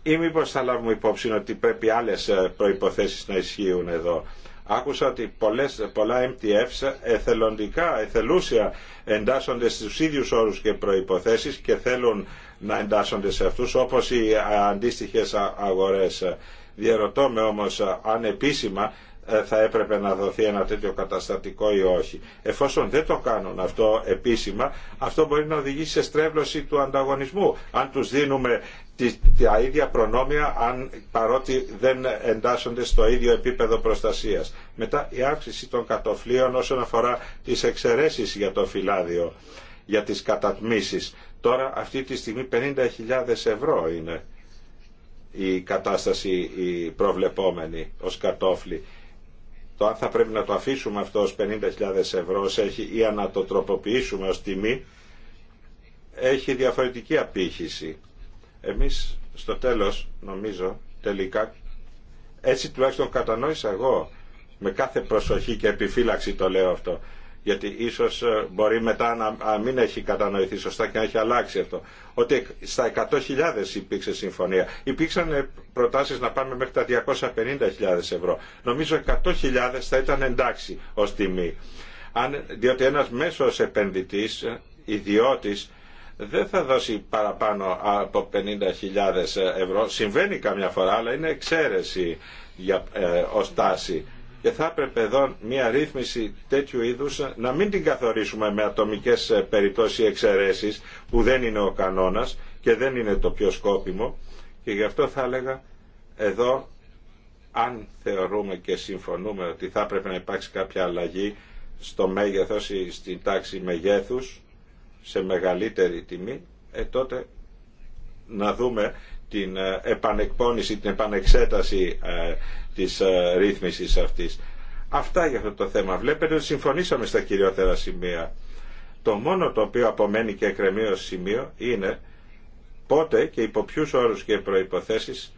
ή μήπως θα λάβουμε υπόψη ότι πρέπει άλλες προϋποθέσεις να ισχύουν εδώ. Άκουσα ότι πολλές, πολλά MTFs εθελοντικά, εθελούσια εντάσσονται στους ίδιους όρους και προϋποθέσεις και θέλουν να εντάσσονται σε αυτούς όπως οι αντίστοιχες αγορές. διερωτώ με όμως αν επίσημα ε, θα έπρεπε να δοθεί ένα τέτοιο καταστατικό ή όχι. Εφόσον δεν το κάνουν αυτό επίσημα, αυτό μπορεί να οδηγήσει σε στρέβλωση του ανταγωνισμού. Αν τους δίνουμε τα ίδια προνόμια αν, παρότι δεν εντάσσονται στο ίδιο επίπεδο προστασίας. Μετά η αύξηση των κατοφλίων όσον αφορά τις εξαιρέσεις για το φυλάδιο, για τις κατατμήσεις. Τώρα αυτή τη στιγμή 50.000 ευρώ είναι η κατάσταση η προβλεπόμενη ως κατόφλι. Το αν θα πρέπει να το αφήσουμε αυτό ως 50.000 ευρώ έχει, ή να το τροποποιήσουμε ως τιμή έχει διαφορετική απήχηση. Εμείς στο τέλος, νομίζω, τελικά, έτσι τουλάχιστον κατανόησα εγώ, με κάθε προσοχή και επιφύλαξη το λέω αυτό, γιατί ίσως ε, μπορεί μετά να μην έχει κατανοηθεί σωστά και να έχει αλλάξει αυτό, ότι στα 100.000 υπήρξε συμφωνία. Υπήρξαν ε, προτάσεις να πάμε μέχρι τα 250.000 ευρώ. Νομίζω 100.000 θα ήταν εντάξει ως τιμή. Αν, διότι ένας μέσος επενδυτής, ε, ιδιώτης, δεν θα δώσει παραπάνω από 50.000 ευρώ. Συμβαίνει καμιά φορά, αλλά είναι εξαίρεση για, ε, ως τάση. Και θα έπρεπε εδώ μια ρύθμιση τέτοιου είδους να μην την καθορίσουμε με ατομικές ε, περιπτώσεις ή εξαιρέσεις που δεν είναι ο κανόνας και δεν είναι το πιο σκόπιμο. Και γι' αυτό θα έλεγα εδώ αν θεωρούμε και συμφωνούμε ότι θα έπρεπε να υπάρξει κάποια αλλαγή στο μέγεθος ή στην τάξη μεγέθους σε μεγαλύτερη τιμή, ε, τότε να δούμε την ε, επανεκπώνηση, την επανεξέταση ε, της ε, ρύθμισης αυτής. Αυτά για αυτό το θέμα. Βλέπετε ότι συμφωνήσαμε στα κυριότερα σημεία. Το μόνο το οποίο απομένει και εκκρεμεί σημείο είναι πότε και υπό ποιους όρους και προϋποθέσεις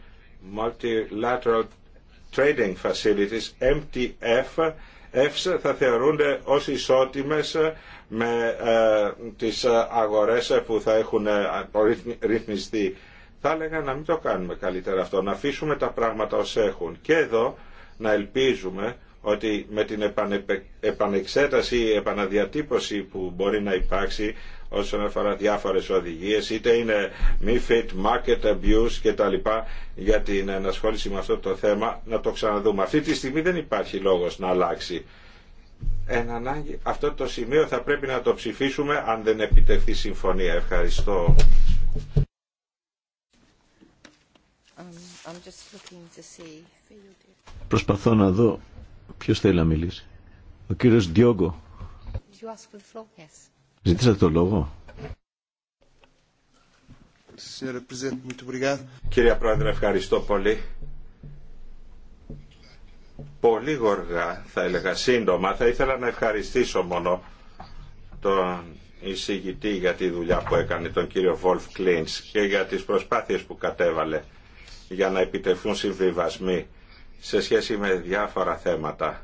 Multilateral Trading Facilities, MTF, θα θεωρούνται ως ισότιμες ε, με ε, τις αγορές που θα έχουν ε, ρυθμιστεί. Θα έλεγα να μην το κάνουμε καλύτερα αυτό, να αφήσουμε τα πράγματα ως έχουν. Και εδώ να ελπίζουμε ότι με την επανεξέταση ή επαναδιατύπωση που μπορεί να υπάρξει όσον αφορά διάφορες οδηγίες, είτε είναι fit Market Abuse και τα για την ενασχόληση με αυτό το θέμα, να το ξαναδούμε. Αυτή τη στιγμή δεν υπάρχει λόγος να αλλάξει αυτό το σημείο θα πρέπει να το ψηφίσουμε αν δεν επιτευχθεί συμφωνία. Ευχαριστώ. Um, Προσπαθώ να δω ποιος θέλει να μιλήσει. Ο κύριος Διόγκο. Yes. Ζητήσατε το λόγο. Κύριε Πρόεδρε, ευχαριστώ πολύ πολύ γοργά, θα έλεγα σύντομα, θα ήθελα να ευχαριστήσω μόνο τον εισηγητή για τη δουλειά που έκανε τον κύριο Βολφ Κλίντς και για τις προσπάθειες που κατέβαλε για να επιτευχθούν συμβιβασμοί σε σχέση με διάφορα θέματα.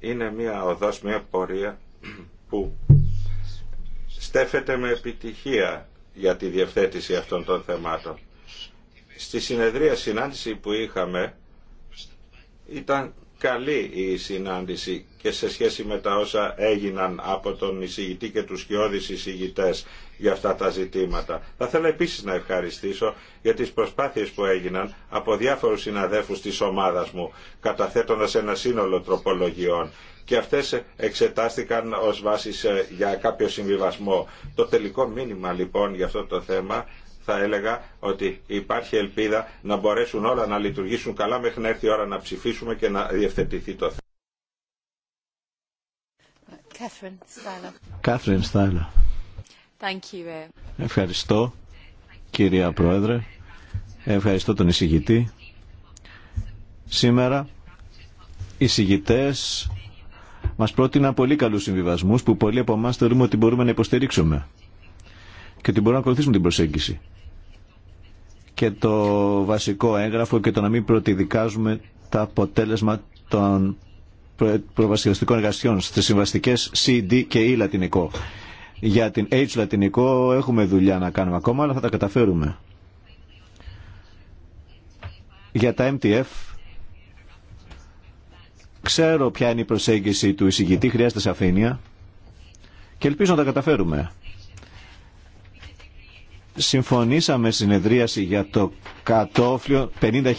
Είναι μια οδός, μια πορεία που στέφεται με επιτυχία για τη διευθέτηση αυτών των θεμάτων. Στη συνεδρία συνάντηση που είχαμε ήταν καλή η συνάντηση και σε σχέση με τα όσα έγιναν από τον εισηγητή και τους σκιώδεις εισηγητές για αυτά τα ζητήματα. Θα θέλω επίσης να ευχαριστήσω για τις προσπάθειες που έγιναν από διάφορους συναδέφους της ομάδας μου, καταθέτοντας ένα σύνολο τροπολογιών και αυτές εξετάστηκαν ως βάσεις ε, για κάποιο συμβιβασμό. Το τελικό μήνυμα λοιπόν για αυτό το θέμα θα έλεγα ότι υπάρχει ελπίδα να μπορέσουν όλα να λειτουργήσουν καλά μέχρι να έρθει η ώρα να ψηφίσουμε και να διευθετηθεί το θέμα. Κάθριν Στάιλα. Eh. Ευχαριστώ κυρία Πρόεδρε. Ευχαριστώ τον εισηγητή. Σήμερα οι εισηγητές μας πρότειναν πολύ καλούς συμβιβασμούς που πολλοί από εμά θεωρούμε ότι μπορούμε να υποστηρίξουμε και ότι μπορούμε να ακολουθήσουμε την προσέγγιση και το βασικό έγγραφο και το να μην προτιδικάζουμε τα αποτέλεσμα των προβασιλιστικών εργασιών στις συμβαστικές CD και E λατινικό. Για την H λατινικό έχουμε δουλειά να κάνουμε ακόμα, αλλά θα τα καταφέρουμε. Για τα MTF, ξέρω ποια είναι η προσέγγιση του εισηγητή, χρειάζεται σαφήνεια και ελπίζω να τα καταφέρουμε συμφωνήσαμε συνεδρίαση για το κατόφλιο 50.000.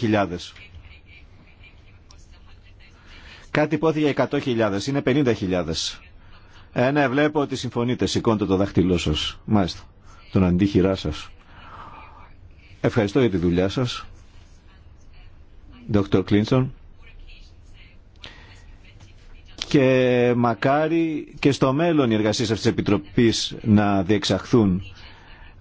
Κάτι υπόθηκε για 100.000, είναι 50.000. Ε, ναι, βλέπω ότι συμφωνείτε, σηκώντε το δάχτυλό σας, μάλιστα, τον αντίχειρά σας. Ευχαριστώ για τη δουλειά σας, Δόκτωρ Κλίντσον. Και μακάρι και στο μέλλον οι εργασίες αυτής της Επιτροπής να διεξαχθούν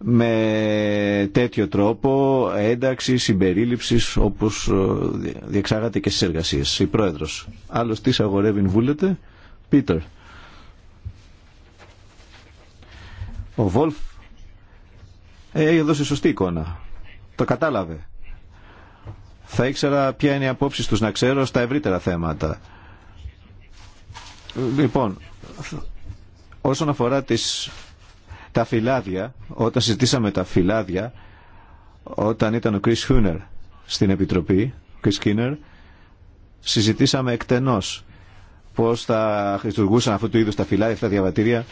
με τέτοιο τρόπο ένταξη, συμπερίληψη όπως ε, διεξάγατε και στις εργασίες. Η Πρόεδρος. Άλλο τι αγορεύει βούλεται. Πίτερ. Ο Βόλφ έδωσε σωστή εικόνα. Το κατάλαβε. Θα ήξερα ποια είναι η απόψη τους να ξέρω στα ευρύτερα θέματα. Λοιπόν, όσον αφορά τις τα φυλάδια, όταν συζητήσαμε τα φυλάδια, όταν ήταν ο Chris Χουνερ στην Επιτροπή, Chris συζητήσαμε εκτενώς πώς θα χρησιμοποιούσαν αυτού του είδους τα φυλάδια, αυτά τα διαβατήρια.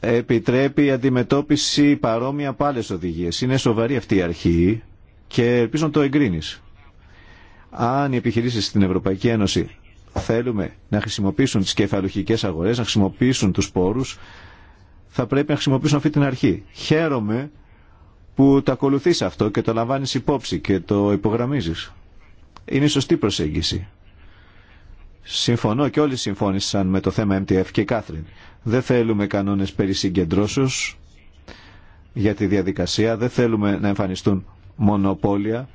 Επιτρέπει η αντιμετώπιση παρόμοια πάλες οδηγίες. Είναι σοβαρή αυτή η αρχή και ελπίζω να το εγκρίνεις. Αν οι επιχειρήσεις στην Ευρωπαϊκή Ένωση θέλουμε να χρησιμοποιήσουν τις κεφαλουχικές αγορές, να χρησιμοποιήσουν τους πόρους, θα πρέπει να χρησιμοποιήσουν αυτή την αρχή. Χαίρομαι που το ακολουθείς αυτό και το λαμβάνεις υπόψη και το υπογραμμίζεις. Είναι η σωστή προσέγγιση. Συμφωνώ και όλοι συμφώνησαν με το θέμα MTF και Κάθριν. Δεν θέλουμε κανόνες περί συγκεντρώσεως για τη διαδικασία, δεν θέλουμε να εμφανιστούν μονοπόλια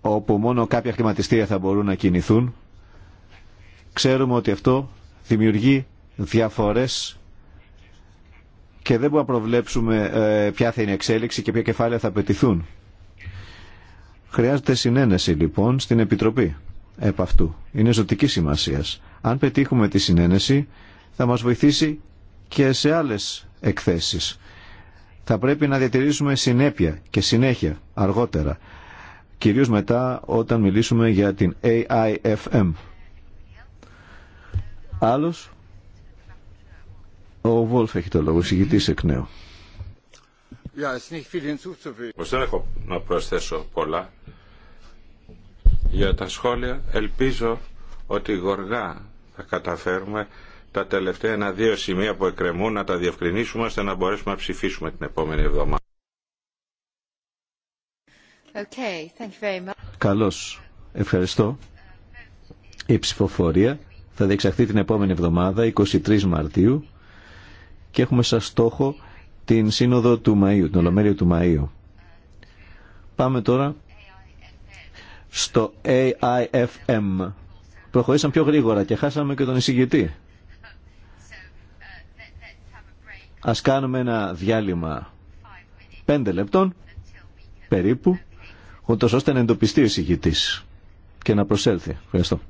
όπου μόνο κάποια χρηματιστήρια θα μπορούν να κινηθούν Ξέρουμε ότι αυτό δημιουργεί διαφορές και δεν μπορούμε να προβλέψουμε ε, ποια θα είναι η εξέλιξη και ποια κεφάλαια θα απαιτηθούν. Χρειάζεται συνένεση λοιπόν στην Επιτροπή επ' αυτού. Είναι ζωτική σημασία. Αν πετύχουμε τη συνένεση θα μας βοηθήσει και σε άλλες εκθέσεις. Θα πρέπει να διατηρήσουμε συνέπεια και συνέχεια αργότερα. Κυρίως μετά όταν μιλήσουμε για την AIFM. Άλλος, ο Βόλφ έχει το λόγο, Συγητής εκ νέου. Πώς δεν έχω να προσθέσω πολλά για τα σχόλια. Ελπίζω ότι γοργά θα καταφέρουμε τα τελευταία ένα-δύο σημεία που εκκρεμούν να τα διευκρινίσουμε ώστε να μπορέσουμε να ψηφίσουμε την επόμενη εβδομάδα. Okay, Καλώς. Ευχαριστώ. Η ψηφοφορία θα διεξαχθεί την επόμενη εβδομάδα, 23 Μαρτίου, και έχουμε σαν στόχο την σύνοδο του Μαΐου, την Ολομέλεια του Μαΐου. Πάμε τώρα στο AIFM. Προχωρήσαμε πιο γρήγορα και χάσαμε και τον εισηγητή. Ας κάνουμε ένα διάλειμμα 5 λεπτών περίπου, ούτως ώστε να εντοπιστεί ο εισηγητής και να προσέλθει. Ευχαριστώ.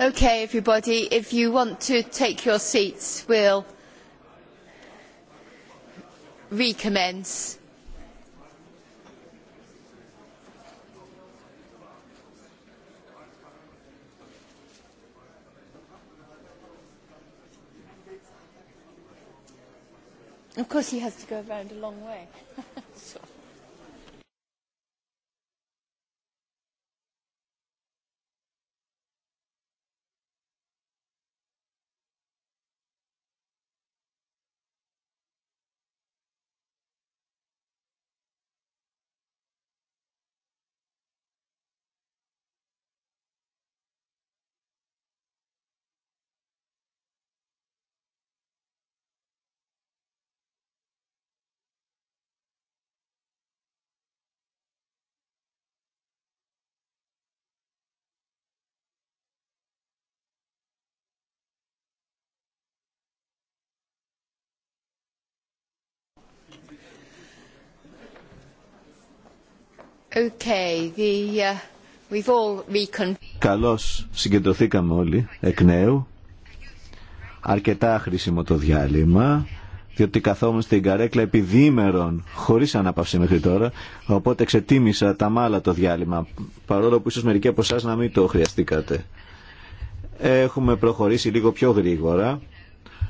Okay, everybody, if you want to take your seats, we'll recommence. Of course, he has to go around a long way. Okay, uh, Καλώς συγκεντρωθήκαμε όλοι εκ νέου. Αρκετά χρήσιμο το διάλειμμα, διότι καθόμουν στην καρέκλα επί διήμερων, χωρίς ανάπαυση μέχρι τώρα, οπότε ξετίμησα τα μάλα το διάλειμμα, παρόλο που ίσως μερικοί από εσά να μην το χρειαστήκατε. Έχουμε προχωρήσει λίγο πιο γρήγορα,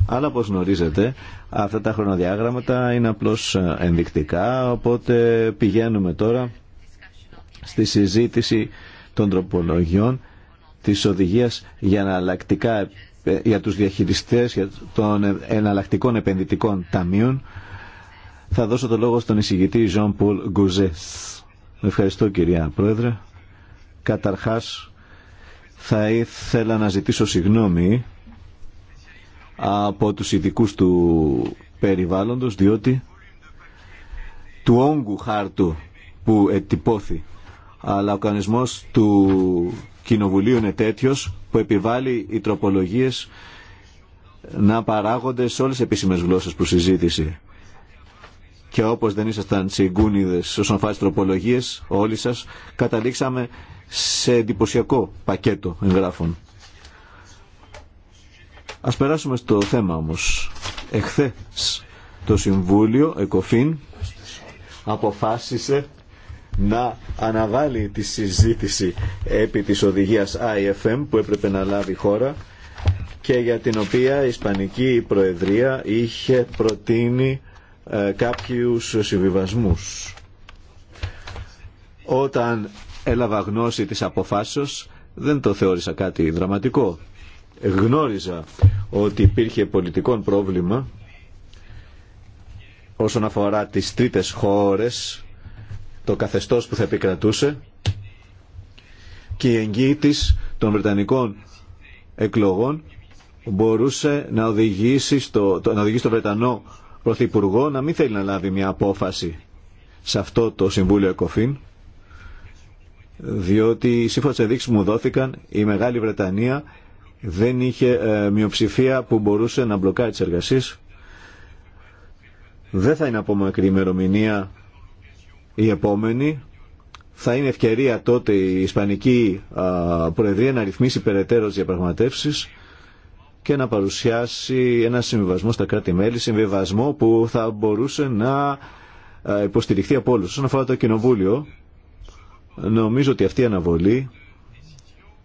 αλλά όπως γνωρίζετε αυτά τα χρονοδιάγραμματα είναι απλώς ενδεικτικά, οπότε πηγαίνουμε τώρα στη συζήτηση των τροπολογιών της οδηγίας για εναλλακτικά ε, για τους διαχειριστές για των ε, εναλλακτικών επενδυτικών ταμείων θα δώσω το λόγο στον εισηγητή Ζων Πολ Γκουζές. Ευχαριστώ κυρία Πρόεδρε. Καταρχάς θα ήθελα να ζητήσω συγνώμη από τους ειδικού του περιβάλλοντος διότι του όγκου χάρτου που ετυπώθη αλλά ο κανονισμός του Κοινοβουλίου είναι τέτοιος που επιβάλλει οι τροπολογίες να παράγονται σε όλες τις επίσημες γλώσσες που συζήτησε. Και όπως δεν ήσασταν τσιγκούνιδες όσον αφορά τροπολογίες όλοι σας, καταλήξαμε σε εντυπωσιακό πακέτο εγγράφων. Ας περάσουμε στο θέμα όμως. Εχθές το Συμβούλιο, ΕΚΟΦΗΝ, αποφάσισε να αναβάλει τη συζήτηση επί της οδηγίας IFM που έπρεπε να λάβει η χώρα και για την οποία η Ισπανική Προεδρία είχε προτείνει ε, κάποιους συμβιβασμούς. Όταν έλαβα γνώση της αποφάσεως δεν το θεώρησα κάτι δραματικό. Γνώριζα ότι υπήρχε πολιτικό πρόβλημα όσον αφορά τις τρίτες χώρες το καθεστώς που θα επικρατούσε και η εγγύητης των Βρετανικών εκλογών μπορούσε να οδηγήσει, στο, να οδηγήσει τον Βρετανό Πρωθυπουργό να μην θέλει να λάβει μια απόφαση σε αυτό το Συμβούλιο ΕΚΟΦΗΝ διότι σύμφωνα σε δείξεις που μου δόθηκαν η Μεγάλη Βρετανία δεν είχε ε, μειοψηφία που μπορούσε να μπλοκάρει τις εργασίες. Δεν θα είναι από μακρύ ημερομηνία η επόμενη. Θα είναι ευκαιρία τότε η Ισπανική Προεδρία να ρυθμίσει περαιτέρω διαπραγματεύσει και να παρουσιάσει ένα συμβιβασμό στα κράτη-μέλη, συμβιβασμό που θα μπορούσε να υποστηριχθεί από όλου. Όσον αφορά το Κοινοβούλιο, νομίζω ότι αυτή η αναβολή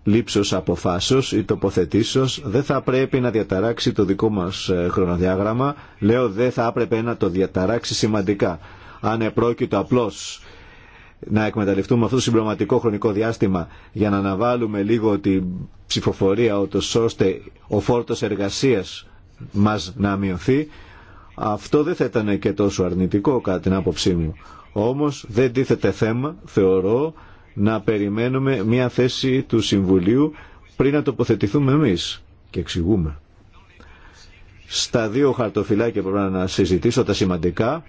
λήψος αποφάσεω ή τοποθετήσεω δεν θα πρέπει να διαταράξει το δικό μα ε, χρονοδιάγραμμα. Λέω δεν θα έπρεπε να το διαταράξει σημαντικά αν επρόκειτο απλώς να εκμεταλλευτούμε αυτό το συμπληρωματικό χρονικό διάστημα για να αναβάλουμε λίγο την ψηφοφορία ώστε ο φόρτος εργασίας μας να μειωθεί αυτό δεν θα ήταν και τόσο αρνητικό κατά την άποψή μου όμως δεν τίθεται θέμα θεωρώ να περιμένουμε μια θέση του Συμβουλίου πριν να τοποθετηθούμε εμείς και εξηγούμε στα δύο χαρτοφυλάκια που πρέπει να συζητήσω τα σημαντικά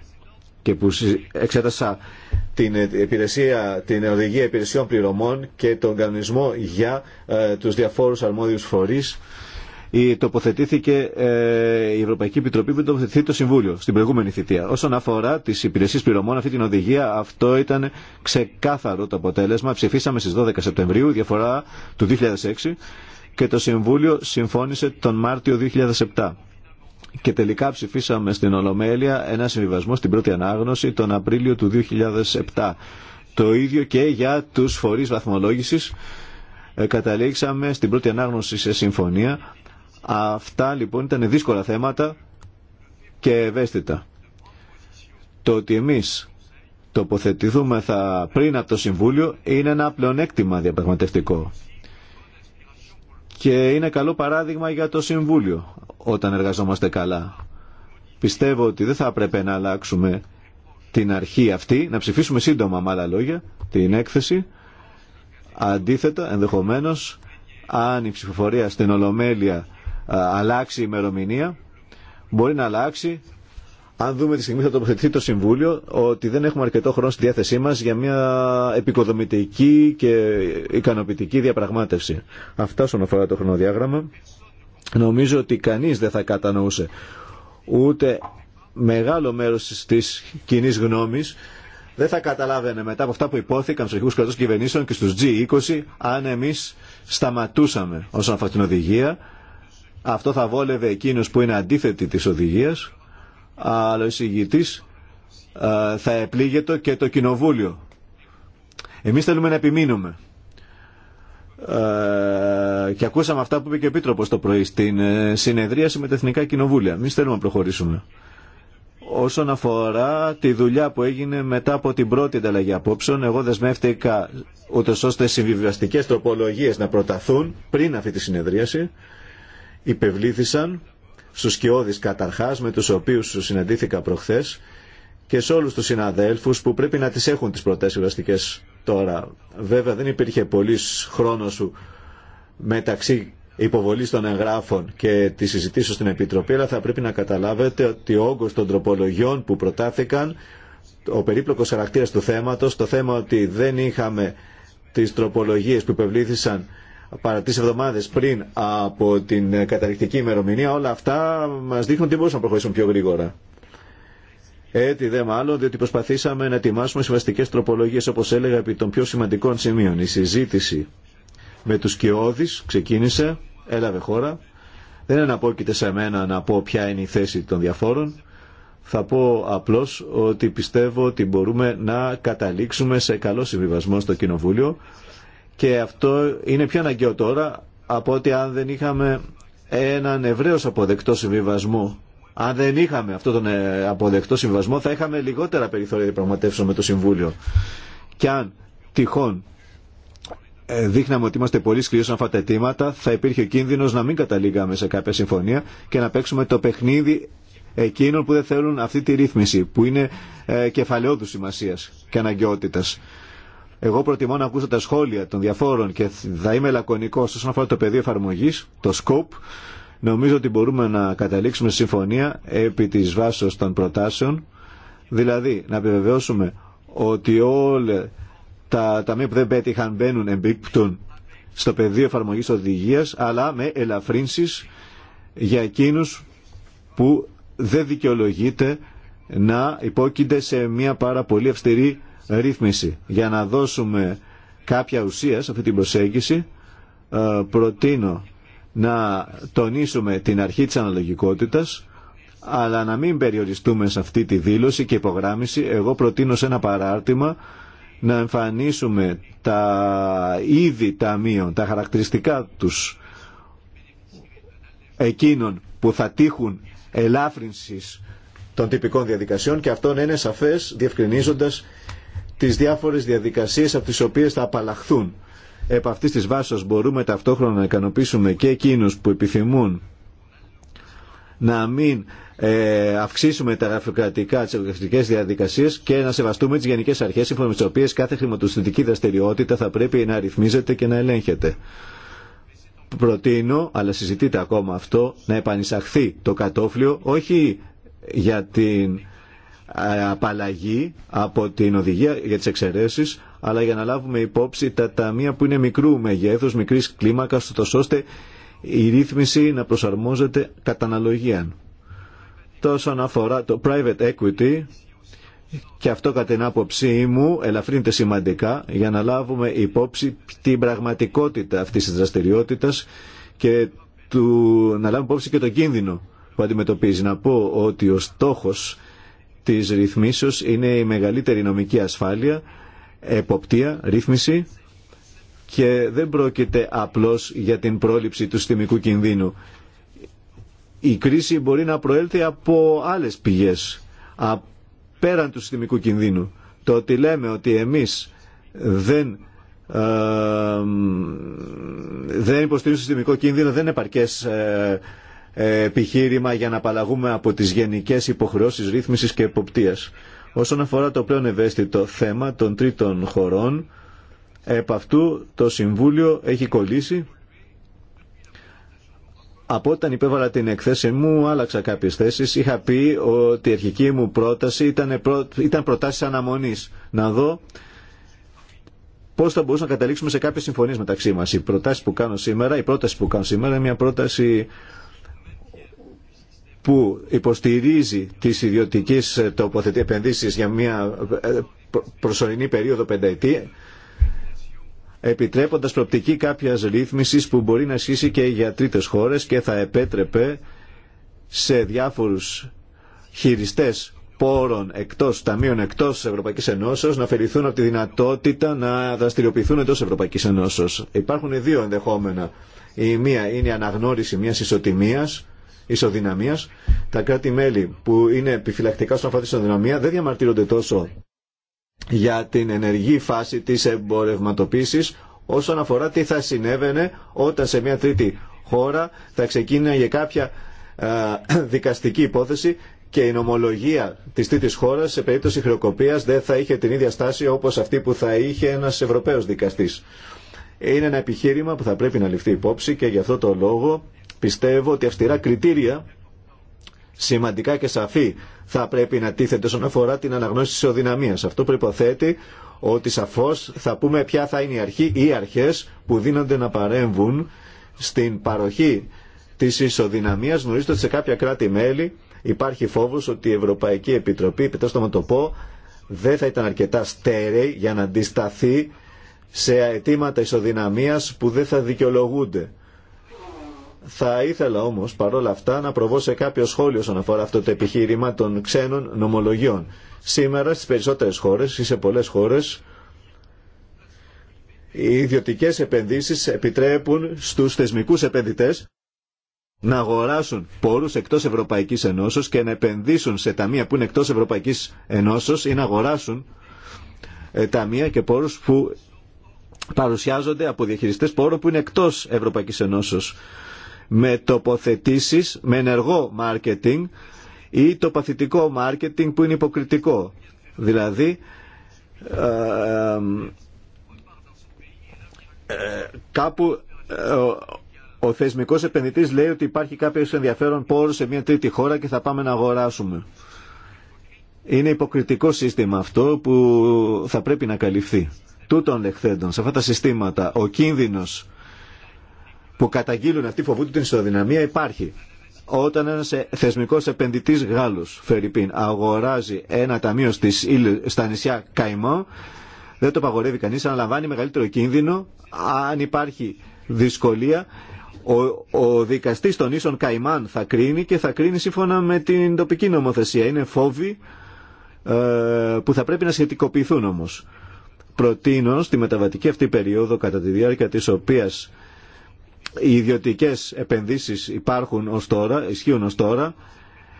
και που εξέτασα την, υπηρεσία, την οδηγία υπηρεσιών πληρωμών και τον κανονισμό για ε, τους διαφόρους αρμόδιους φορείς η, τοποθετήθηκε ε, η Ευρωπαϊκή Επιτροπή που τοποθετηθεί το Συμβούλιο στην προηγούμενη θητεία. Όσον αφορά τι υπηρεσίε πληρωμών, αυτή την οδηγία, αυτό ήταν ξεκάθαρο το αποτέλεσμα. Ψηφίσαμε στι 12 Σεπτεμβρίου, διαφορά του 2006, και το Συμβούλιο συμφώνησε τον Μάρτιο 2007 και τελικά ψηφίσαμε στην Ολομέλεια ένα συμβιβασμό στην πρώτη ανάγνωση τον Απρίλιο του 2007. Το ίδιο και για τους φορείς βαθμολόγησης ε, καταλήξαμε στην πρώτη ανάγνωση σε συμφωνία. Αυτά λοιπόν ήταν δύσκολα θέματα και ευαίσθητα. Το ότι εμείς τοποθετηθούμε θα πριν από το Συμβούλιο είναι ένα πλεονέκτημα διαπραγματευτικό. Και είναι καλό παράδειγμα για το Συμβούλιο όταν εργαζόμαστε καλά. Πιστεύω ότι δεν θα έπρεπε να αλλάξουμε την αρχή αυτή, να ψηφίσουμε σύντομα με άλλα λόγια την έκθεση. Αντίθετα, ενδεχομένως, αν η ψηφοφορία στην Ολομέλεια αλλάξει η ημερομηνία, μπορεί να αλλάξει αν δούμε τη στιγμή θα τοποθετηθεί το Συμβούλιο ότι δεν έχουμε αρκετό χρόνο στη διάθεσή μας για μια επικοδομητική και ικανοποιητική διαπραγμάτευση. Αυτά όσον αφορά το χρονοδιάγραμμα νομίζω ότι κανείς δεν θα κατανοούσε ούτε μεγάλο μέρος της κοινή γνώμης δεν θα καταλάβαινε μετά από αυτά που υπόθηκαν στου αρχικούς κρατών κυβερνήσεων και στους G20 αν εμείς σταματούσαμε όσον αφορά την οδηγία. Αυτό θα βόλευε εκείνος που είναι αντίθετοι τη οδηγία, αλλά ο εισηγητής ε, θα επλήγεται και το κοινοβούλιο. Εμείς θέλουμε να επιμείνουμε. Ε, και ακούσαμε αυτά που είπε και ο Επίτροπο το πρωί στην ε, συνεδρίαση με τα Εθνικά Κοινοβούλια. Εμεί θέλουμε να προχωρήσουμε. Όσον αφορά τη δουλειά που έγινε μετά από την πρώτη ανταλλαγή απόψεων, εγώ δεσμεύτηκα ούτω ώστε συμβιβαστικέ τροπολογίε να προταθούν πριν αυτή τη συνεδρίαση. Υπευλήθησαν στου Σκιώδη καταρχά, με του οποίου συναντήθηκα προχθέ και σε όλου του συναδέλφου που πρέπει να τι έχουν τι πρώτε συμβιβαστικέ Τώρα, βέβαια δεν υπήρχε πολύ χρόνο σου μεταξύ υποβολής των εγγράφων και τη συζητήσεω στην Επιτροπή, αλλά θα πρέπει να καταλάβετε ότι ο όγκος των τροπολογιών που προτάθηκαν, ο περίπλοκος χαρακτήρας του θέματος, το θέμα ότι δεν είχαμε τις τροπολογίες που υπευλήθησαν παρά τις εβδομάδες πριν από την καταληκτική ημερομηνία, όλα αυτά μας δείχνουν ότι μπορούσαμε να προχωρήσουμε πιο γρήγορα. Έτσι δε μάλλον, διότι προσπαθήσαμε να ετοιμάσουμε συμβαστικέ τροπολογίε, όπω έλεγα, επί των πιο σημαντικών σημείων. Η συζήτηση με του Κιώδη ξεκίνησε, έλαβε χώρα. Δεν αναπόκειται σε μένα να πω ποια είναι η θέση των διαφόρων. Θα πω απλώς ότι πιστεύω ότι μπορούμε να καταλήξουμε σε καλό συμβιβασμό στο Κοινοβούλιο και αυτό είναι πιο αναγκαίο τώρα από ότι αν δεν είχαμε έναν ευρέως αποδεκτό συμβιβασμό αν δεν είχαμε αυτόν τον ε, αποδεκτό συμβασμό θα είχαμε λιγότερα περιθώρια διαπραγματεύσεων με το Συμβούλιο. Και αν τυχόν ε, δείχναμε ότι είμαστε πολύ σκληροί αυτά τα αιτήματα, θα υπήρχε ο κίνδυνο να μην καταλήγαμε σε κάποια συμφωνία και να παίξουμε το παιχνίδι εκείνων που δεν θέλουν αυτή τη ρύθμιση, που είναι ε, κεφαλαιόδου σημασία και αναγκαιότητα. Εγώ προτιμώ να ακούσω τα σχόλια των διαφόρων και θα είμαι λακωνικό όσον αφορά το πεδίο εφαρμογή, το scope, Νομίζω ότι μπορούμε να καταλήξουμε συμφωνία επί της βάσης των προτάσεων, δηλαδή να επιβεβαιώσουμε ότι όλα τα ταμεία που δεν πέτυχαν μπαίνουν εμπίπτουν στο πεδίο εφαρμογή οδηγία, αλλά με ελαφρύνσεις για εκείνους που δεν δικαιολογείται να υπόκεινται σε μια πάρα πολύ αυστηρή ρύθμιση. Για να δώσουμε κάποια ουσία σε αυτή την προσέγγιση, ε, προτείνω να τονίσουμε την αρχή της αναλογικότητας αλλά να μην περιοριστούμε σε αυτή τη δήλωση και υπογράμμιση. Εγώ προτείνω σε ένα παράρτημα να εμφανίσουμε τα είδη ταμείων, τα χαρακτηριστικά τους εκείνων που θα τύχουν ελάφρυνσης των τυπικών διαδικασιών και αυτό να είναι σαφές διευκρινίζοντας τις διάφορες διαδικασίες από τις οποίες θα απαλλαχθούν Επ' αυτής της βάσης μπορούμε ταυτόχρονα να ικανοποιήσουμε και εκείνους που επιθυμούν να μην ε, αυξήσουμε τα γραφειοκρατικά, τι εκλογικέ διαδικασίε και να σεβαστούμε τι γενικέ αρχέ σύμφωνα με τι οποίε κάθε χρηματοστατική δραστηριότητα θα πρέπει να ρυθμίζεται και να ελέγχεται. Προτείνω, αλλά συζητείται ακόμα αυτό, να επανεισαχθεί το κατόφλιο όχι για την ε, απαλλαγή από την οδηγία για τις εξαιρέσεις αλλά για να λάβουμε υπόψη τα ταμεία που είναι μικρού μεγέθους, μικρής κλίμακας, ώστε η ρύθμιση να προσαρμόζεται κατά αναλογία. Τόσο αφορά το private equity, και αυτό κατά την άποψή μου ελαφρύνεται σημαντικά για να λάβουμε υπόψη την πραγματικότητα αυτής της δραστηριότητας και του, να λάβουμε υπόψη και το κίνδυνο που αντιμετωπίζει. Να πω ότι ο στόχος της ρυθμίσεως είναι η μεγαλύτερη νομική ασφάλεια εποπτεία, ρύθμιση και δεν πρόκειται απλώς για την πρόληψη του συστημικού κινδύνου. Η κρίση μπορεί να προέλθει από άλλες πηγές, πέραν του συστημικού κινδύνου. Το ότι λέμε ότι εμείς δεν, ε, δεν υποστηρίζουμε συστημικό κίνδυνο δεν είναι επαρκές ε, ε, επιχείρημα για να απαλλαγούμε από τις γενικές υποχρεώσεις ρύθμισης και εποπτείας. Όσον αφορά το πλέον ευαίσθητο θέμα των τρίτων χωρών, επ' αυτού το Συμβούλιο έχει κολλήσει. Από όταν υπέβαλα την εκθέση μου άλλαξα κάποιες θέσεις. Είχα πει ότι η αρχική μου πρόταση ήταν, προ... ήταν προτάσεις αναμονής. Να δω πώς θα μπορούσαμε να καταλήξουμε σε κάποιες συμφωνίες μεταξύ μας. Η που κάνω σήμερα, η πρόταση που κάνω σήμερα είναι μια πρόταση που υποστηρίζει τις ιδιωτικές ε, τοποθετή επενδύσεις για μια ε, προσωρινή περίοδο πενταετή επιτρέποντας προπτική κάποιας ρύθμισης που μπορεί να ασχίσει και για τρίτες χώρες και θα επέτρεπε σε διάφορους χειριστές πόρων εκτός ταμείων εκτός Ευρωπαϊκής Ενώσεως να αφαιρηθούν από τη δυνατότητα να δραστηριοποιηθούν εντός Ευρωπαϊκής Ενώσεως. Υπάρχουν δύο ενδεχόμενα. Η μία είναι η αναγνώριση μιας ισοτιμίας ισοδυναμία. Τα κράτη-μέλη που είναι επιφυλακτικά στον αφορά ισοδυναμία δεν διαμαρτύρονται τόσο για την ενεργή φάση της εμπορευματοποίησης όσον αφορά τι θα συνέβαινε όταν σε μια τρίτη χώρα θα για κάποια δικαστική υπόθεση και η νομολογία τη τρίτη χώρα σε περίπτωση χρεοκοπία δεν θα είχε την ίδια στάση όπω αυτή που θα είχε ένα Ευρωπαίο δικαστή. Είναι ένα επιχείρημα που θα πρέπει να ληφθεί υπόψη και γι' αυτό το λόγο Πιστεύω ότι αυστηρά κριτήρια σημαντικά και σαφή θα πρέπει να τίθεται όσον αφορά την αναγνώση της ισοδυναμίας. Αυτό προϋποθέτει ότι σαφώς θα πούμε ποια θα είναι η αρχή ή οι αρχές που δίνονται να παρέμβουν στην παροχή της ισοδυναμίας γνωρίζετε ότι σε κάποια κράτη-μέλη υπάρχει φόβος ότι η Ευρωπαϊκή Επιτροπή, επιτρέψτε να το πω, δεν θα ήταν αρκετά στέρεη για να αντισταθεί σε αιτήματα ισοδυναμίας που δεν θα δικαιολογούνται. Θα ήθελα όμως παρόλα αυτά να προβώ σε κάποιο σχόλιο όσον αφορά αυτό το επιχείρημα των ξένων νομολογιών. Σήμερα στις περισσότερες χώρες ή σε πολλές χώρες οι ιδιωτικές επενδύσεις επιτρέπουν στους θεσμικούς επενδυτές να αγοράσουν πόρους εκτός Ευρωπαϊκής Ενώσεως και να επενδύσουν σε ταμεία που είναι εκτός Ευρωπαϊκής Ενώσεως ή να αγοράσουν ε, ταμεία και πόρους που παρουσιάζονται από διαχειριστές πόρων που είναι εκτός Ευρωπαϊκής Ενώσεως με τοποθετήσεις, με ενεργό μάρκετινγκ ή το παθητικό μάρκετινγκ που είναι υποκριτικό. Δηλαδή, ε, ε, κάπου ε, ο, ο θεσμικός επενδυτής λέει ότι υπάρχει κάποιος ενδιαφέρον πόρο σε μια τρίτη χώρα και θα πάμε να αγοράσουμε. Είναι υποκριτικό σύστημα αυτό που θα πρέπει να καλυφθεί. Τούτων λεχθέντων, σε αυτά τα συστήματα, ο κίνδυνος που καταγγείλουν αυτοί φοβούνται την ισοδυναμία υπάρχει. Όταν ένας ε, θεσμικός επενδυτής Γάλλος, Φερρυπίν, αγοράζει ένα ταμείο στις, στα νησιά Καϊμό, δεν το παγορεύει κανείς, αναλαμβάνει μεγαλύτερο κίνδυνο αν υπάρχει δυσκολία. Ο, ο δικαστής των ίσων Καϊμάν θα κρίνει και θα κρίνει σύμφωνα με την τοπική νομοθεσία. Είναι φόβοι ε, που θα πρέπει να σχετικοποιηθούν όμως. Προτείνω στη μεταβατική αυτή περίοδο κατά τη διάρκεια της οποίας οι ιδιωτικέ επενδύσει υπάρχουν ω τώρα, ισχύουν ω τώρα,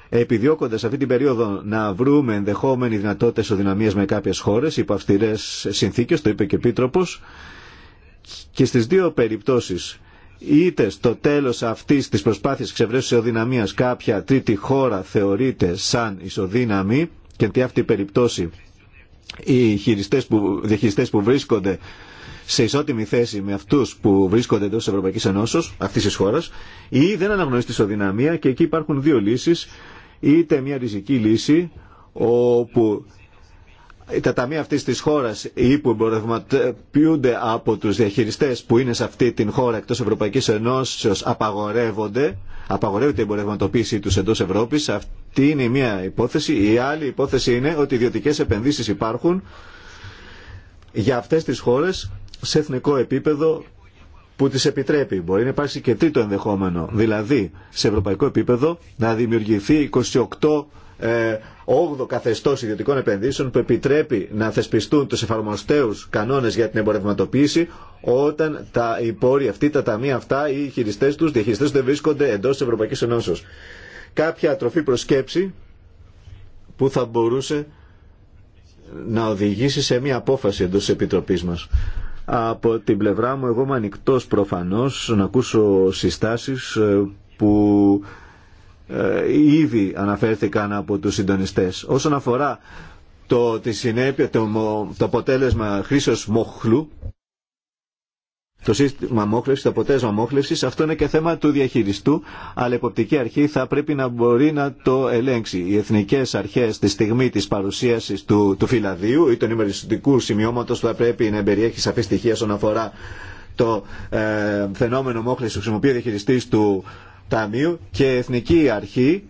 επιδιώκοντα αυτή την περίοδο να βρούμε ενδεχόμενη δυνατότητα ισοδυναμία με κάποιε χώρε, υπό αυστηρέ συνθήκες, το είπε και επίτροπο, και στι δύο περιπτώσει, είτε στο τέλο αυτής τη προσπάθεια εξευρέσεως ισοδυναμία κάποια τρίτη χώρα θεωρείται σαν ισοδύναμη και τι αυτή η περιπτώση οι χειριστές που, που βρίσκονται σε ισότιμη θέση με αυτού που βρίσκονται εντό τη Ευρωπαϊκή Ενώσεω, αυτή τη χώρα, ή δεν αναγνωρίζει τη ισοδυναμία και εκεί υπάρχουν δύο λύσει. Είτε μια ριζική λύση όπου τα ταμεία αυτής της χώρας ή που εμπορευματοποιούνται από τους διαχειριστές που είναι σε αυτή την χώρα εκτός Ευρωπαϊκής Ενώσεως απαγορεύονται, απαγορεύεται η εμπορευματοποίησή τους εντός Ευρώπης. Αυτή αυτη τη χωρα η που εμπορευματοποιουνται απο του διαχειριστε που ειναι σε αυτη την χωρα εκτο ευρωπαικη ενωσεω απαγορευονται απαγορευεται Η εμπορευματοποιηση του εντο ευρωπη αυτη είναι ότι ιδιωτικέ επενδύσεις επενδυσει υπαρχουν για αυτές τις χώρες σε εθνικό επίπεδο που τις επιτρέπει. Μπορεί να υπάρξει και τρίτο ενδεχόμενο, δηλαδή σε ευρωπαϊκό επίπεδο να δημιουργηθεί 28 ε, 8 καθεστώ ιδιωτικών επενδύσεων που επιτρέπει να θεσπιστούν του εφαρμοστέου κανόνε για την εμπορευματοποίηση όταν τα υπόρρια αυτή, τα ταμεία αυτά ή οι χειριστέ του, διαχειριστέ δεν βρίσκονται εντό τη Ευρωπαϊκή Ενώσεω. Κάποια τροφή προσκέψη που θα μπορούσε να οδηγήσει σε μια απόφαση εντό τη Επιτροπή μα. Από την πλευρά μου εγώ είμαι ανοιχτό προφανώς να ακούσω συστάσεις ε, που ε, ήδη αναφέρθηκαν από τους συντονιστές. Όσον αφορά το, τη συνέπεια, το, το αποτέλεσμα χρήσεως μοχλού, το σύστημα μόχλευση, το αποτέλεσμα μόχλευση, αυτό είναι και θέμα του διαχειριστού, αλλά η εποπτική αρχή θα πρέπει να μπορεί να το ελέγξει. Οι εθνικέ αρχέ τη στιγμή τη παρουσίαση του, του φυλαδίου ή του ημεριστικού σημειώματο που θα πρέπει να περιέχει σαφή στοιχεία όσον αφορά το ε, φαινόμενο μόχλευση που χρησιμοποιεί ο διαχειριστή του ταμείου και η εθνική αρχή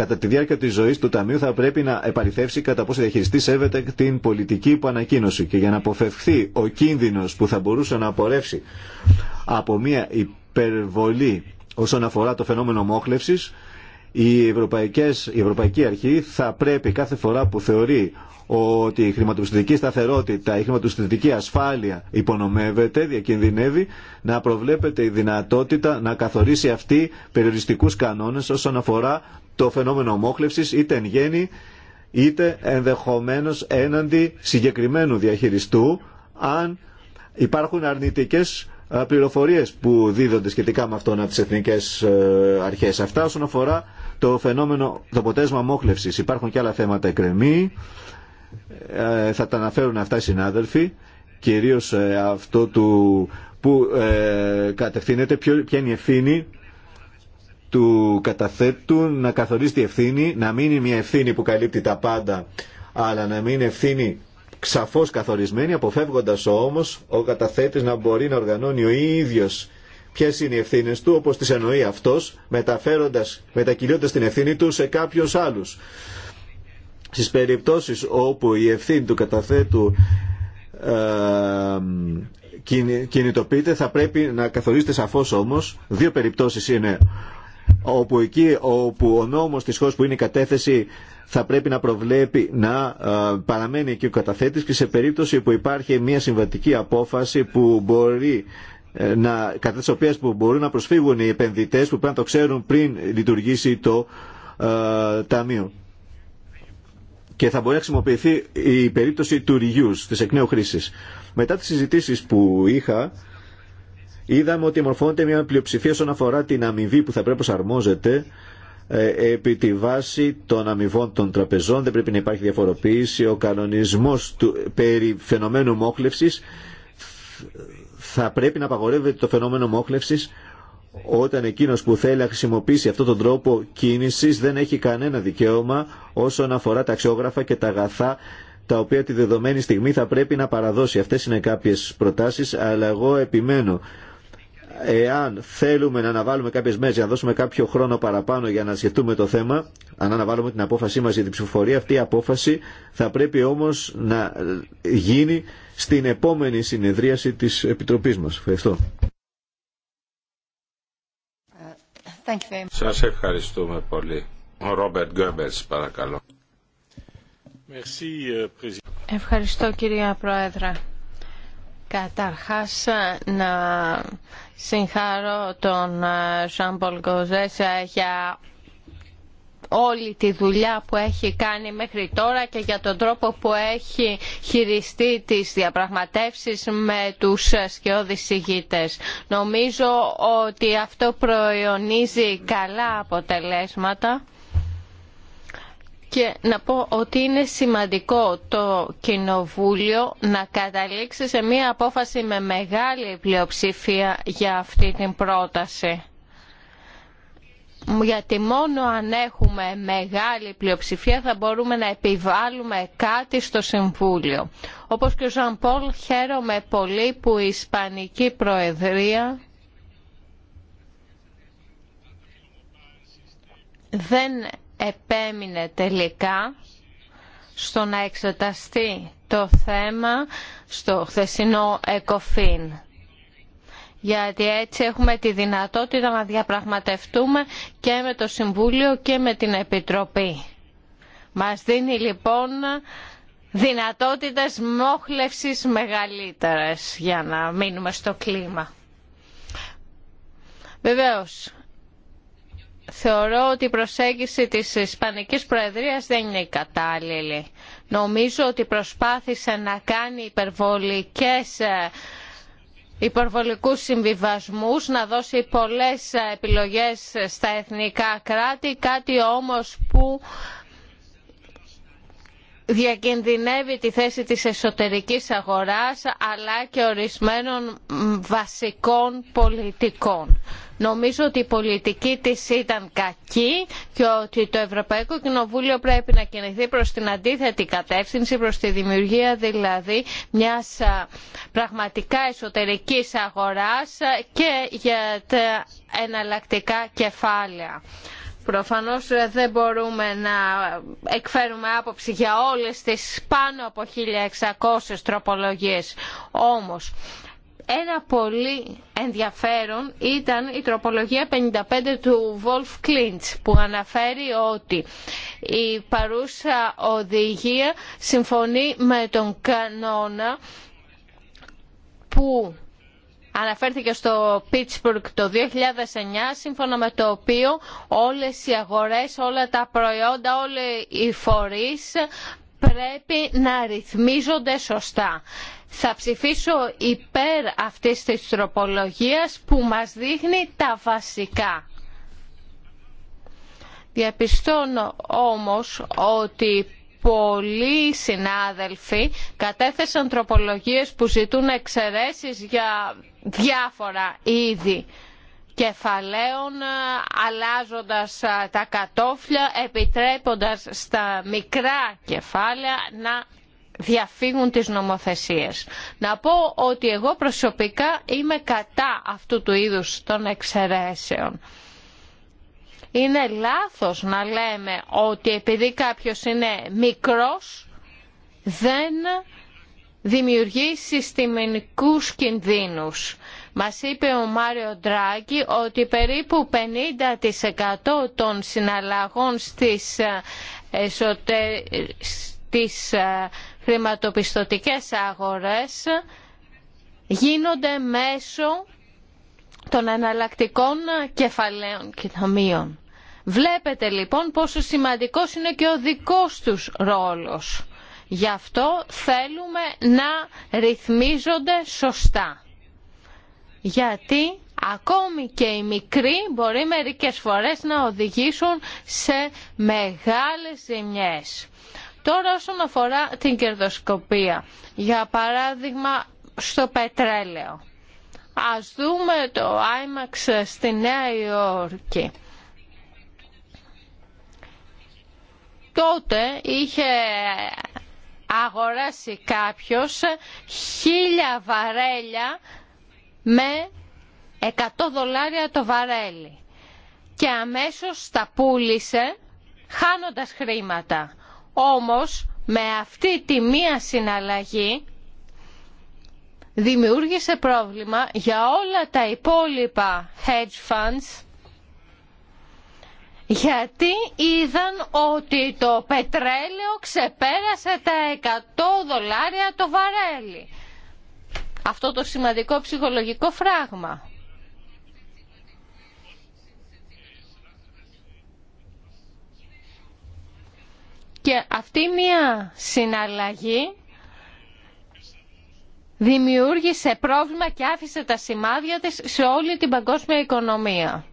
κατά τη διάρκεια τη ζωή του Ταμείου θα πρέπει να επαληθεύσει κατά πόσο διαχειριστή σέβεται την πολιτική που υποανακοίνωση Και για να αποφευχθεί ο κίνδυνο που θα μπορούσε να απορρεύσει από μια υπερβολή όσον αφορά το φαινόμενο μόχλευση, η, η Ευρωπαϊκή Αρχή θα πρέπει κάθε φορά που θεωρεί ότι η χρηματοπιστωτική σταθερότητα, η χρηματοπιστωτική ασφάλεια υπονομεύεται, διακινδυνεύει, να προβλέπεται η δυνατότητα να καθορίσει αυτή περιοριστικούς κανόνες όσον αφορά το φαινόμενο ομόχλευσης είτε εν γέννη είτε ενδεχομένως έναντι συγκεκριμένου διαχειριστού αν υπάρχουν αρνητικές ε, πληροφορίες που δίδονται σχετικά με αυτόν από τις εθνικές ε, αρχές. Αυτά όσον αφορά το φαινόμενο, το ποτέσμα μόχλευσης. Υπάρχουν και άλλα θέματα εκκρεμή, ε, θα τα αναφέρουν αυτά οι συνάδελφοι, κυρίως αυτό που κατευθύνεται, ποιο, ποια είναι η ευθύνη του καταθέτου να καθορίσει τη ευθύνη, να μην είναι μια ευθύνη που καλύπτει τα πάντα, αλλά να μην είναι ευθύνη σαφώ καθορισμένη, αποφεύγοντα όμω, ο καταθέτης να μπορεί να οργανώνει ο ίδιος ποιε είναι οι ευθύνε του, όπως τις εννοεί αυτός, μεταφέροντας, μετακυλώντα την ευθύνη του σε κάποιου άλλου. Στι περιπτώσει όπου η ευθύνη του καταθέτου ε, κινητοποιείται θα πρέπει να καθορίζεται σαφώ όμω, δύο περιπτώσει είναι όπου εκεί όπου ο νόμος της χώρας που είναι η κατέθεση θα πρέπει να προβλέπει να ε, παραμένει εκεί ο καταθέτης και σε περίπτωση που υπάρχει μια συμβατική απόφαση που μπορεί ε, να, κατά που μπορούν να προσφύγουν οι επενδυτές που πρέπει να το ξέρουν πριν λειτουργήσει το ε, ταμείο. Και θα μπορεί να χρησιμοποιηθεί η περίπτωση του reuse, της εκ νέου χρήσης. Μετά τις συζητήσεις που είχα, είδαμε ότι μορφώνεται μια πλειοψηφία όσον αφορά την αμοιβή που θα πρέπει να αρμόζεται ε, επί τη βάση των αμοιβών των τραπεζών. Δεν πρέπει να υπάρχει διαφοροποίηση. Ο κανονισμός του, περί φαινομένου μόχλευσης θα πρέπει να απαγορεύεται το φαινόμενο μόχλευσης όταν εκείνος που θέλει να χρησιμοποιήσει αυτόν τον τρόπο κίνησης δεν έχει κανένα δικαίωμα όσον αφορά τα αξιόγραφα και τα αγαθά τα οποία τη δεδομένη στιγμή θα πρέπει να παραδώσει. Αυτές είναι κάποιες προτάσεις, αλλά εγώ επιμένω εάν θέλουμε να αναβάλουμε κάποιες μέρες να δώσουμε κάποιο χρόνο παραπάνω για να σκεφτούμε το θέμα, αν αναβάλουμε την απόφασή μας για την ψηφοφορία, αυτή η απόφαση θα πρέπει όμως να γίνει στην επόμενη συνεδρίαση της Επιτροπής μας. Ευχαριστώ. Σας ευχαριστούμε πολύ. Ο Ρόμπερτ Γκέμπερς, παρακαλώ. Euh, Ευχαριστώ κυρία Πρόεδρα. Καταρχάς να συγχάρω τον Σαν ε, Κοζέσια για όλη τη δουλειά που έχει κάνει μέχρι τώρα και για τον τρόπο που έχει χειριστεί τις διαπραγματεύσεις με τους σκιώδεις Νομίζω ότι αυτό προϊονίζει καλά αποτελέσματα και να πω ότι είναι σημαντικό το Κοινοβούλιο να καταλήξει σε μία απόφαση με μεγάλη πλειοψηφία για αυτή την πρόταση. Γιατί μόνο αν έχουμε μεγάλη πλειοψηφία θα μπορούμε να επιβάλλουμε κάτι στο Συμβούλιο. Όπως και ο Ζαν Πολ χαίρομαι πολύ που η Ισπανική Προεδρία δεν επέμεινε τελικά στο να εξεταστεί το θέμα στο χθεσινό ΕΚΟΦΗΝ. Γιατί έτσι έχουμε τη δυνατότητα να διαπραγματευτούμε και με το Συμβούλιο και με την Επιτροπή. Μας δίνει λοιπόν δυνατότητες μόχλευσης μεγαλύτερες για να μείνουμε στο κλίμα. Βεβαίως, Θεωρώ ότι η προσέγγιση της Ισπανικής Προεδρίας δεν είναι η κατάλληλη. Νομίζω ότι προσπάθησε να κάνει υπερβολικές ε, υπερβολικούς συμβιβασμούς να δώσει πολλές ε, επιλογές στα εθνικά κράτη κάτι όμως που διακινδυνεύει τη θέση της εσωτερικής αγοράς αλλά και ορισμένων βασικών πολιτικών. Νομίζω ότι η πολιτική της ήταν κακή και ότι το Ευρωπαϊκό Κοινοβούλιο πρέπει να κινηθεί προς την αντίθετη κατεύθυνση, προς τη δημιουργία δηλαδή μιας πραγματικά εσωτερικής αγοράς και για τα εναλλακτικά κεφάλαια. Προφανώς ε, δεν μπορούμε να εκφέρουμε άποψη για όλες τις πάνω από 1600 τροπολογίες. Όμως, ένα πολύ ενδιαφέρον ήταν η τροπολογία 55 του Wolf Klintz που αναφέρει ότι η παρούσα οδηγία συμφωνεί με τον κανόνα που αναφέρθηκε στο Pittsburgh το 2009, σύμφωνα με το οποίο όλες οι αγορές, όλα τα προϊόντα, όλοι οι φορείς πρέπει να ρυθμίζονται σωστά. Θα ψηφίσω υπέρ αυτής της τροπολογίας που μας δείχνει τα βασικά. Διαπιστώνω όμως ότι πολλοί συνάδελφοι κατέθεσαν τροπολογίες που ζητούν εξαιρέσεις για διάφορα είδη κεφαλαίων, αλλάζοντας τα κατόφλια, επιτρέποντας στα μικρά κεφάλαια να διαφύγουν τις νομοθεσίες. Να πω ότι εγώ προσωπικά είμαι κατά αυτού του είδους των εξαιρέσεων. Είναι λάθος να λέμε ότι επειδή κάποιος είναι μικρός δεν δημιουργεί συστημικούς κινδύνους. Μας είπε ο Μάριο Ντράγκη ότι περίπου 50% των συναλλαγών στις, ε, εσωτε... στις ε, χρηματοπιστωτικές αγορές γίνονται μέσω των αναλλακτικών κεφαλαίων και ταμείων. Βλέπετε λοιπόν πόσο σημαντικός είναι και ο δικός τους ρόλος. Γι' αυτό θέλουμε να ρυθμίζονται σωστά. Γιατί ακόμη και οι μικροί μπορεί μερικές φορές να οδηγήσουν σε μεγάλες ζημιές. Τώρα όσον αφορά την κερδοσκοπία, για παράδειγμα στο πετρέλαιο. Ας δούμε το IMAX στη Νέα Υόρκη. τότε είχε αγοράσει κάποιος χίλια βαρέλια με 100 δολάρια το βαρέλι και αμέσως τα πούλησε χάνοντας χρήματα. Όμως με αυτή τη μία συναλλαγή δημιούργησε πρόβλημα για όλα τα υπόλοιπα hedge funds γιατί είδαν ότι το πετρέλαιο ξεπέρασε τα 100 δολάρια το βαρέλι. Αυτό το σημαντικό ψυχολογικό φράγμα. Και αυτή μια συναλλαγή δημιούργησε πρόβλημα και άφησε τα σημάδια της σε όλη την παγκόσμια οικονομία.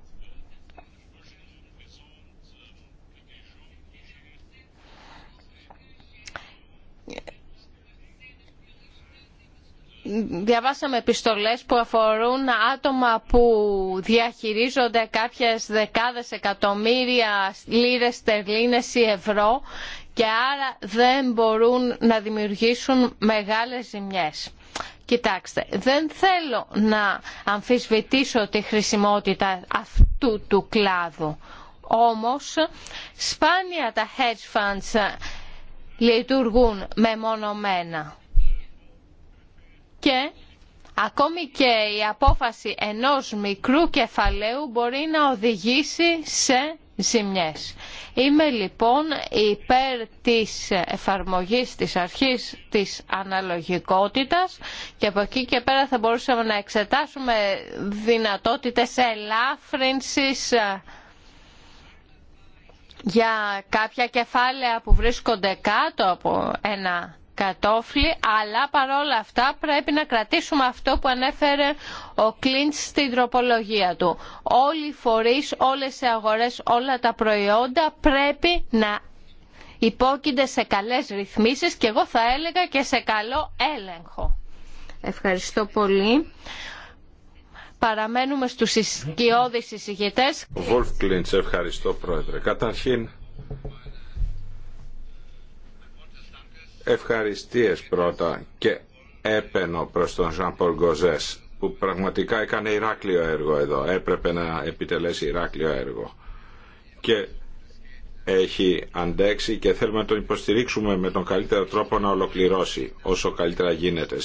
διαβάσαμε επιστολές που αφορούν άτομα που διαχειρίζονται κάποιες δεκάδες εκατομμύρια λίρες, στερλίνες ή ευρώ και άρα δεν μπορούν να δημιουργήσουν μεγάλες ζημιές. Κοιτάξτε, δεν θέλω να αμφισβητήσω τη χρησιμότητα αυτού του κλάδου. Όμως, σπάνια τα hedge funds λειτουργούν μεμονωμένα και ακόμη και η απόφαση ενός μικρού κεφαλαίου μπορεί να οδηγήσει σε ζημιές. Είμαι λοιπόν υπέρ της εφαρμογής της αρχής της αναλογικότητας και από εκεί και πέρα θα μπορούσαμε να εξετάσουμε δυνατότητες ελάφρυνσης ε, για κάποια κεφάλαια που βρίσκονται κάτω από ένα κατόφλι, αλλά παρόλα αυτά πρέπει να κρατήσουμε αυτό που ανέφερε ο Κλίντ στην τροπολογία του. Όλοι οι φορείς, όλες οι αγορές, όλα τα προϊόντα πρέπει να υπόκεινται σε καλές ρυθμίσεις και εγώ θα έλεγα και σε καλό έλεγχο. Ευχαριστώ πολύ. Παραμένουμε στους ισχυώδεις εισηγητές. Βολφ Κλίντς, ευχαριστώ πρόεδρε. Καταρχήν ευχαριστίες πρώτα και έπαινο προς τον Ζαν Πολ Γκοζές που πραγματικά έκανε Ηράκλειο έργο εδώ. Έπρεπε να επιτελέσει Ηράκλειο έργο. Και έχει αντέξει και θέλουμε να τον υποστηρίξουμε με τον καλύτερο τρόπο να ολοκληρώσει όσο καλύτερα γίνεται.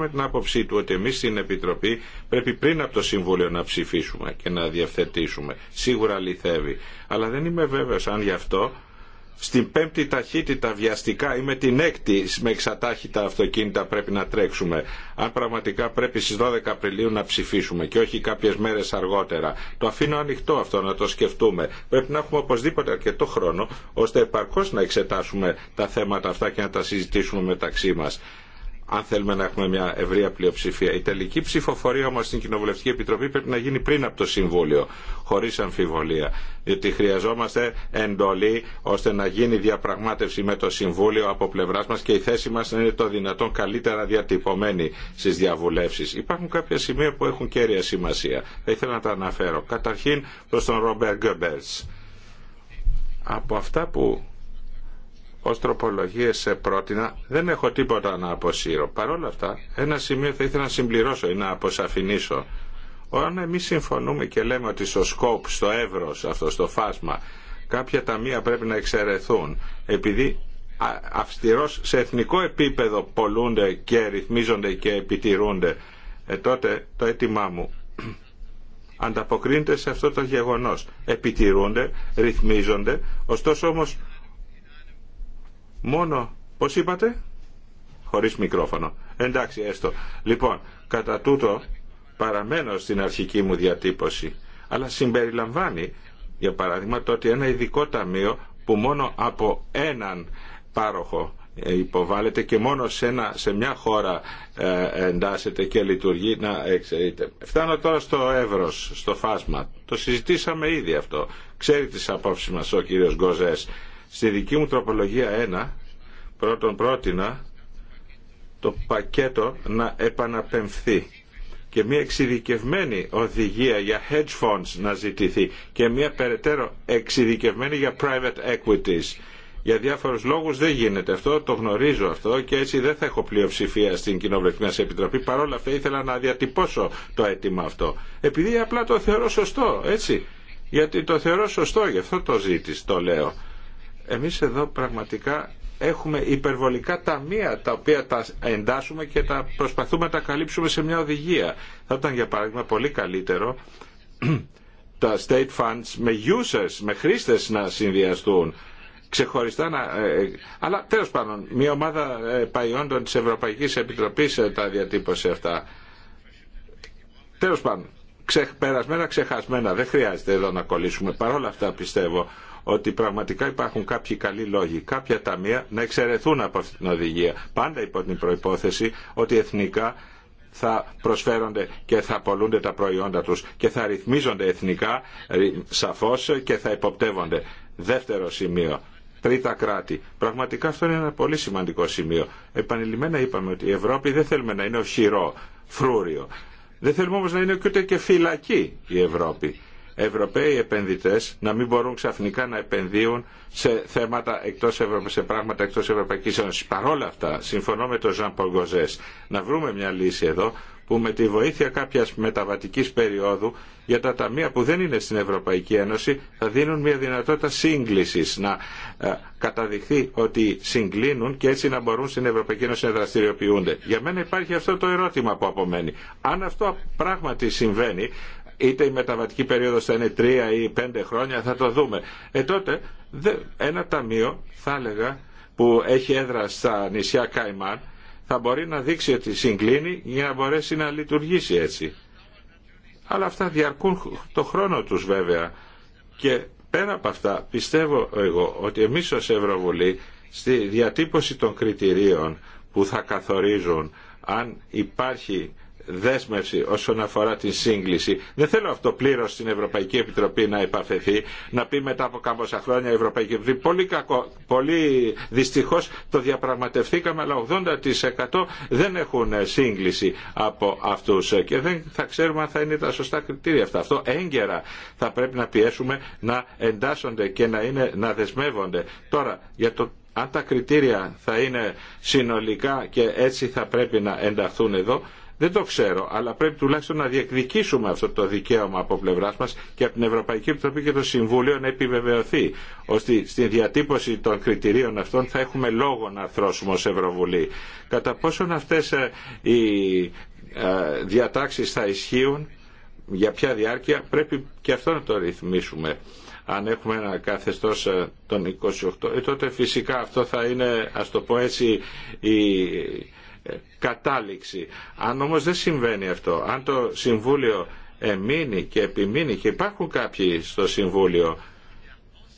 με την άποψή του ότι εμείς στην Επιτροπή πρέπει πριν από το Συμβούλιο να ψηφίσουμε και να διευθετήσουμε. Σίγουρα λυθεύει. Αλλά δεν είμαι βέβαιος αν γι' αυτό στην πέμπτη ταχύτητα βιαστικά ή με την έκτη με εξατάχυτα αυτοκίνητα πρέπει να τρέξουμε αν πραγματικά πρέπει στις 12 Απριλίου να ψηφίσουμε και όχι κάποιες μέρες αργότερα. Το αφήνω ανοιχτό αυτό να το σκεφτούμε. Πρέπει να έχουμε οπωσδήποτε αρκετό χρόνο ώστε επαρκώς να εξετάσουμε τα θέματα αυτά και να τα συζητήσουμε μεταξύ μας αν θέλουμε να έχουμε μια ευρεία πλειοψηφία. Η τελική ψηφοφορία όμω στην Κοινοβουλευτική Επιτροπή πρέπει να γίνει πριν από το Συμβούλιο, χωρί αμφιβολία. Διότι χρειαζόμαστε εντολή ώστε να γίνει διαπραγμάτευση με το Συμβούλιο από πλευρά μα και η θέση μα να είναι το δυνατόν καλύτερα διατυπωμένη στι διαβουλεύσεις. Υπάρχουν κάποια σημεία που έχουν κέρια σημασία. Θα ήθελα να τα αναφέρω. Καταρχήν προ τον Ρομπέρ Γκέμπερτ. Από αυτά που ως τροπολογίες πρότεινα δεν έχω τίποτα να αποσύρω. Παρ' όλα αυτά, ένα σημείο θα ήθελα να συμπληρώσω ή να αποσαφηνίσω. Όταν εμεί συμφωνούμε και λέμε ότι στο σκόπ, στο εύρος, αυτό στο φάσμα, κάποια ταμεία πρέπει να εξαιρεθούν, επειδή αυστηρός σε εθνικό επίπεδο πολλούνται και ρυθμίζονται και επιτηρούνται, ε, τότε το αίτημά μου ανταποκρίνεται σε αυτό το γεγονός. Επιτηρούνται, ρυθμίζονται, ωστόσο όμως Μόνο, πώς είπατε, χωρίς μικρόφωνο. Εντάξει, έστω. Λοιπόν, κατά τούτο παραμένω στην αρχική μου διατύπωση, αλλά συμπεριλαμβάνει, για παράδειγμα, το ότι ένα ειδικό ταμείο που μόνο από έναν πάροχο ε, υποβάλλεται και μόνο σε, ένα, σε μια χώρα ε, εντάσσεται και λειτουργεί να εξαιρείται. Φτάνω τώρα στο εύρος, στο φάσμα. Το συζητήσαμε ήδη αυτό. Ξέρει τις απόψεις μας ο κύριος Γκοζές Στη δική μου τροπολογία 1, πρώτον πρότεινα το πακέτο να επαναπεμφθεί και μια εξειδικευμένη οδηγία για hedge funds να ζητηθεί και μια περαιτέρω εξειδικευμένη για private equities. Για διάφορους λόγους δεν γίνεται αυτό, το γνωρίζω αυτό και έτσι δεν θα έχω πλειοψηφία στην Κοινοβουλευτική μας Επιτροπή. παρόλα αυτά ήθελα να διατυπώσω το αίτημα αυτό. Επειδή απλά το θεωρώ σωστό, έτσι. Γιατί το θεωρώ σωστό, γι' αυτό το ζήτης, το λέω. Εμείς εδώ πραγματικά έχουμε υπερβολικά ταμεία τα οποία τα εντάσσουμε και τα προσπαθούμε να τα καλύψουμε σε μια οδηγία. Θα ήταν για παράδειγμα πολύ καλύτερο τα state funds με users, με χρήστες να συνδυαστούν ξεχωριστά να... Ε, ε, αλλά τέλος πάντων μια ομάδα ε, παϊόντων της Ευρωπαϊκής Επιτροπής τα διατύπωσε αυτά. Τέλος πάντων, περασμένα ξεχασμένα, δεν χρειάζεται εδώ να κολλήσουμε. Παρ' αυτά πιστεύω ότι πραγματικά υπάρχουν κάποιοι καλοί λόγοι, κάποια ταμεία να εξαιρεθούν από αυτή την οδηγία. Πάντα υπό την προϋπόθεση ότι εθνικά θα προσφέρονται και θα απολούνται τα προϊόντα τους και θα ρυθμίζονται εθνικά ε, σαφώς και θα υποπτεύονται. Δεύτερο σημείο, τρίτα κράτη. Πραγματικά αυτό είναι ένα πολύ σημαντικό σημείο. Επανειλημμένα είπαμε ότι η Ευρώπη δεν θέλουμε να είναι χειρό, φρούριο. Δεν θέλουμε όμως να είναι ούτε και φυλακή η Ευρώπη. Ευρωπαίοι επενδυτέ να μην μπορούν ξαφνικά να επενδύουν σε θέματα σε πράγματα εκτός Ευρωπαϊκής Ένωσης. Παρόλα αυτά, συμφωνώ με τον Ζαν Πογκοζές, να βρούμε μια λύση εδώ που με τη βοήθεια κάποια μεταβατική περίοδου για τα ταμεία που δεν είναι στην Ευρωπαϊκή Ένωση θα δίνουν μια δυνατότητα σύγκληση να ε, καταδειχθεί ότι συγκλίνουν και έτσι να μπορούν στην Ευρωπαϊκή Ένωση να δραστηριοποιούνται. Για μένα υπάρχει αυτό το ερώτημα που απομένει. Αν αυτό πράγματι συμβαίνει είτε η μεταβατική περίοδος θα είναι τρία ή πέντε χρόνια, θα το δούμε. Ε, τότε ένα ταμείο, θα έλεγα, που έχει έδρα στα νησιά Καϊμάν, θα μπορεί να δείξει ότι συγκλίνει για να μπορέσει να λειτουργήσει έτσι. Αλλά αυτά διαρκούν το χρόνο τους βέβαια. Και πέρα από αυτά πιστεύω εγώ ότι εμείς ως Ευρωβουλή στη διατύπωση των κριτηρίων που θα καθορίζουν αν υπάρχει δέσμευση όσον αφορά την σύγκληση. Δεν θέλω αυτό πλήρω στην Ευρωπαϊκή Επιτροπή να επαφεθεί, να πει μετά από κάμποσα χρόνια η Ευρωπαϊκή Επιτροπή. Πολύ, κακό, πολύ δυστυχώ το διαπραγματευθήκαμε, αλλά 80% δεν έχουν σύγκληση από αυτού και δεν θα ξέρουμε αν θα είναι τα σωστά κριτήρια αυτά. Αυτό έγκαιρα θα πρέπει να πιέσουμε να εντάσσονται και να, είναι, να δεσμεύονται. Τώρα, για το αν τα κριτήρια θα είναι συνολικά και έτσι θα πρέπει να ενταχθούν εδώ, δεν το ξέρω, αλλά πρέπει τουλάχιστον να διεκδικήσουμε αυτό το δικαίωμα από πλευρά μα και από την Ευρωπαϊκή Επιτροπή και το Συμβούλιο να επιβεβαιωθεί ότι στην διατύπωση των κριτηρίων αυτών θα έχουμε λόγο να αρθρώσουμε ω Ευρωβουλή. Κατά πόσον αυτέ ε, οι ε, διατάξει θα ισχύουν, για ποια διάρκεια, πρέπει και αυτό να το ρυθμίσουμε αν έχουμε ένα καθεστώς ε, των 28, τότε φυσικά αυτό θα είναι, ας το πω έτσι, η κατάληξη. Αν όμως δεν συμβαίνει αυτό, αν το Συμβούλιο εμείνει και επιμείνει και υπάρχουν κάποιοι στο Συμβούλιο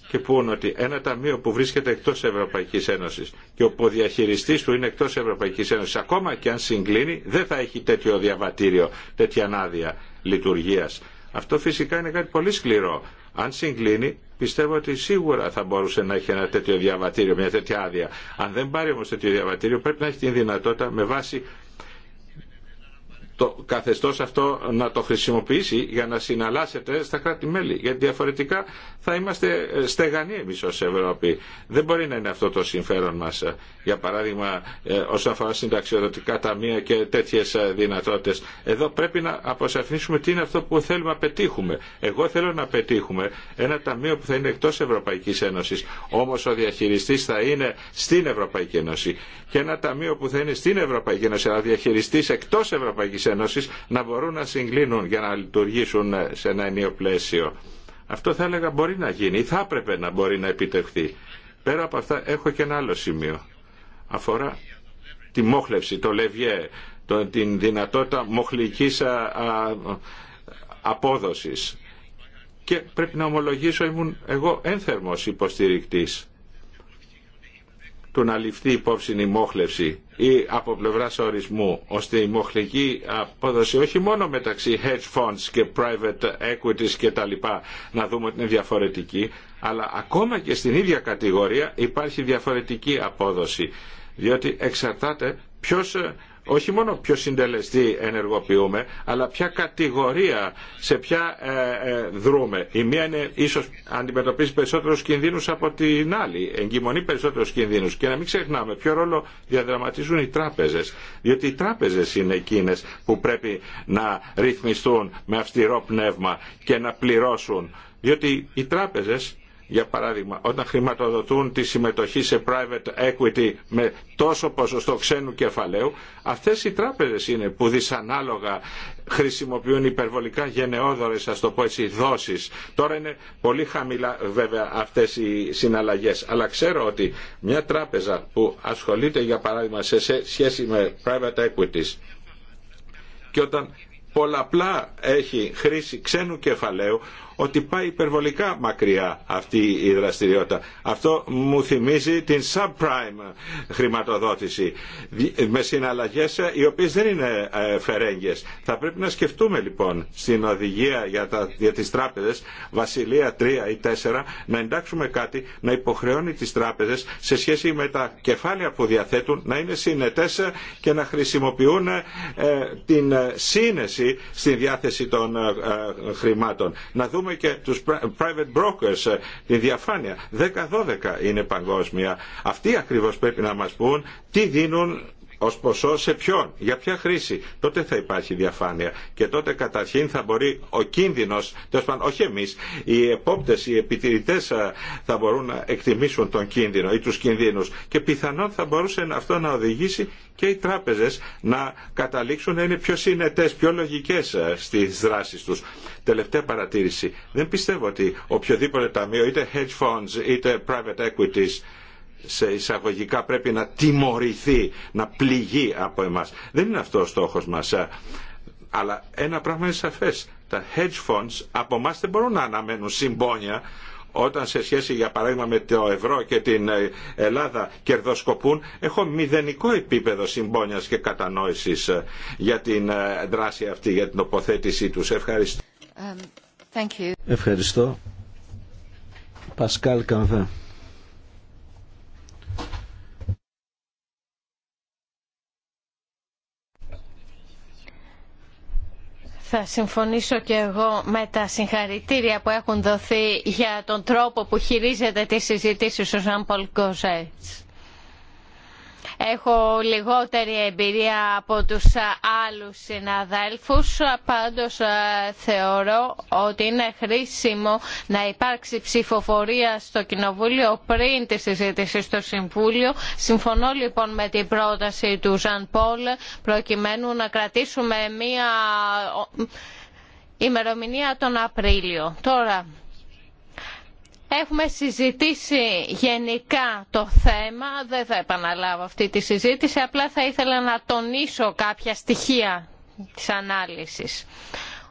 και πούν ότι ένα ταμείο που βρίσκεται εκτός Ευρωπαϊκής Ένωσης και ο ποδιαχειριστής του είναι εκτός Ευρωπαϊκής Ένωσης ακόμα και αν συγκλίνει δεν θα έχει τέτοιο διαβατήριο, τέτοια ανάδεια λειτουργίας. Αυτό φυσικά είναι κάτι πολύ σκληρό. Αν συγκλίνει πιστεύω ότι σίγουρα θα μπορούσε να έχει ένα τέτοιο διαβατήριο, μια τέτοια άδεια. Αν δεν πάρει όμω τέτοιο διαβατήριο, πρέπει να έχει την δυνατότητα με βάση το καθεστώς αυτό να το χρησιμοποιήσει για να συναλλάσσεται στα κράτη-μέλη. Γιατί διαφορετικά θα είμαστε στεγανοί εμείς ως Ευρώπη. Δεν μπορεί να είναι αυτό το συμφέρον μας. Για παράδειγμα, ε, όσον αφορά συνταξιοδοτικά ταμεία και τέτοιες ε, δυνατότητες. Εδώ πρέπει να αποσαφνίσουμε τι είναι αυτό που θέλουμε να πετύχουμε. Εγώ θέλω να πετύχουμε ένα ταμείο που θα είναι εκτός Ευρωπαϊκής Ένωσης. Όμως ο διαχειριστής θα είναι στην Ευρωπαϊκή Ένωση. Και ένα ταμείο που θα είναι στην Ευρωπαϊκή Ένωση, αλλά διαχειριστής εκτός Ευρωπαϊκής Ευρωπαϊκής να μπορούν να συγκλίνουν για να λειτουργήσουν σε ένα ενίο πλαίσιο. Αυτό θα έλεγα μπορεί να γίνει ή θα έπρεπε να μπορεί να επιτευχθεί. Πέρα από αυτά έχω και ένα άλλο σημείο. Αφορά τη μόχλευση, το λεβίε, το, την δυνατότητα μοχλικής α, απόδοσης. Και πρέπει να ομολογήσω ήμουν εγώ ένθερμος υποστηρικτής του να ληφθεί υπόψη η μόχλευση ή από πλευρά ορισμού, ώστε η μοχλική απόδοση όχι μόνο μεταξύ hedge funds και private equities και τα λοιπά, να δούμε ότι είναι διαφορετική, αλλά ακόμα και στην ίδια κατηγορία υπάρχει διαφορετική απόδοση, διότι εξαρτάται ποιος όχι μόνο ποιο συντελεστή ενεργοποιούμε, αλλά ποια κατηγορία, σε ποια ε, ε, δρούμε. Η μία είναι ίσως αντιμετωπίζει περισσότερου κινδύνους από την άλλη, εγκυμονεί περισσότερου κινδύνους. Και να μην ξεχνάμε ποιο ρόλο διαδραματίζουν οι τράπεζες. Διότι οι τράπεζες είναι εκείνε που πρέπει να ρυθμιστούν με αυστηρό πνεύμα και να πληρώσουν. Διότι οι τράπεζες για παράδειγμα, όταν χρηματοδοτούν τη συμμετοχή σε private equity με τόσο ποσοστό ξένου κεφαλαίου, αυτές οι τράπεζες είναι που δυσανάλογα χρησιμοποιούν υπερβολικά γενναιόδορες, ας το πω έτσι, δόσεις. Τώρα είναι πολύ χαμηλά βέβαια αυτές οι συναλλαγές, αλλά ξέρω ότι μια τράπεζα που ασχολείται για παράδειγμα σε σχέση με private equities και όταν πολλαπλά έχει χρήση ξένου κεφαλαίου ότι πάει υπερβολικά μακριά αυτή η δραστηριότητα. Αυτό μου θυμίζει την subprime χρηματοδότηση με συναλλαγές οι οποίες δεν είναι ε, φερέγγες. Θα πρέπει να σκεφτούμε λοιπόν στην οδηγία για, τα, για τις τράπεζες Βασιλεία 3 ή 4 να εντάξουμε κάτι να υποχρεώνει τις τράπεζες σε σχέση με τα κεφάλαια που διαθέτουν να είναι συνετές και να χρησιμοποιούν ε, ε, την σύνεση στην στη διάθεση των ε, ε, χρημάτων. Να δούμε και τους private brokers, ε, τη διαφάνεια. 10-12 είναι παγκόσμια. Αυτοί ακριβώς πρέπει να μας πούν τι δίνουν ως ποσό σε ποιον, για ποια χρήση. Τότε θα υπάρχει διαφάνεια και τότε καταρχήν θα μπορεί ο κίνδυνος, τέλος πάντων όχι εμείς, οι επόπτες, οι επιτηρητές θα μπορούν να εκτιμήσουν τον κίνδυνο ή τους κινδύνους και πιθανόν θα μπορούσε αυτό να οδηγήσει και οι τράπεζες να καταλήξουν να είναι πιο συνετές, πιο λογικές στις δράσεις τους. Τελευταία παρατήρηση. Δεν πιστεύω ότι οποιοδήποτε ταμείο, είτε hedge funds, είτε private equities, σε εισαγωγικά πρέπει να τιμωρηθεί, να πληγεί από εμάς. Δεν είναι αυτό ο στόχος μας. Ε. Αλλά ένα πράγμα είναι σαφές. Τα hedge funds από εμά δεν μπορούν να αναμένουν συμπόνια όταν σε σχέση για παράδειγμα με το ευρώ και την ε, Ελλάδα κερδοσκοπούν έχω μηδενικό επίπεδο συμπόνιας και κατανόησης ε, για την δράση αυτή, για την τοποθέτησή τους. Ευχαριστώ. Um, Ευχαριστώ. Πασκάλ Καμβέ. Θα συμφωνήσω και εγώ με τα συγχαρητήρια που έχουν δοθεί για τον τρόπο που χειρίζεται τις συζητήσεις ο Ζαν Πολ Κοζέτς έχω λιγότερη εμπειρία από τους άλλους συναδέλφους πάντως ε, θεωρώ ότι είναι χρήσιμο να υπάρξει ψηφοφορία στο κοινοβούλιο πριν τη συζήτηση στο συμβούλιο. συμφωνώ λοιπόν με την πρόταση του Ζαν Πολ προκειμένου να κρατήσουμε μια ημερομηνία τον Απρίλιο. Τώρα, Έχουμε συζητήσει γενικά το θέμα, δεν θα επαναλάβω αυτή τη συζήτηση, απλά θα ήθελα να τονίσω κάποια στοιχεία της ανάλυσης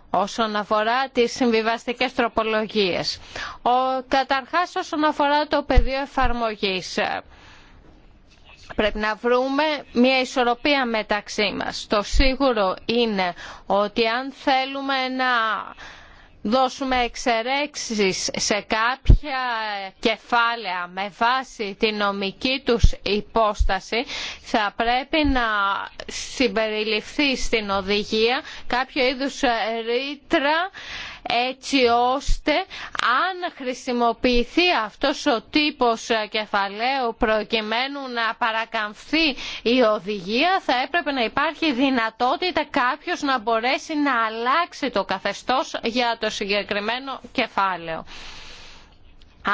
όσον αφορά τις συμβιβαστικές τροπολογίες. Ο, καταρχάς όσον αφορά το πεδίο εφαρμογής. Πρέπει να βρούμε μια ισορροπία μεταξύ μας. Το σίγουρο είναι ότι αν θέλουμε να δώσουμε εξαιρέξεις σε κάποια κεφάλαια με βάση τη νομική τους υπόσταση θα πρέπει να συμπεριληφθεί στην οδηγία κάποιο είδους ρήτρα έτσι ώστε αν χρησιμοποιηθεί αυτός ο τύπος κεφαλαίου προκειμένου να παρακαμφθεί η οδηγία θα έπρεπε να υπάρχει δυνατότητα κάποιος να μπορέσει να αλλάξει το καθεστώς για το συγκεκριμένο κεφάλαιο.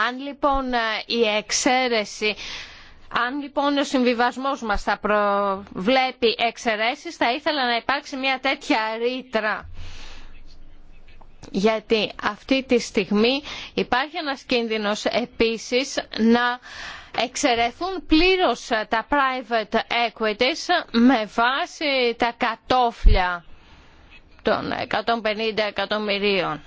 Αν λοιπόν ε, η εξαίρεση αν λοιπόν ο συμβιβασμός μας θα προβλέπει εξαιρέσεις, θα ήθελα να υπάρξει μια τέτοια ρήτρα γιατί αυτή τη στιγμή υπάρχει ένας κίνδυνος επίσης να εξαιρεθούν πλήρως τα private equities με βάση τα κατόφλια των 150 εκατομμυρίων.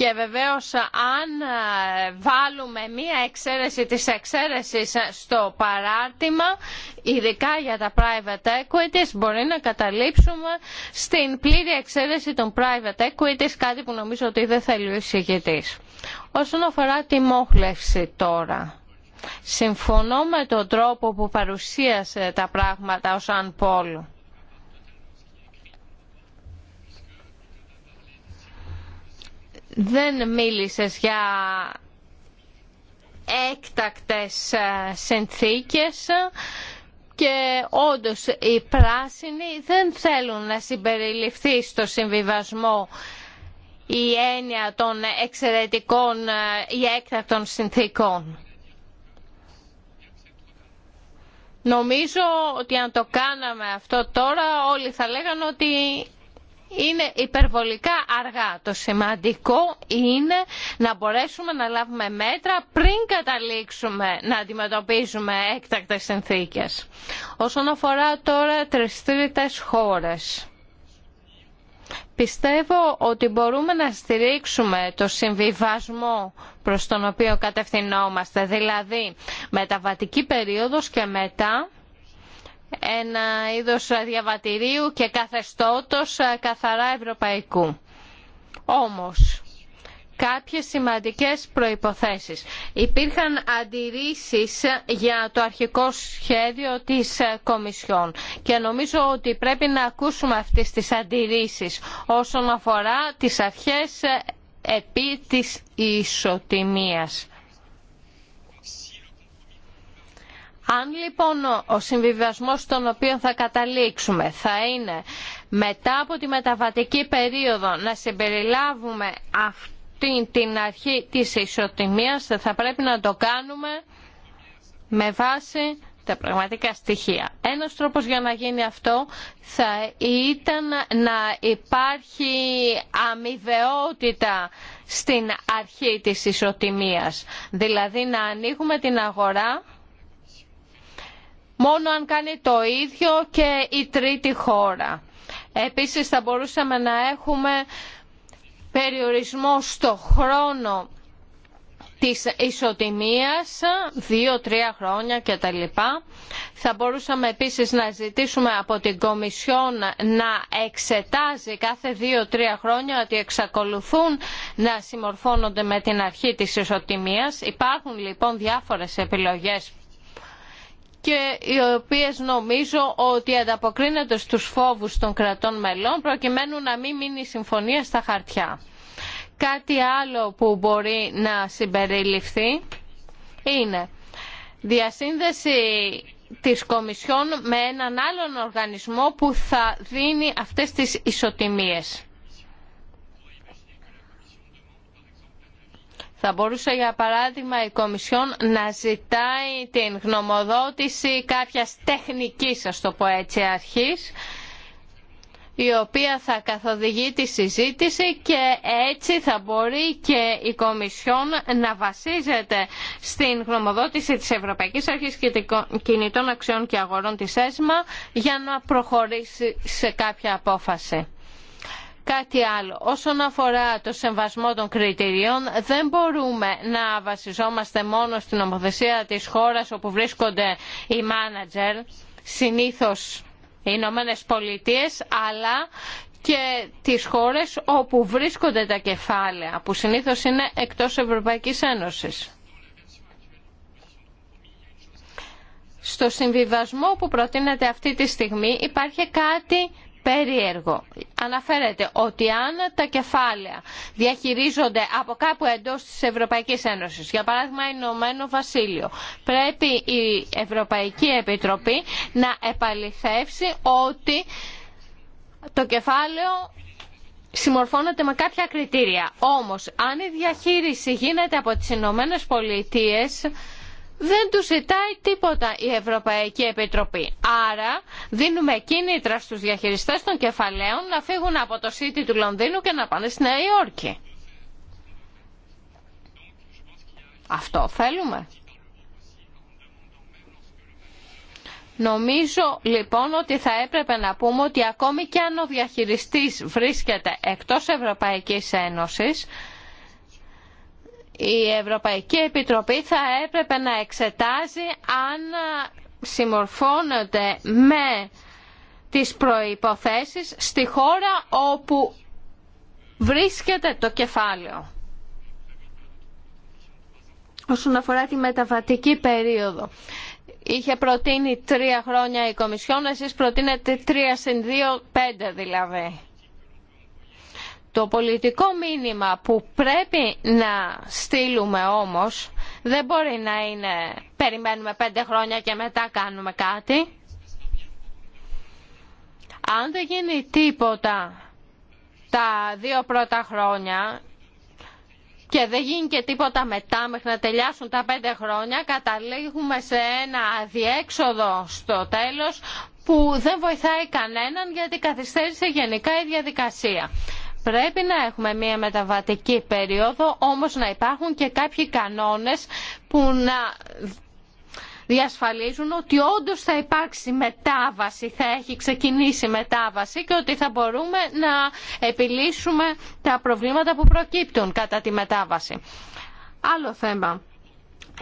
Και βεβαίως αν ε, βάλουμε μία εξαίρεση της εξαίρεσης στο παράρτημα, ειδικά για τα private equities, μπορεί να καταλήψουμε στην πλήρη εξαίρεση των private equities, κάτι που νομίζω ότι δεν θέλει ο εισηγητής. Όσον αφορά τη μόχλευση τώρα, συμφωνώ με τον τρόπο που παρουσίασε τα πράγματα ο Σαν Πόλου δεν μίλησες για έκτακτες ε, συνθήκες και όντως οι πράσινοι δεν θέλουν να συμπεριληφθεί στο συμβιβασμό η έννοια των εξαιρετικών ε, ή έκτακτων συνθήκων. Νομίζω ότι αν το κάναμε αυτό τώρα όλοι θα λέγανε ότι είναι υπερβολικά αργά. Το σημαντικό είναι να μπορέσουμε να λάβουμε μέτρα πριν καταλήξουμε να αντιμετωπίζουμε έκτακτες συνθήκες. Όσον αφορά τώρα τρεις τρίτες χώρες. Πιστεύω ότι μπορούμε να στηρίξουμε το συμβιβασμό προς τον οποίο κατευθυνόμαστε, δηλαδή μεταβατική περίοδος και μετά ένα είδος διαβατηρίου και καθεστώτος καθαρά ευρωπαϊκού. Όμως, κάποιες σημαντικές προϋποθέσεις. Υπήρχαν αντιρρήσεις για το αρχικό σχέδιο της Κομισιόν και νομίζω ότι πρέπει να ακούσουμε αυτές τις αντιρρήσεις όσον αφορά τις αρχές επί της ισοτιμίας. Αν λοιπόν ο συμβιβασμός στον οποίο θα καταλήξουμε θα είναι μετά από τη μεταβατική περίοδο να συμπεριλάβουμε αυτή την αρχή της ισοτιμίας θα πρέπει να το κάνουμε με βάση τα πραγματικά στοιχεία. Ένας τρόπος για να γίνει αυτό θα ήταν να υπάρχει αμοιβαιότητα στην αρχή της ισοτιμίας. Δηλαδή να ανοίγουμε την αγορά μόνο αν κάνει το ίδιο και η τρίτη χώρα. Επίσης θα μπορούσαμε να έχουμε περιορισμό στο χρόνο της ισοτιμίας, δύο-τρία χρόνια κτλ. Θα μπορούσαμε επίσης να ζητήσουμε από την Κομισιόν να εξετάζει κάθε δύο-τρία χρόνια ότι εξακολουθούν να συμμορφώνονται με την αρχή της ισοτιμίας. Υπάρχουν λοιπόν διάφορες επιλογές και οι οποίες νομίζω ότι ανταποκρίνονται στους φόβους των κρατών μελών προκειμένου να μην μείνει η συμφωνία στα χαρτιά. Κάτι άλλο που μπορεί να συμπεριληφθεί είναι διασύνδεση της Κομισιόν με έναν άλλον οργανισμό που θα δίνει αυτές τις ισοτιμίες. Θα μπορούσε για παράδειγμα η Κομισιόν να ζητάει την γνωμοδότηση κάποιας τεχνικής, ας το πω έτσι, αρχής, η οποία θα καθοδηγεί τη συζήτηση και έτσι θα μπορεί και η Κομισιόν να βασίζεται στην γνωμοδότηση της Ευρωπαϊκής Αρχής Κινητών Αξιών και Αγορών της ΕΣΜΑ για να προχωρήσει σε κάποια απόφαση. Κάτι άλλο. Όσον αφορά το σεβασμό των κριτηρίων, δεν μπορούμε να βασιζόμαστε μόνο στην νομοθεσία της χώρας όπου βρίσκονται οι μάνατζερ, συνήθως οι Ηνωμένε Πολιτείε, αλλά και τις χώρες όπου βρίσκονται τα κεφάλαια, που συνήθως είναι εκτός Ευρωπαϊκής Ένωσης. Στο συμβιβασμό που προτείνεται αυτή τη στιγμή υπάρχει κάτι περίεργο. Αναφέρεται ότι αν τα κεφάλαια διαχειρίζονται από κάπου εντός της Ευρωπαϊκής Ένωσης, για παράδειγμα Ηνωμένο Βασίλειο, πρέπει η Ευρωπαϊκή Επιτροπή να επαληθεύσει ότι το κεφάλαιο συμμορφώνονται με κάποια κριτήρια. Όμως, αν η διαχείριση γίνεται από τις Ηνωμένε Πολιτείες, δεν του ζητάει τίποτα η Ευρωπαϊκή Επιτροπή. Άρα δίνουμε κίνητρα στους διαχειριστές των κεφαλαίων να φύγουν από το City του Λονδίνου και να πάνε στη Νέα Υόρκη. Αυτό θέλουμε. Νομίζω λοιπόν ότι θα έπρεπε να πούμε ότι ακόμη και αν ο διαχειριστής βρίσκεται εκτός Ευρωπαϊκής Ένωσης, η Ευρωπαϊκή Επιτροπή θα έπρεπε να εξετάζει αν συμμορφώνονται με τις προϋποθέσεις στη χώρα όπου βρίσκεται το κεφάλαιο. Όσον αφορά τη μεταβατική περίοδο. Είχε προτείνει τρία χρόνια η Κομισιόν, εσείς προτείνετε τρία συν δύο, πέντε δηλαδή. Το πολιτικό μήνυμα που πρέπει να στείλουμε όμως δεν μπορεί να είναι περιμένουμε πέντε χρόνια και μετά κάνουμε κάτι. Αν δεν γίνει τίποτα τα δύο πρώτα χρόνια και δεν γίνει και τίποτα μετά μέχρι να τελειάσουν τα πέντε χρόνια καταλήγουμε σε ένα αδιέξοδο στο τέλος που δεν βοηθάει κανέναν γιατί καθυστέρησε γενικά η διαδικασία. Πρέπει να έχουμε μια μεταβατική περίοδο, όμως να υπάρχουν και κάποιοι κανόνες που να διασφαλίζουν ότι όντως θα υπάρξει μετάβαση, θα έχει ξεκινήσει μετάβαση και ότι θα μπορούμε να επιλύσουμε τα προβλήματα που προκύπτουν κατά τη μετάβαση. Άλλο θέμα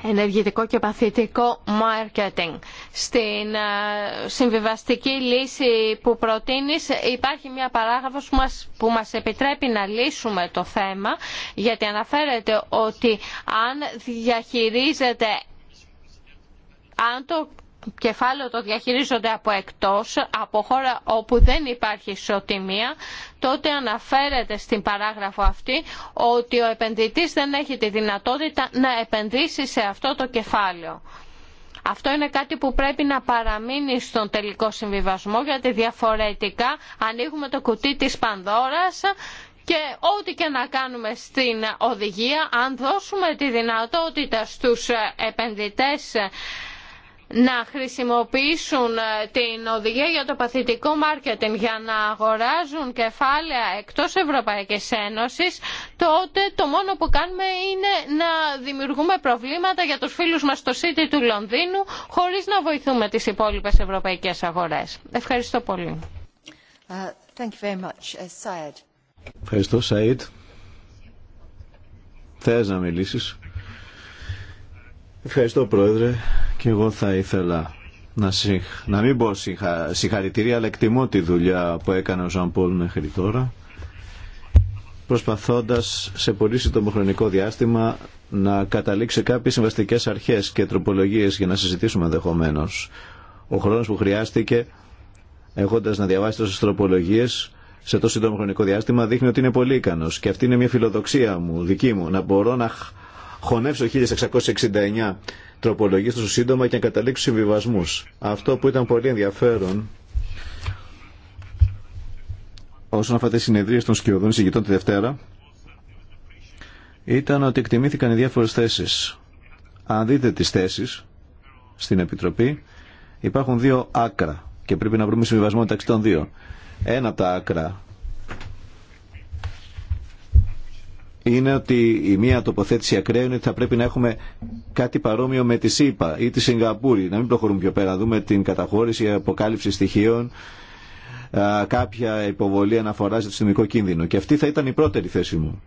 ενεργητικό και παθητικό marketing. Στην ε, συμβιβαστική λύση που προτείνεις υπάρχει μια παράγραφος που μας, που μας επιτρέπει να λύσουμε το θέμα γιατί αναφέρεται ότι αν διαχειρίζεται αν κεφάλαιο το διαχειρίζονται από εκτός, από χώρα όπου δεν υπάρχει ισοτιμία, τότε αναφέρεται στην παράγραφο αυτή ότι ο επενδυτής δεν έχει τη δυνατότητα να επενδύσει σε αυτό το κεφάλαιο. Αυτό είναι κάτι που πρέπει να παραμείνει στον τελικό συμβιβασμό γιατί διαφορετικά ανοίγουμε το κουτί της Πανδώρας και ό,τι και να κάνουμε στην οδηγία, αν δώσουμε τη δυνατότητα στους επενδυτές να χρησιμοποιήσουν ε, την οδηγία για το παθητικό μάρκετινγκ για να αγοράζουν κεφάλαια εκτός Ευρωπαϊκής Ένωσης, τότε το μόνο που κάνουμε είναι να δημιουργούμε προβλήματα για τους φίλους μας στο City του Λονδίνου, χωρίς να βοηθούμε τις υπόλοιπες ευρωπαϊκές αγορές. Ευχαριστώ πολύ. Uh, uh, Ευχαριστώ, Σαΐτ. Θες να μιλήσεις. Ευχαριστώ Πρόεδρε και εγώ θα ήθελα να, να μην πω συγχα... συγχαρητήρια αλλά εκτιμώ τη δουλειά που έκανε ο Ζαν Πολ μέχρι τώρα προσπαθώντας σε πολύ σύντομο χρονικό διάστημα να καταλήξει κάποιες συμβαστικές αρχές και τροπολογίες για να συζητήσουμε ενδεχομένω. Ο χρόνος που χρειάστηκε έχοντας να διαβάσει τόσες τροπολογίες σε τόσο σύντομο χρονικό διάστημα δείχνει ότι είναι πολύ ικανός και αυτή είναι μια φιλοδοξία μου, δική μου, να μπορώ να χωνεύσω 1669 τροπολογίες του σύντομα και να καταλήξω συμβιβασμού. Αυτό που ήταν πολύ ενδιαφέρον όσον αφορά τις συνεδρίες των σκιωδών συγκητών τη Δευτέρα ήταν ότι εκτιμήθηκαν οι διάφορες θέσεις. Αν δείτε τις θέσεις στην Επιτροπή υπάρχουν δύο άκρα και πρέπει να βρούμε συμβιβασμό μεταξύ των δύο. Ένα από τα άκρα είναι ότι η μία τοποθέτηση ακραία είναι ότι θα πρέπει να έχουμε κάτι παρόμοιο με τη ΣΥΠΑ ή τη Σιγκαπούρη. Να μην προχωρούμε πιο πέρα. Δούμε την καταχώρηση, η αποκάλυψη στοιχείων, κάποια υποβολή αναφορά στο συστημικό κίνδυνο. Και αυτή θα ήταν η πρώτερη θέση μου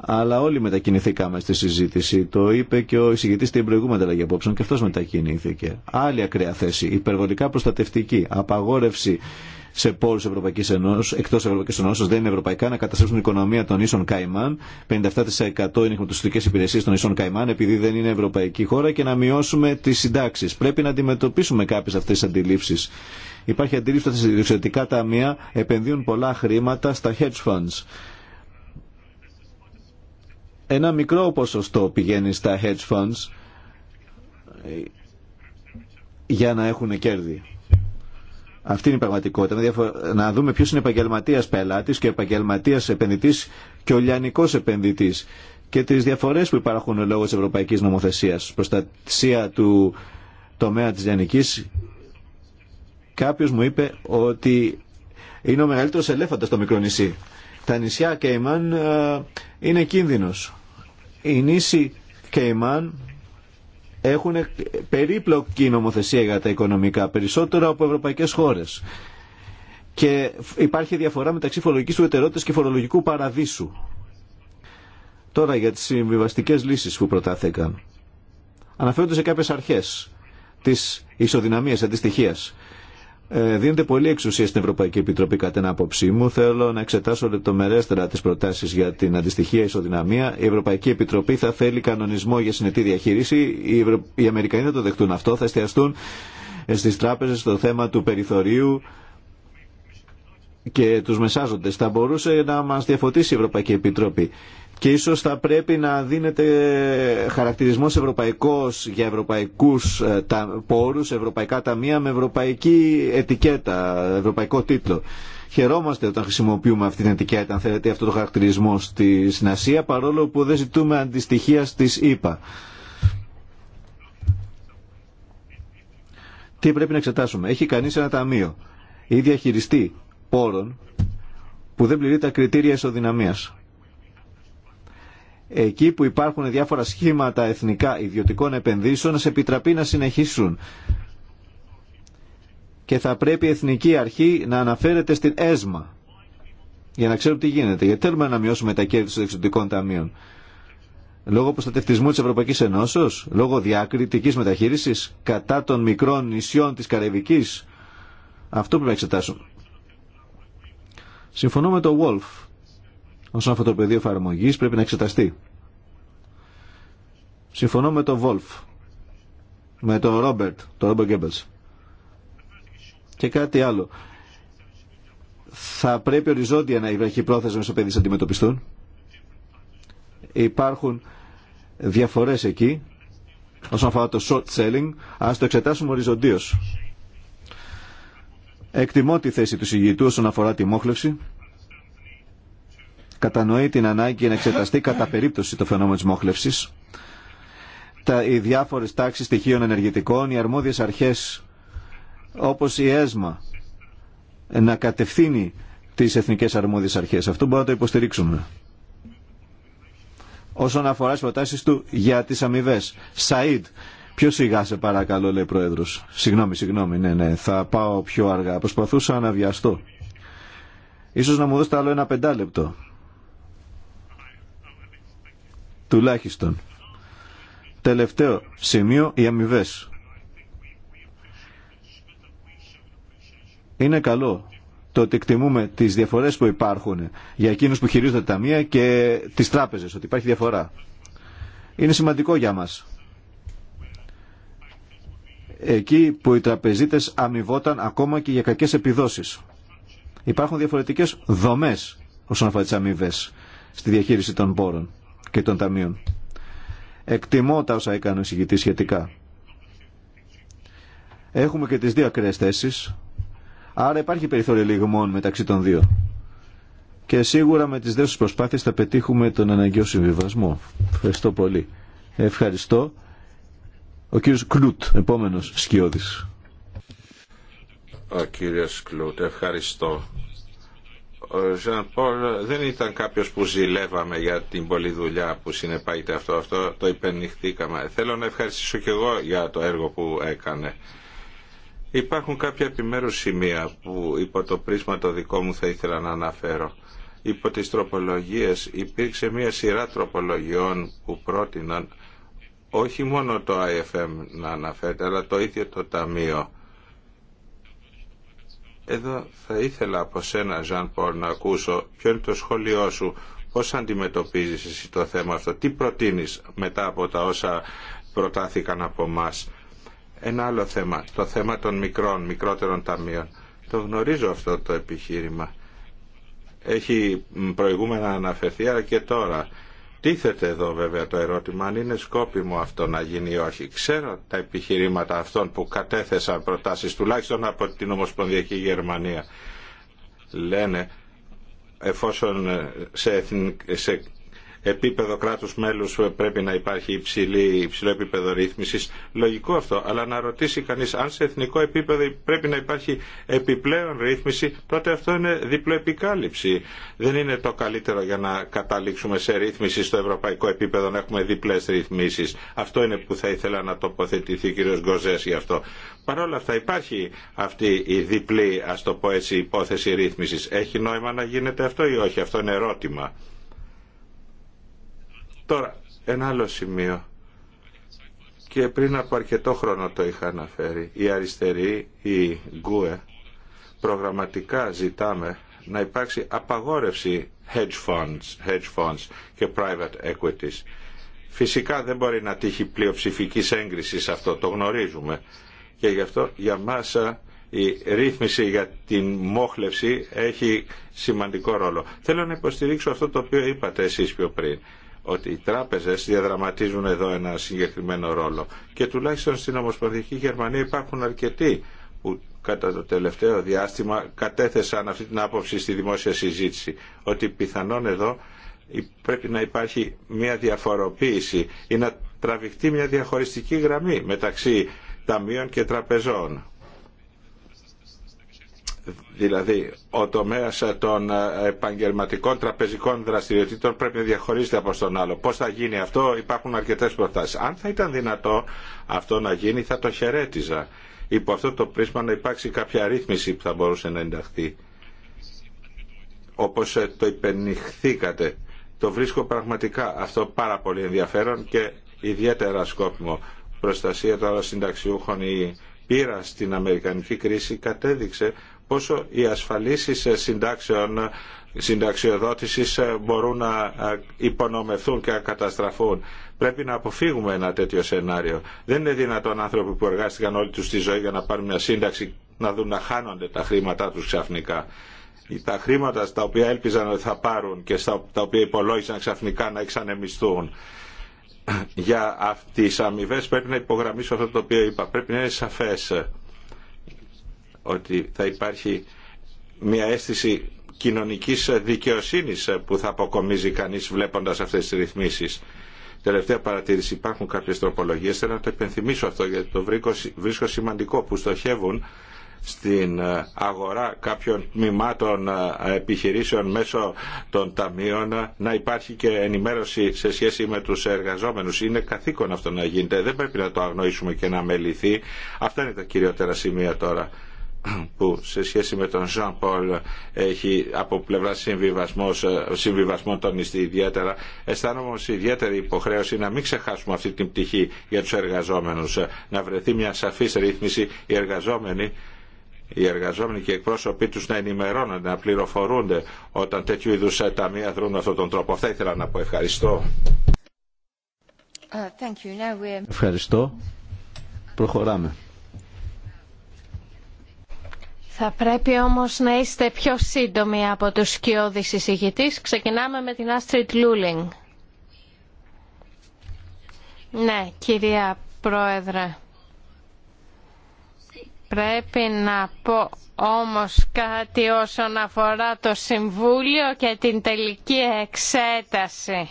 αλλά όλοι μετακινηθήκαμε στη συζήτηση. Το είπε και ο εισηγητή στην προηγούμενη αλλαγή απόψεων και αυτό μετακινήθηκε. Άλλη ακραία θέση. Υπερβολικά προστατευτική. Απαγόρευση σε πόρου Ευρωπαϊκή Ένωση, εκτό Ευρωπαϊκή Ένωση, δεν είναι ευρωπαϊκά, να καταστρέψουν την οικονομία των ίσων Καϊμάν. 57% είναι οι υπηρεσίε των ίσων Καϊμάν, επειδή δεν είναι ευρωπαϊκή χώρα και να μειώσουμε τι συντάξει. Πρέπει να αντιμετωπίσουμε κάποιε αυτέ τι αντιλήψει. Υπάρχει αντίληψη ότι τα ταμεία επενδύουν πολλά χρήματα στα hedge funds ένα μικρό ποσοστό πηγαίνει στα hedge funds για να έχουν κέρδη. Αυτή είναι η πραγματικότητα. Να δούμε ποιο είναι επαγγελματία πελάτη και επαγγελματία επενδυτή και ο λιανικό επενδυτή και τι διαφορέ που υπάρχουν λόγω τη ευρωπαϊκή νομοθεσία. Προστασία του τομέα τη λιανική. Κάποιο μου είπε ότι είναι ο μεγαλύτερο ελέφαντα στο μικρό νησί. Τα νησιά Κέιμαν ε, είναι κίνδυνος οι νήσοι Κέιμαν έχουν περίπλοκη νομοθεσία για τα οικονομικά, περισσότερο από ευρωπαϊκές χώρες. Και υπάρχει διαφορά μεταξύ φορολογική ουδετερότητα και φορολογικού παραδείσου. Τώρα για τις συμβιβαστικέ λύσεις που προτάθηκαν. Αναφέρονται σε κάποιες αρχές της ισοδυναμίας, αντιστοιχία. Ε, δίνεται πολλή εξουσία στην Ευρωπαϊκή Επιτροπή κατά την άποψή μου. Θέλω να εξετάσω λεπτομερέστερα τι προτάσει για την αντιστοιχεία ισοδυναμία. Η Ευρωπαϊκή Επιτροπή θα θέλει κανονισμό για συνετή διαχείριση. Οι, Ευρω... Αμερικανοί θα το δεχτούν αυτό. Θα εστιαστούν ε, στι τράπεζε στο θέμα του περιθωρίου και του μεσάζοντε. Θα μπορούσε να μα διαφωτίσει η Ευρωπαϊκή Επιτροπή και ίσως θα πρέπει να δίνεται χαρακτηρισμός ευρωπαϊκός για ευρωπαϊκούς ε, τα, πόρους, ευρωπαϊκά ταμεία με ευρωπαϊκή ετικέτα, ευρωπαϊκό τίτλο. Χαιρόμαστε όταν χρησιμοποιούμε αυτή την ετικέτα, αν θέλετε, αυτό το χαρακτηρισμό στη, στην Ασία, παρόλο που δεν ζητούμε αντιστοιχεία στις ΗΠΑ. Τι πρέπει να εξετάσουμε. Έχει κανείς ένα ταμείο ή διαχειριστή πόρων που δεν πληρεί τα κριτήρια ισοδυναμίας εκεί που υπάρχουν διάφορα σχήματα εθνικά ιδιωτικών επενδύσεων σε επιτραπεί να συνεχίσουν. Και θα πρέπει η Εθνική Αρχή να αναφέρεται στην ΕΣΜΑ για να ξέρουμε τι γίνεται. Γιατί θέλουμε να μειώσουμε τα κέρδη των εξωτικών ταμείων. Λόγω προστατευτισμού της Ευρωπαϊκής Ενώσεως. λόγω διακριτική μεταχείρισης κατά των μικρών νησιών της Καραϊβική. Αυτό πρέπει να εξετάσουμε. Συμφωνώ με τον Wolf όσον αφορά το πεδίο εφαρμογή πρέπει να εξεταστεί. Συμφωνώ με τον Βολφ, με τον Ρόμπερτ, τον Ρόμπερ Γκέμπελς. Και κάτι άλλο. Θα πρέπει οριζόντια να υπάρχει πρόθεση στο παιδί αντιμετωπιστούν. Υπάρχουν διαφορές εκεί όσον αφορά το short selling. Ας το εξετάσουμε οριζοντίως. Εκτιμώ τη θέση του συγγητού όσον αφορά τη μόχλευση κατανοεί την ανάγκη να εξεταστεί κατά περίπτωση το φαινόμενο της μόχλευσης. Τα, οι διάφορες τάξεις στοιχείων ενεργητικών, οι αρμόδιες αρχές όπως η ΕΣΜΑ να κατευθύνει τις εθνικές αρμόδιες αρχές. Αυτό μπορούμε να το υποστηρίξουμε. Όσον αφορά τις προτάσεις του για τις αμοιβέ. Σαΐντ, Πιο σιγά σε παρακαλώ, λέει ο Πρόεδρο. Συγγνώμη, συγγνώμη, ναι, ναι, θα πάω πιο αργά. Προσπαθούσα να βιαστώ. Ίσως να μου δώσετε άλλο ένα πεντάλεπτο τουλάχιστον. Τελευταίο σημείο, οι αμοιβέ. Είναι καλό το ότι εκτιμούμε τις διαφορές που υπάρχουν για εκείνους που χειρίζονται τα ταμεία και τις τράπεζες, ότι υπάρχει διαφορά. Είναι σημαντικό για μας. Εκεί που οι τραπεζίτες αμοιβόταν ακόμα και για κακές επιδόσεις. Υπάρχουν διαφορετικές δομές όσον αφορά τις αμοιβέ στη διαχείριση των πόρων και των ταμείων. Εκτιμώ τα όσα έκανε ο σχετικά. Έχουμε και τις δύο ακραίε θέσει. άρα υπάρχει περιθώριο λιγμών μεταξύ των δύο. Και σίγουρα με τι δέσμε προσπάθειες θα πετύχουμε τον αναγκαίο συμβιβασμό. Ευχαριστώ πολύ. Ευχαριστώ. Ο κύριος Κλουτ, επόμενος σκιώδης. Ο κύριος Κλουτ, ευχαριστώ. Ζαν Πολ δεν ήταν κάποιο που ζηλεύαμε για την πολλή δουλειά που συνεπάγεται αυτό. Αυτό το υπενυχτήκαμε. Θέλω να ευχαριστήσω και εγώ για το έργο που έκανε. Υπάρχουν κάποια επιμέρου σημεία που υπό το πρίσμα το δικό μου θα ήθελα να αναφέρω. Υπό τις τροπολογίες υπήρξε μια σειρά τροπολογιών που πρότειναν όχι μόνο το IFM να αναφέρεται αλλά το ίδιο το Ταμείο εδώ θα ήθελα από σένα, Ζαν Πολ, να ακούσω ποιο είναι το σχόλιο σου, πώς αντιμετωπίζεις εσύ το θέμα αυτό, τι προτείνεις μετά από τα όσα προτάθηκαν από εμά. Ένα άλλο θέμα, το θέμα των μικρών, μικρότερων ταμείων. Το γνωρίζω αυτό το επιχείρημα. Έχει προηγούμενα αναφερθεί, αλλά και τώρα Τίθεται εδώ βέβαια το ερώτημα αν είναι σκόπιμο αυτό να γίνει ή όχι. Ξέρω τα επιχειρήματα αυτών που κατέθεσαν προτάσεις τουλάχιστον από την Ομοσπονδιακή Γερμανία. Λένε εφόσον σε, εθνικ, σε επίπεδο κράτους μέλους πρέπει να υπάρχει υψηλή, υψηλό επίπεδο ρύθμισης. Λογικό αυτό, αλλά να ρωτήσει κανείς αν σε εθνικό επίπεδο πρέπει να υπάρχει επιπλέον ρύθμιση, τότε αυτό είναι διπλό επικάλυψη. Δεν είναι το καλύτερο για να καταλήξουμε σε ρύθμιση στο ευρωπαϊκό επίπεδο, να έχουμε διπλές ρυθμίσεις. Αυτό είναι που θα ήθελα να τοποθετηθεί ο κ. Γκοζές γι' αυτό. Παρ' όλα αυτά υπάρχει αυτή η διπλή, ας το πω έτσι, υπόθεση ρύθμισης. Έχει νόημα να γίνεται αυτό ή όχι, αυτό είναι ερώτημα. Τώρα, ένα άλλο σημείο και πριν από αρκετό χρόνο το είχα αναφέρει. Η αριστερή, η Γκουε, προγραμματικά ζητάμε να υπάρξει απαγόρευση hedge funds, hedge funds και private equities. Φυσικά δεν μπορεί να τύχει πλειοψηφική έγκριση αυτό, το γνωρίζουμε. Και γι' αυτό για μας ε, η ρύθμιση για την μόχλευση έχει σημαντικό ρόλο. Θέλω να υποστηρίξω αυτό το οποίο είπατε εσείς πιο πριν ότι οι τράπεζες διαδραματίζουν εδώ ένα συγκεκριμένο ρόλο. Και τουλάχιστον στην Ομοσπονδιακή Γερμανία υπάρχουν αρκετοί που κατά το τελευταίο διάστημα κατέθεσαν αυτή την άποψη στη δημόσια συζήτηση ότι πιθανόν εδώ πρέπει να υπάρχει μια διαφοροποίηση ή να τραβηχτεί μια διαχωριστική γραμμή μεταξύ ταμείων και τραπεζών Δηλαδή, ο τομέα των επαγγελματικών τραπεζικών δραστηριοτήτων πρέπει να διαχωρίζεται από τον άλλο. Πώ θα γίνει αυτό, υπάρχουν αρκετέ προτάσει. Αν θα ήταν δυνατό αυτό να γίνει, θα το χαιρέτιζα. Υπό αυτό το πρίσμα να υπάρξει κάποια ρύθμιση που θα μπορούσε να ενταχθεί. Όπω ε, το υπενηχθήκατε. Το βρίσκω πραγματικά αυτό πάρα πολύ ενδιαφέρον και ιδιαίτερα σκόπιμο. Προστασία των συνταξιούχων η πείρα στην Αμερικανική κρίση κατέδειξε πόσο οι ασφαλίσεις συντάξεων συνταξιοδότησης μπορούν να υπονομευθούν και να καταστραφούν. Πρέπει να αποφύγουμε ένα τέτοιο σενάριο. Δεν είναι δυνατόν άνθρωποι που εργάστηκαν όλη τους τη ζωή για να πάρουν μια σύνταξη να δουν να χάνονται τα χρήματά τους ξαφνικά. Τα χρήματα στα οποία έλπιζαν ότι θα πάρουν και στα τα οποία υπολόγισαν ξαφνικά να εξανεμιστούν για τις αμοιβέ πρέπει να υπογραμμίσω αυτό το οποίο είπα. Πρέπει να είναι σαφές ότι θα υπάρχει μια αίσθηση κοινωνικής δικαιοσύνης που θα αποκομίζει κανείς βλέποντας αυτές τις ρυθμίσεις. Τελευταία παρατήρηση, υπάρχουν κάποιες τροπολογίες, θέλω να το υπενθυμίσω αυτό γιατί το βρίσκω σημαντικό που στοχεύουν στην ε, αγορά κάποιων μημάτων ε, επιχειρήσεων μέσω των ταμείων ε, να υπάρχει και ενημέρωση σε σχέση με τους εργαζόμενους. Είναι καθήκον αυτό να γίνεται. Δεν πρέπει να το αγνοήσουμε και να μεληθεί. Αυτά είναι τα κυριότερα σημεία τώρα που σε σχέση με τον Ζαν Πολ έχει από πλευρά ε, συμβιβασμών τονιστεί ιδιαίτερα. Αισθάνομαι όμως ιδιαίτερη υποχρέωση να μην ξεχάσουμε αυτή την πτυχή για τους εργαζόμενους. Ε, να βρεθεί μια σαφής ρύθμιση οι εργαζόμενοι οι εργαζόμενοι και οι εκπρόσωποι τους να ενημερώνονται, να πληροφορούνται όταν τέτοιου είδους ε, ταμεία δρούν αυτόν τον τρόπο. Αυτά ήθελα να πω. Ευχαριστώ. Uh, Ευχαριστώ. Προχωράμε. Θα πρέπει όμως να είστε πιο σύντομοι από τους σκιώδεις εισηγητής. Ξεκινάμε με την Άστριτ Λούλινγκ. Ναι, κυρία Πρόεδρε. Πρέπει να πω όμως κάτι όσον αφορά το Συμβούλιο και την τελική εξέταση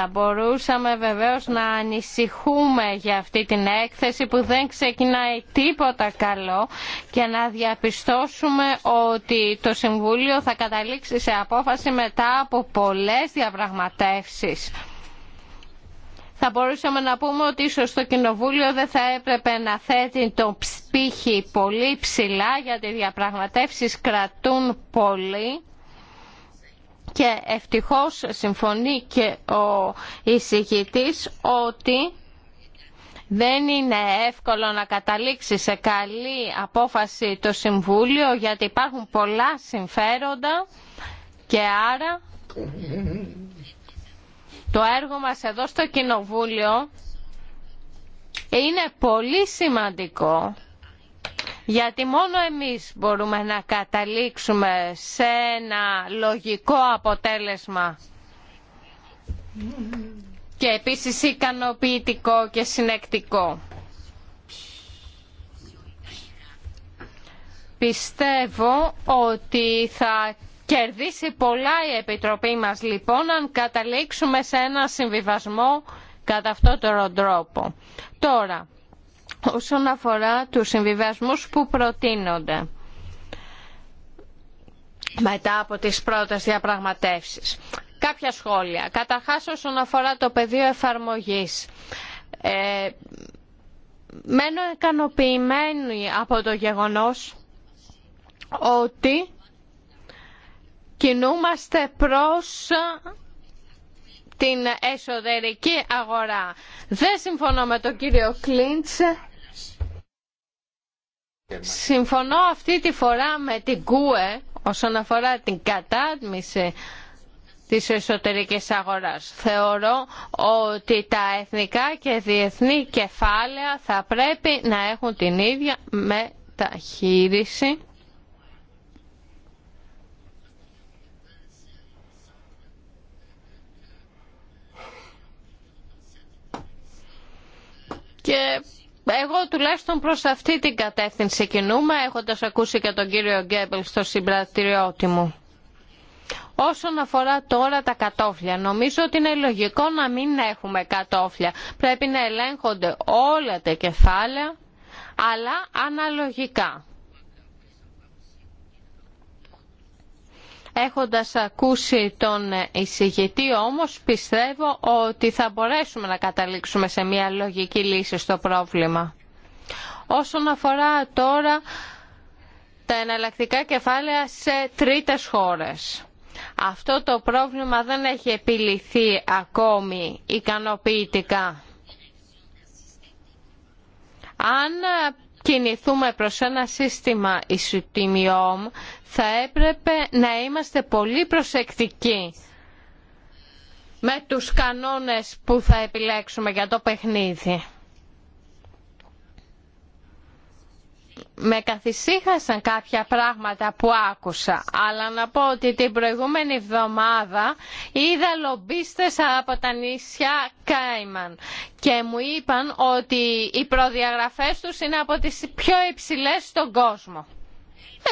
θα μπορούσαμε βεβαίως να ανησυχούμε για αυτή την έκθεση που δεν ξεκινάει τίποτα καλό και να διαπιστώσουμε ότι το Συμβούλιο θα καταλήξει σε απόφαση μετά από πολλές διαπραγματεύσεις. Θα μπορούσαμε να πούμε ότι ίσως το Κοινοβούλιο δεν θα έπρεπε να θέτει το πύχη πολύ ψηλά γιατί οι διαπραγματεύσεις κρατούν πολύ και ευτυχώς συμφωνεί και ο εισηγητής ότι δεν είναι εύκολο να καταλήξει σε καλή απόφαση το Συμβούλιο γιατί υπάρχουν πολλά συμφέροντα και άρα το έργο μας εδώ στο Κοινοβούλιο είναι πολύ σημαντικό γιατί μόνο εμείς μπορούμε να καταλήξουμε σε ένα λογικό αποτέλεσμα και επίσης ικανοποιητικό και συνεκτικό. Πιστεύω ότι θα κερδίσει πολλά η Επιτροπή μας λοιπόν αν καταλήξουμε σε ένα συμβιβασμό κατά αυτόν τον τρόπο. Τώρα, όσον αφορά τους συμβιβασμούς που προτείνονται μετά από τις πρώτες διαπραγματεύσεις. Κάποια σχόλια. Καταρχάς όσον αφορά το πεδίο εφαρμογής. Ε, μένω ικανοποιημένη από το γεγονός ότι κινούμαστε προς την εσωτερική αγορά. Δεν συμφωνώ με τον κύριο Κλίντς Συμφωνώ αυτή τη φορά με την ΚΟΕ όσον αφορά την κατάτμιση της εσωτερικής αγοράς. Θεωρώ ότι τα εθνικά και διεθνή κεφάλαια θα πρέπει να έχουν την ίδια μεταχείριση. Και εγώ τουλάχιστον προς αυτή την κατεύθυνση κινούμαι, έχοντας ακούσει και τον κύριο Γκέμπελ στο συμπρατηριότη μου. Όσον αφορά τώρα τα κατόφλια, νομίζω ότι είναι λογικό να μην έχουμε κατόφλια. Πρέπει να ελέγχονται όλα τα κεφάλαια, αλλά αναλογικά. Έχοντας ακούσει τον εισηγητή όμως πιστεύω ότι θα μπορέσουμε να καταλήξουμε σε μια λογική λύση στο πρόβλημα. Όσον αφορά τώρα τα εναλλακτικά κεφάλαια σε τρίτες χώρες. Αυτό το πρόβλημα δεν έχει επιληθεί ακόμη ικανοποιητικά. Αν κινηθούμε προς ένα σύστημα ισοτιμιών θα έπρεπε να είμαστε πολύ προσεκτικοί με τους κανόνες που θα επιλέξουμε για το παιχνίδι. με καθησύχασαν κάποια πράγματα που άκουσα, αλλά να πω ότι την προηγούμενη εβδομάδα είδα λομπίστες από τα νησιά Κάιμαν και μου είπαν ότι οι προδιαγραφές τους είναι από τις πιο υψηλές στον κόσμο.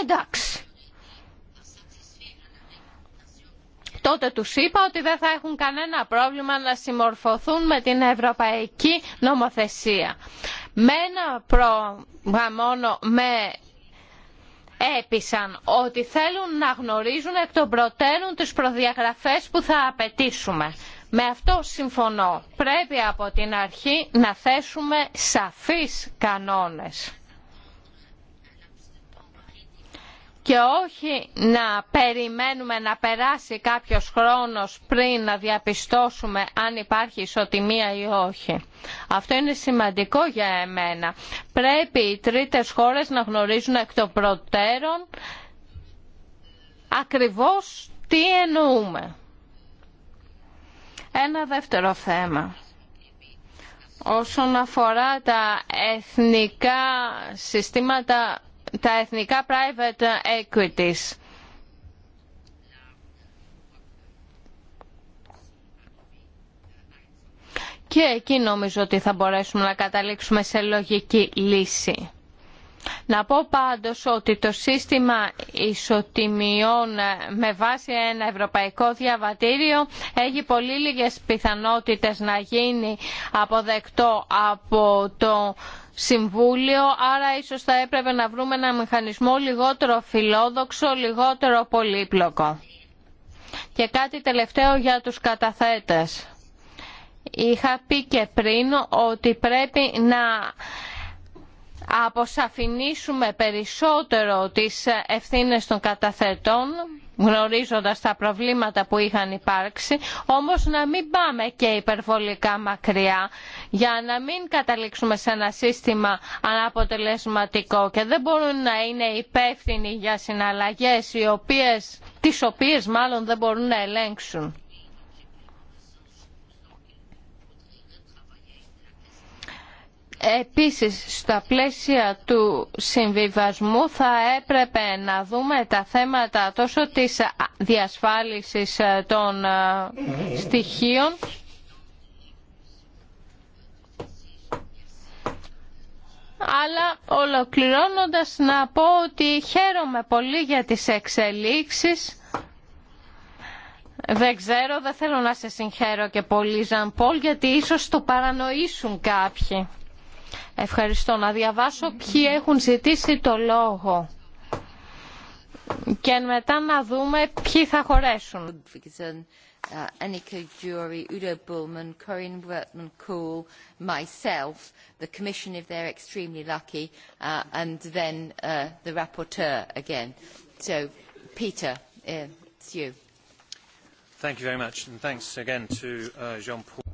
Εντάξει. τότε τους είπα ότι δεν θα έχουν κανένα πρόβλημα να συμμορφωθούν με την ευρωπαϊκή νομοθεσία. Με ένα πρόβλημα μόνο με έπεισαν ότι θέλουν να γνωρίζουν εκ των προτέρων τις προδιαγραφές που θα απαιτήσουμε. Με αυτό συμφωνώ. Πρέπει από την αρχή να θέσουμε σαφείς κανόνες. και όχι να περιμένουμε να περάσει κάποιος χρόνος πριν να διαπιστώσουμε αν υπάρχει ισοτιμία ή όχι. Αυτό είναι σημαντικό για εμένα. Πρέπει οι τρίτες χώρες να γνωρίζουν εκ των προτέρων ακριβώς τι εννοούμε. Ένα δεύτερο θέμα. Όσον αφορά τα εθνικά συστήματα τα εθνικά private equities. Και εκεί νομίζω ότι θα μπορέσουμε να καταλήξουμε σε λογική λύση. Να πω πάντως ότι το σύστημα ισοτιμιών με βάση ένα ευρωπαϊκό διαβατήριο έχει πολύ λίγες πιθανότητες να γίνει αποδεκτό από το Συμβούλιο, άρα ίσως θα έπρεπε να βρούμε ένα μηχανισμό λιγότερο φιλόδοξο, λιγότερο πολύπλοκο. Και κάτι τελευταίο για τους καταθέτες. Είχα πει και πριν ότι πρέπει να αποσαφηνίσουμε περισσότερο τις ευθύνες των καταθετών γνωρίζοντας τα προβλήματα που είχαν υπάρξει, όμως να μην πάμε και υπερβολικά μακριά για να μην καταλήξουμε σε ένα σύστημα αναποτελεσματικό και δεν μπορούν να είναι υπεύθυνοι για συναλλαγές οι οποίες, τις οποίες μάλλον δεν μπορούν να ελέγξουν. Επίσης, στα πλαίσια του συμβιβασμού θα έπρεπε να δούμε τα θέματα τόσο της διασφάλισης ε, των ε, στοιχείων αλλά ολοκληρώνοντας να πω ότι χαίρομαι πολύ για τις εξελίξεις δεν ξέρω, δεν θέλω να σε συγχαίρω και πολύ Ζαν γιατί ίσως το παρανοήσουν κάποιοι Ευχαριστώ. Να διαβάσω ποιοι έχουν ζητήσει το λόγο και μετά να δούμε ποιοι θα χωρέσουν. Annika Jury, Udo Bullman, Corinne Wortman Cool, myself, the Commission if they're extremely lucky, and then the rapporteur again. So, Peter, it's you. Thank you very much, and thanks again to Jean-Paul.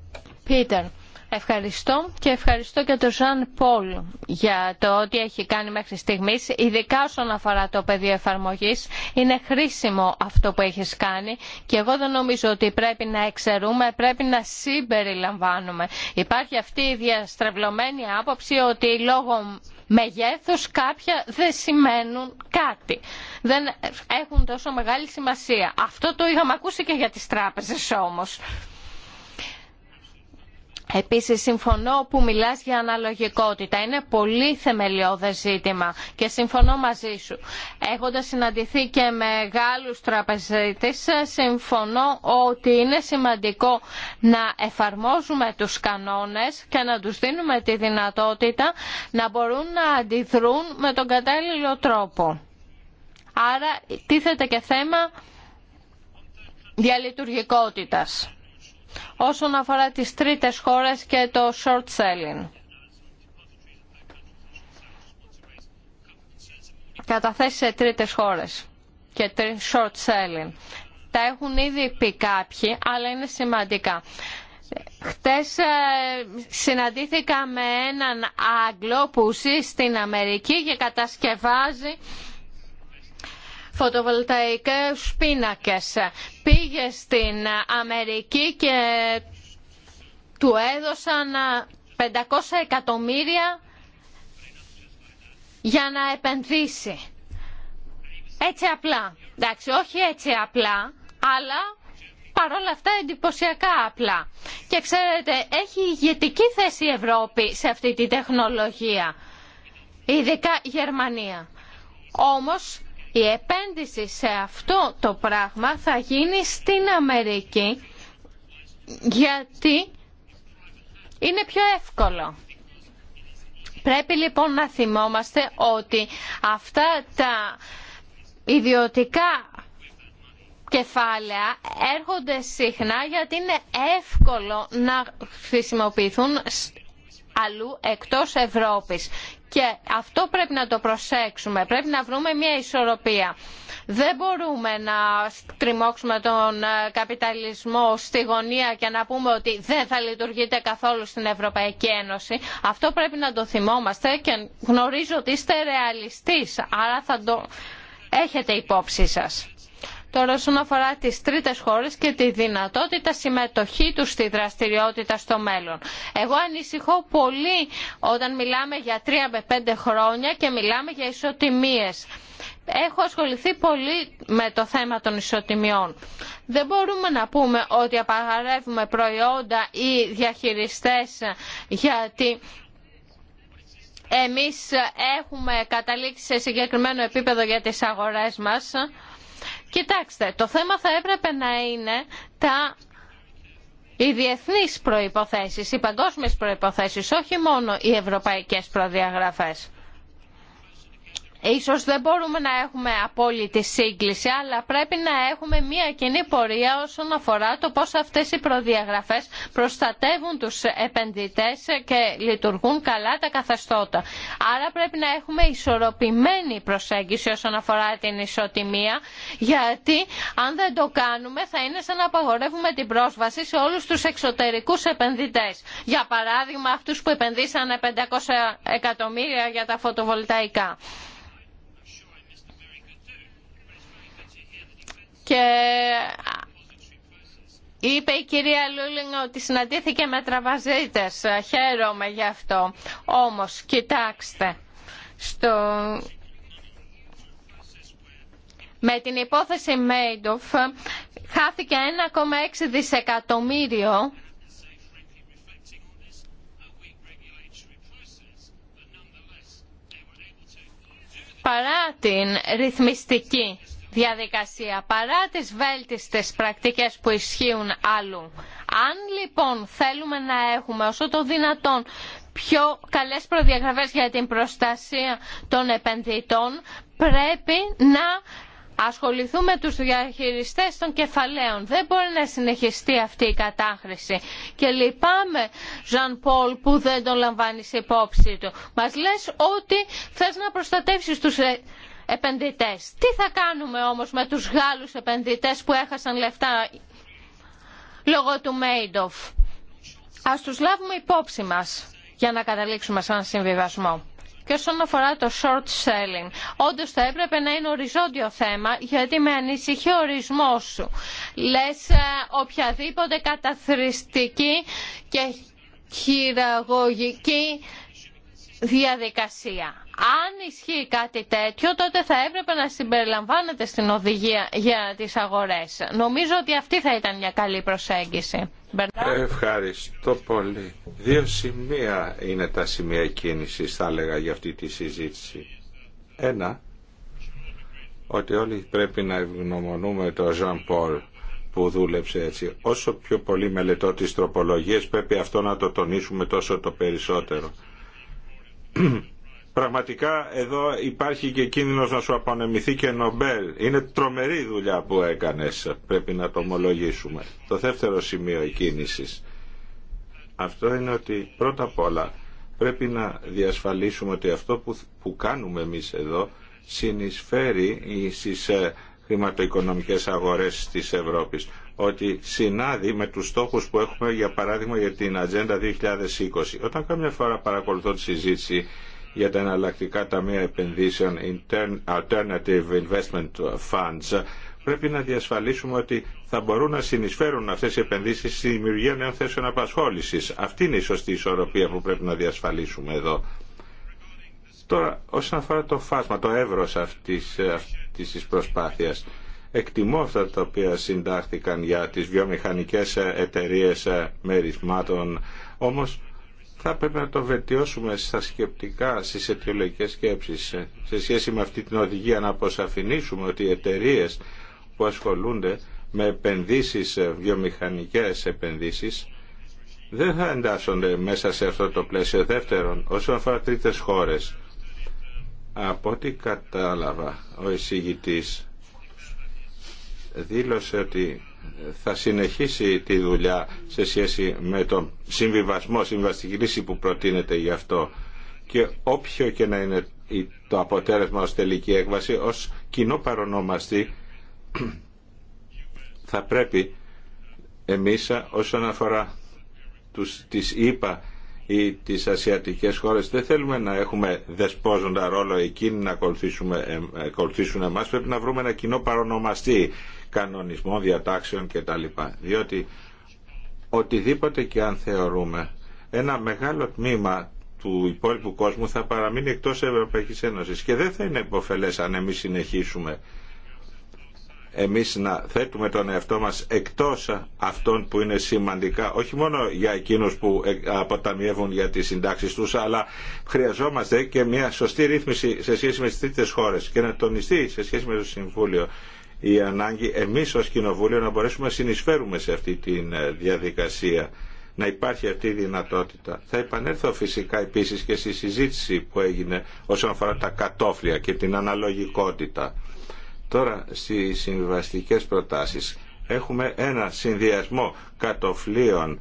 Peter, Ευχαριστώ και ευχαριστώ και τον Ζαν Πολ για το ότι έχει κάνει μέχρι στιγμής, ειδικά όσον αφορά το πεδίο εφαρμογής. Είναι χρήσιμο αυτό που έχεις κάνει και εγώ δεν νομίζω ότι πρέπει να εξαιρούμε, πρέπει να συμπεριλαμβάνουμε. Υπάρχει αυτή η διαστρεβλωμένη άποψη ότι λόγω μεγέθους κάποια δεν σημαίνουν κάτι. Δεν έχουν τόσο μεγάλη σημασία. Αυτό το είχαμε ακούσει και για τις τράπεζες όμως. Επίσης συμφωνώ που μιλάς για αναλογικότητα. Είναι πολύ θεμελιώδες ζήτημα και συμφωνώ μαζί σου. Έχοντας συναντηθεί και με Γάλλους τραπεζίτες, συμφωνώ ότι είναι σημαντικό να εφαρμόζουμε τους κανόνες και να τους δίνουμε τη δυνατότητα να μπορούν να αντιδρούν με τον κατάλληλο τρόπο. Άρα τίθεται και θέμα διαλειτουργικότητας όσον αφορά τις τρίτες χώρες και το short selling. Καταθέσει σε τρίτες χώρες και short selling. Τα έχουν ήδη πει κάποιοι, αλλά είναι σημαντικά. Χτες ε, συναντήθηκα με έναν Άγγλο που ζει στην Αμερική και κατασκευάζει φωτοβολταϊκές πίνακες. Πήγε στην Αμερική και του έδωσαν 500 εκατομμύρια για να επενδύσει. Έτσι απλά. Εντάξει, όχι έτσι απλά, αλλά παρόλα αυτά εντυπωσιακά απλά. Και ξέρετε, έχει ηγετική θέση η Ευρώπη σε αυτή τη τεχνολογία, ειδικά η Γερμανία. Όμως η επένδυση σε αυτό το πράγμα θα γίνει στην Αμερική γιατί είναι πιο εύκολο. Πρέπει λοιπόν να θυμόμαστε ότι αυτά τα ιδιωτικά κεφάλαια έρχονται συχνά γιατί είναι εύκολο να χρησιμοποιηθούν αλλού εκτός Ευρώπης και αυτό πρέπει να το προσέξουμε. Πρέπει να βρούμε μια ισορροπία. Δεν μπορούμε να στριμώξουμε τον ε, καπιταλισμό στη γωνία και να πούμε ότι δεν θα λειτουργείτε καθόλου στην Ευρωπαϊκή Ένωση. Αυτό πρέπει να το θυμόμαστε και γνωρίζω ότι είστε ρεαλιστής, άρα θα το έχετε υπόψη σας. Τώρα όσον αφορά τις τρίτες χώρες και τη δυνατότητα συμμετοχή τους στη δραστηριότητα στο μέλλον. Εγώ ανησυχώ πολύ όταν μιλάμε για τρία με πέντε χρόνια και μιλάμε για ισοτιμίες. Έχω ασχοληθεί πολύ με το θέμα των ισοτιμιών. Δεν μπορούμε να πούμε ότι απαγαρεύουμε προϊόντα ή διαχειριστές γιατί εμείς έχουμε καταλήξει σε συγκεκριμένο επίπεδο για τις αγορές μας Κοιτάξτε, το θέμα θα έπρεπε να είναι τα οι διεθνείς προϋποθέσεις, οι παγκόσμιες προϋποθέσεις, όχι μόνο οι ευρωπαϊκές προδιαγραφές. Ίσως δεν μπορούμε να έχουμε απόλυτη σύγκληση, αλλά πρέπει να έχουμε μια κοινή πορεία όσον αφορά το πώς αυτές οι προδιαγραφές προστατεύουν τους επενδυτές και λειτουργούν καλά τα καθεστώτα. Άρα πρέπει να έχουμε ισορροπημένη προσέγγιση όσον αφορά την ισοτιμία, γιατί αν δεν το κάνουμε θα είναι σαν να απαγορεύουμε την πρόσβαση σε όλους τους εξωτερικούς επενδυτές. Για παράδειγμα αυτούς που επενδύσανε 500 εκατομμύρια για τα φωτοβολταϊκά. Και Είπε η κυρία Λούλινγκ ότι συναντήθηκε με τραβαζίτες. Χαίρομαι γι' αυτό. Όμως, κοιτάξτε, στο... με την υπόθεση Μέιντοφ χάθηκε 1,6 δισεκατομμύριο παρά την ρυθμιστική διαδικασία παρά τις βέλτιστες πρακτικές που ισχύουν άλλου. Αν λοιπόν θέλουμε να έχουμε όσο το δυνατόν πιο καλές προδιαγραφές για την προστασία των επενδυτών πρέπει να ασχοληθούμε τους διαχειριστές των κεφαλαίων. Δεν μπορεί να συνεχιστεί αυτή η κατάχρηση. Και λυπάμαι, Ζαν Πολ, που δεν τον λαμβάνεις υπόψη του. Μας λες ότι θες να προστατεύσεις τους επενδυτές. Τι θα κάνουμε όμως με τους Γάλλους επενδυτές που έχασαν λεφτά λόγω του Μέιντοφ. Ας τους λάβουμε υπόψη μας για να καταλήξουμε σε έναν συμβιβασμό. Και όσον αφορά το short selling, όντως θα έπρεπε να είναι οριζόντιο θέμα, γιατί με ανησυχεί ο ορισμός σου. Λες ε, οποιαδήποτε καταθρηστική και χειραγωγική διαδικασία αν ισχύει κάτι τέτοιο, τότε θα έπρεπε να συμπεριλαμβάνεται στην οδηγία για τις αγορές. Νομίζω ότι αυτή θα ήταν μια καλή προσέγγιση. Ευχαριστώ πολύ. Δύο σημεία είναι τα σημεία κίνησης, θα έλεγα, για αυτή τη συζήτηση. Ένα, ότι όλοι πρέπει να ευγνωμονούμε το Ζαν Πολ που δούλεψε έτσι. Όσο πιο πολύ μελετώ τις τροπολογίες, πρέπει αυτό να το τονίσουμε τόσο το περισσότερο Πραγματικά εδώ υπάρχει και κίνδυνος να σου απονεμηθεί και νομπέλ. Είναι τρομερή δουλειά που έκανες, πρέπει να το ομολογήσουμε. Το δεύτερο σημείο εκκίνησης. Αυτό είναι ότι πρώτα απ' όλα πρέπει να διασφαλίσουμε ότι αυτό που, που κάνουμε εμείς εδώ συνεισφέρει στις ε, χρηματοοικονομικές αγορές της Ευρώπης ότι συνάδει με τους στόχους που έχουμε για παράδειγμα για την Ατζέντα 2020. Όταν κάμια φορά παρακολουθώ τη συζήτηση για τα εναλλακτικά ταμεία επενδύσεων Alternative Investment Funds πρέπει να διασφαλίσουμε ότι θα μπορούν να συνεισφέρουν αυτές οι επενδύσεις στη δημιουργία νέων θέσεων απασχόλησης. Αυτή είναι η σωστή ισορροπία που πρέπει να διασφαλίσουμε εδώ. Τώρα, όσον αφορά το φάσμα, το εύρος αυτής, τη της προσπάθειας, εκτιμώ αυτά τα οποία συντάχθηκαν για τις βιομηχανικές εταιρείες ε, μερισμάτων, όμως θα πρέπει να το βελτιώσουμε στα σκεπτικά, στις αιτιολογικές σκέψεις ε, σε σχέση με αυτή την οδηγία να αποσαφηνίσουμε ότι οι εταιρείε που ασχολούνται με επενδύσεις, ε, βιομηχανικές επενδύσεις δεν θα εντάσσονται μέσα σε αυτό το πλαίσιο δεύτερον όσον αφορά τρίτες χώρες. Από ό,τι κατάλαβα ο εισηγητής δήλωσε ότι θα συνεχίσει τη δουλειά σε σχέση με τον συμβιβασμό, συμβαστική λύση που προτείνεται γι' αυτό και όποιο και να είναι το αποτέλεσμα ως τελική έκβαση, ως κοινό παρονόμαστη θα πρέπει εμείς όσον αφορά τους, τις ΙΠΑ ή τις ασιατικές χώρες δεν θέλουμε να έχουμε δεσπόζοντα ρόλο εκείνοι να ακολουθήσουν εμάς πρέπει να βρούμε ένα κοινό παρονομαστή κανονισμών, διατάξεων κτλ. Διότι οτιδήποτε και αν θεωρούμε ένα μεγάλο τμήμα του υπόλοιπου κόσμου θα παραμείνει εκτός Ευρωπαϊκής Ένωσης και δεν θα είναι υποφελές αν εμείς συνεχίσουμε εμείς να θέτουμε τον εαυτό μας εκτός αυτών που είναι σημαντικά όχι μόνο για εκείνους που ε, αποταμιεύουν για τις συντάξεις τους αλλά χρειαζόμαστε και μια σωστή ρύθμιση σε σχέση με τις τρίτες χώρες και να τονιστεί σε σχέση με το Συμβούλιο η ανάγκη εμείς ως Κοινοβούλιο να μπορέσουμε να συνεισφέρουμε σε αυτή τη ε, διαδικασία, να υπάρχει αυτή η δυνατότητα. Θα επανέλθω φυσικά επίσης και στη συζήτηση που έγινε όσον αφορά τα κατόφλια και την αναλογικότητα. Τώρα στις συμβαστικές προτάσεις έχουμε ένα συνδυασμό κατοφλίων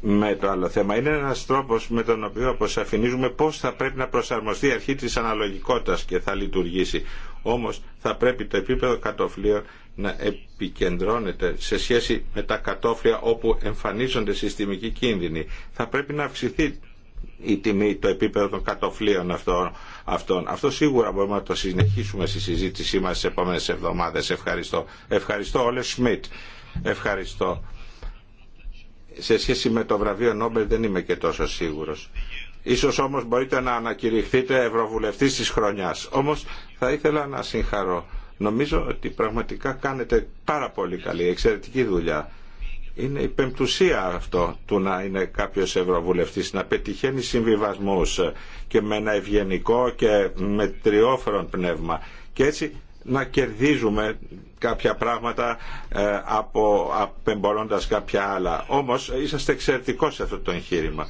με το άλλο θέμα. Είναι ένα τρόπο με τον οποίο αποσαφηνίζουμε πώ θα πρέπει να προσαρμοστεί η αρχή τη αναλογικότητα και θα λειτουργήσει. Όμω θα πρέπει το επίπεδο κατοφλίων να επικεντρώνεται σε σχέση με τα κατόφλια όπου εμφανίζονται συστημικοί κίνδυνοι. Θα πρέπει να αυξηθεί η τιμή, το επίπεδο των κατοφλίων αυτών. Αυτό σίγουρα μπορούμε να το συνεχίσουμε στη συζήτησή μα τι επόμενε εβδομάδες. Ευχαριστώ. Ευχαριστώ Όλε Σμιτ. Ευχαριστώ σε σχέση με το βραβείο Νόμπελ δεν είμαι και τόσο σίγουρος. Ίσως όμως μπορείτε να ανακηρυχθείτε Ευρωβουλευτής της χρονιάς. Όμως θα ήθελα να συγχαρώ. Νομίζω ότι πραγματικά κάνετε πάρα πολύ καλή, εξαιρετική δουλειά. Είναι η πεμπτουσία αυτό του να είναι κάποιος ευρωβουλευτής, να πετυχαίνει συμβιβασμούς και με ένα ευγενικό και με τριόφρον πνεύμα. έτσι να κερδίζουμε κάποια πράγματα ε, από, απεμπορώντας κάποια άλλα. Όμως είσαστε εξαιρετικό σε αυτό το εγχείρημα.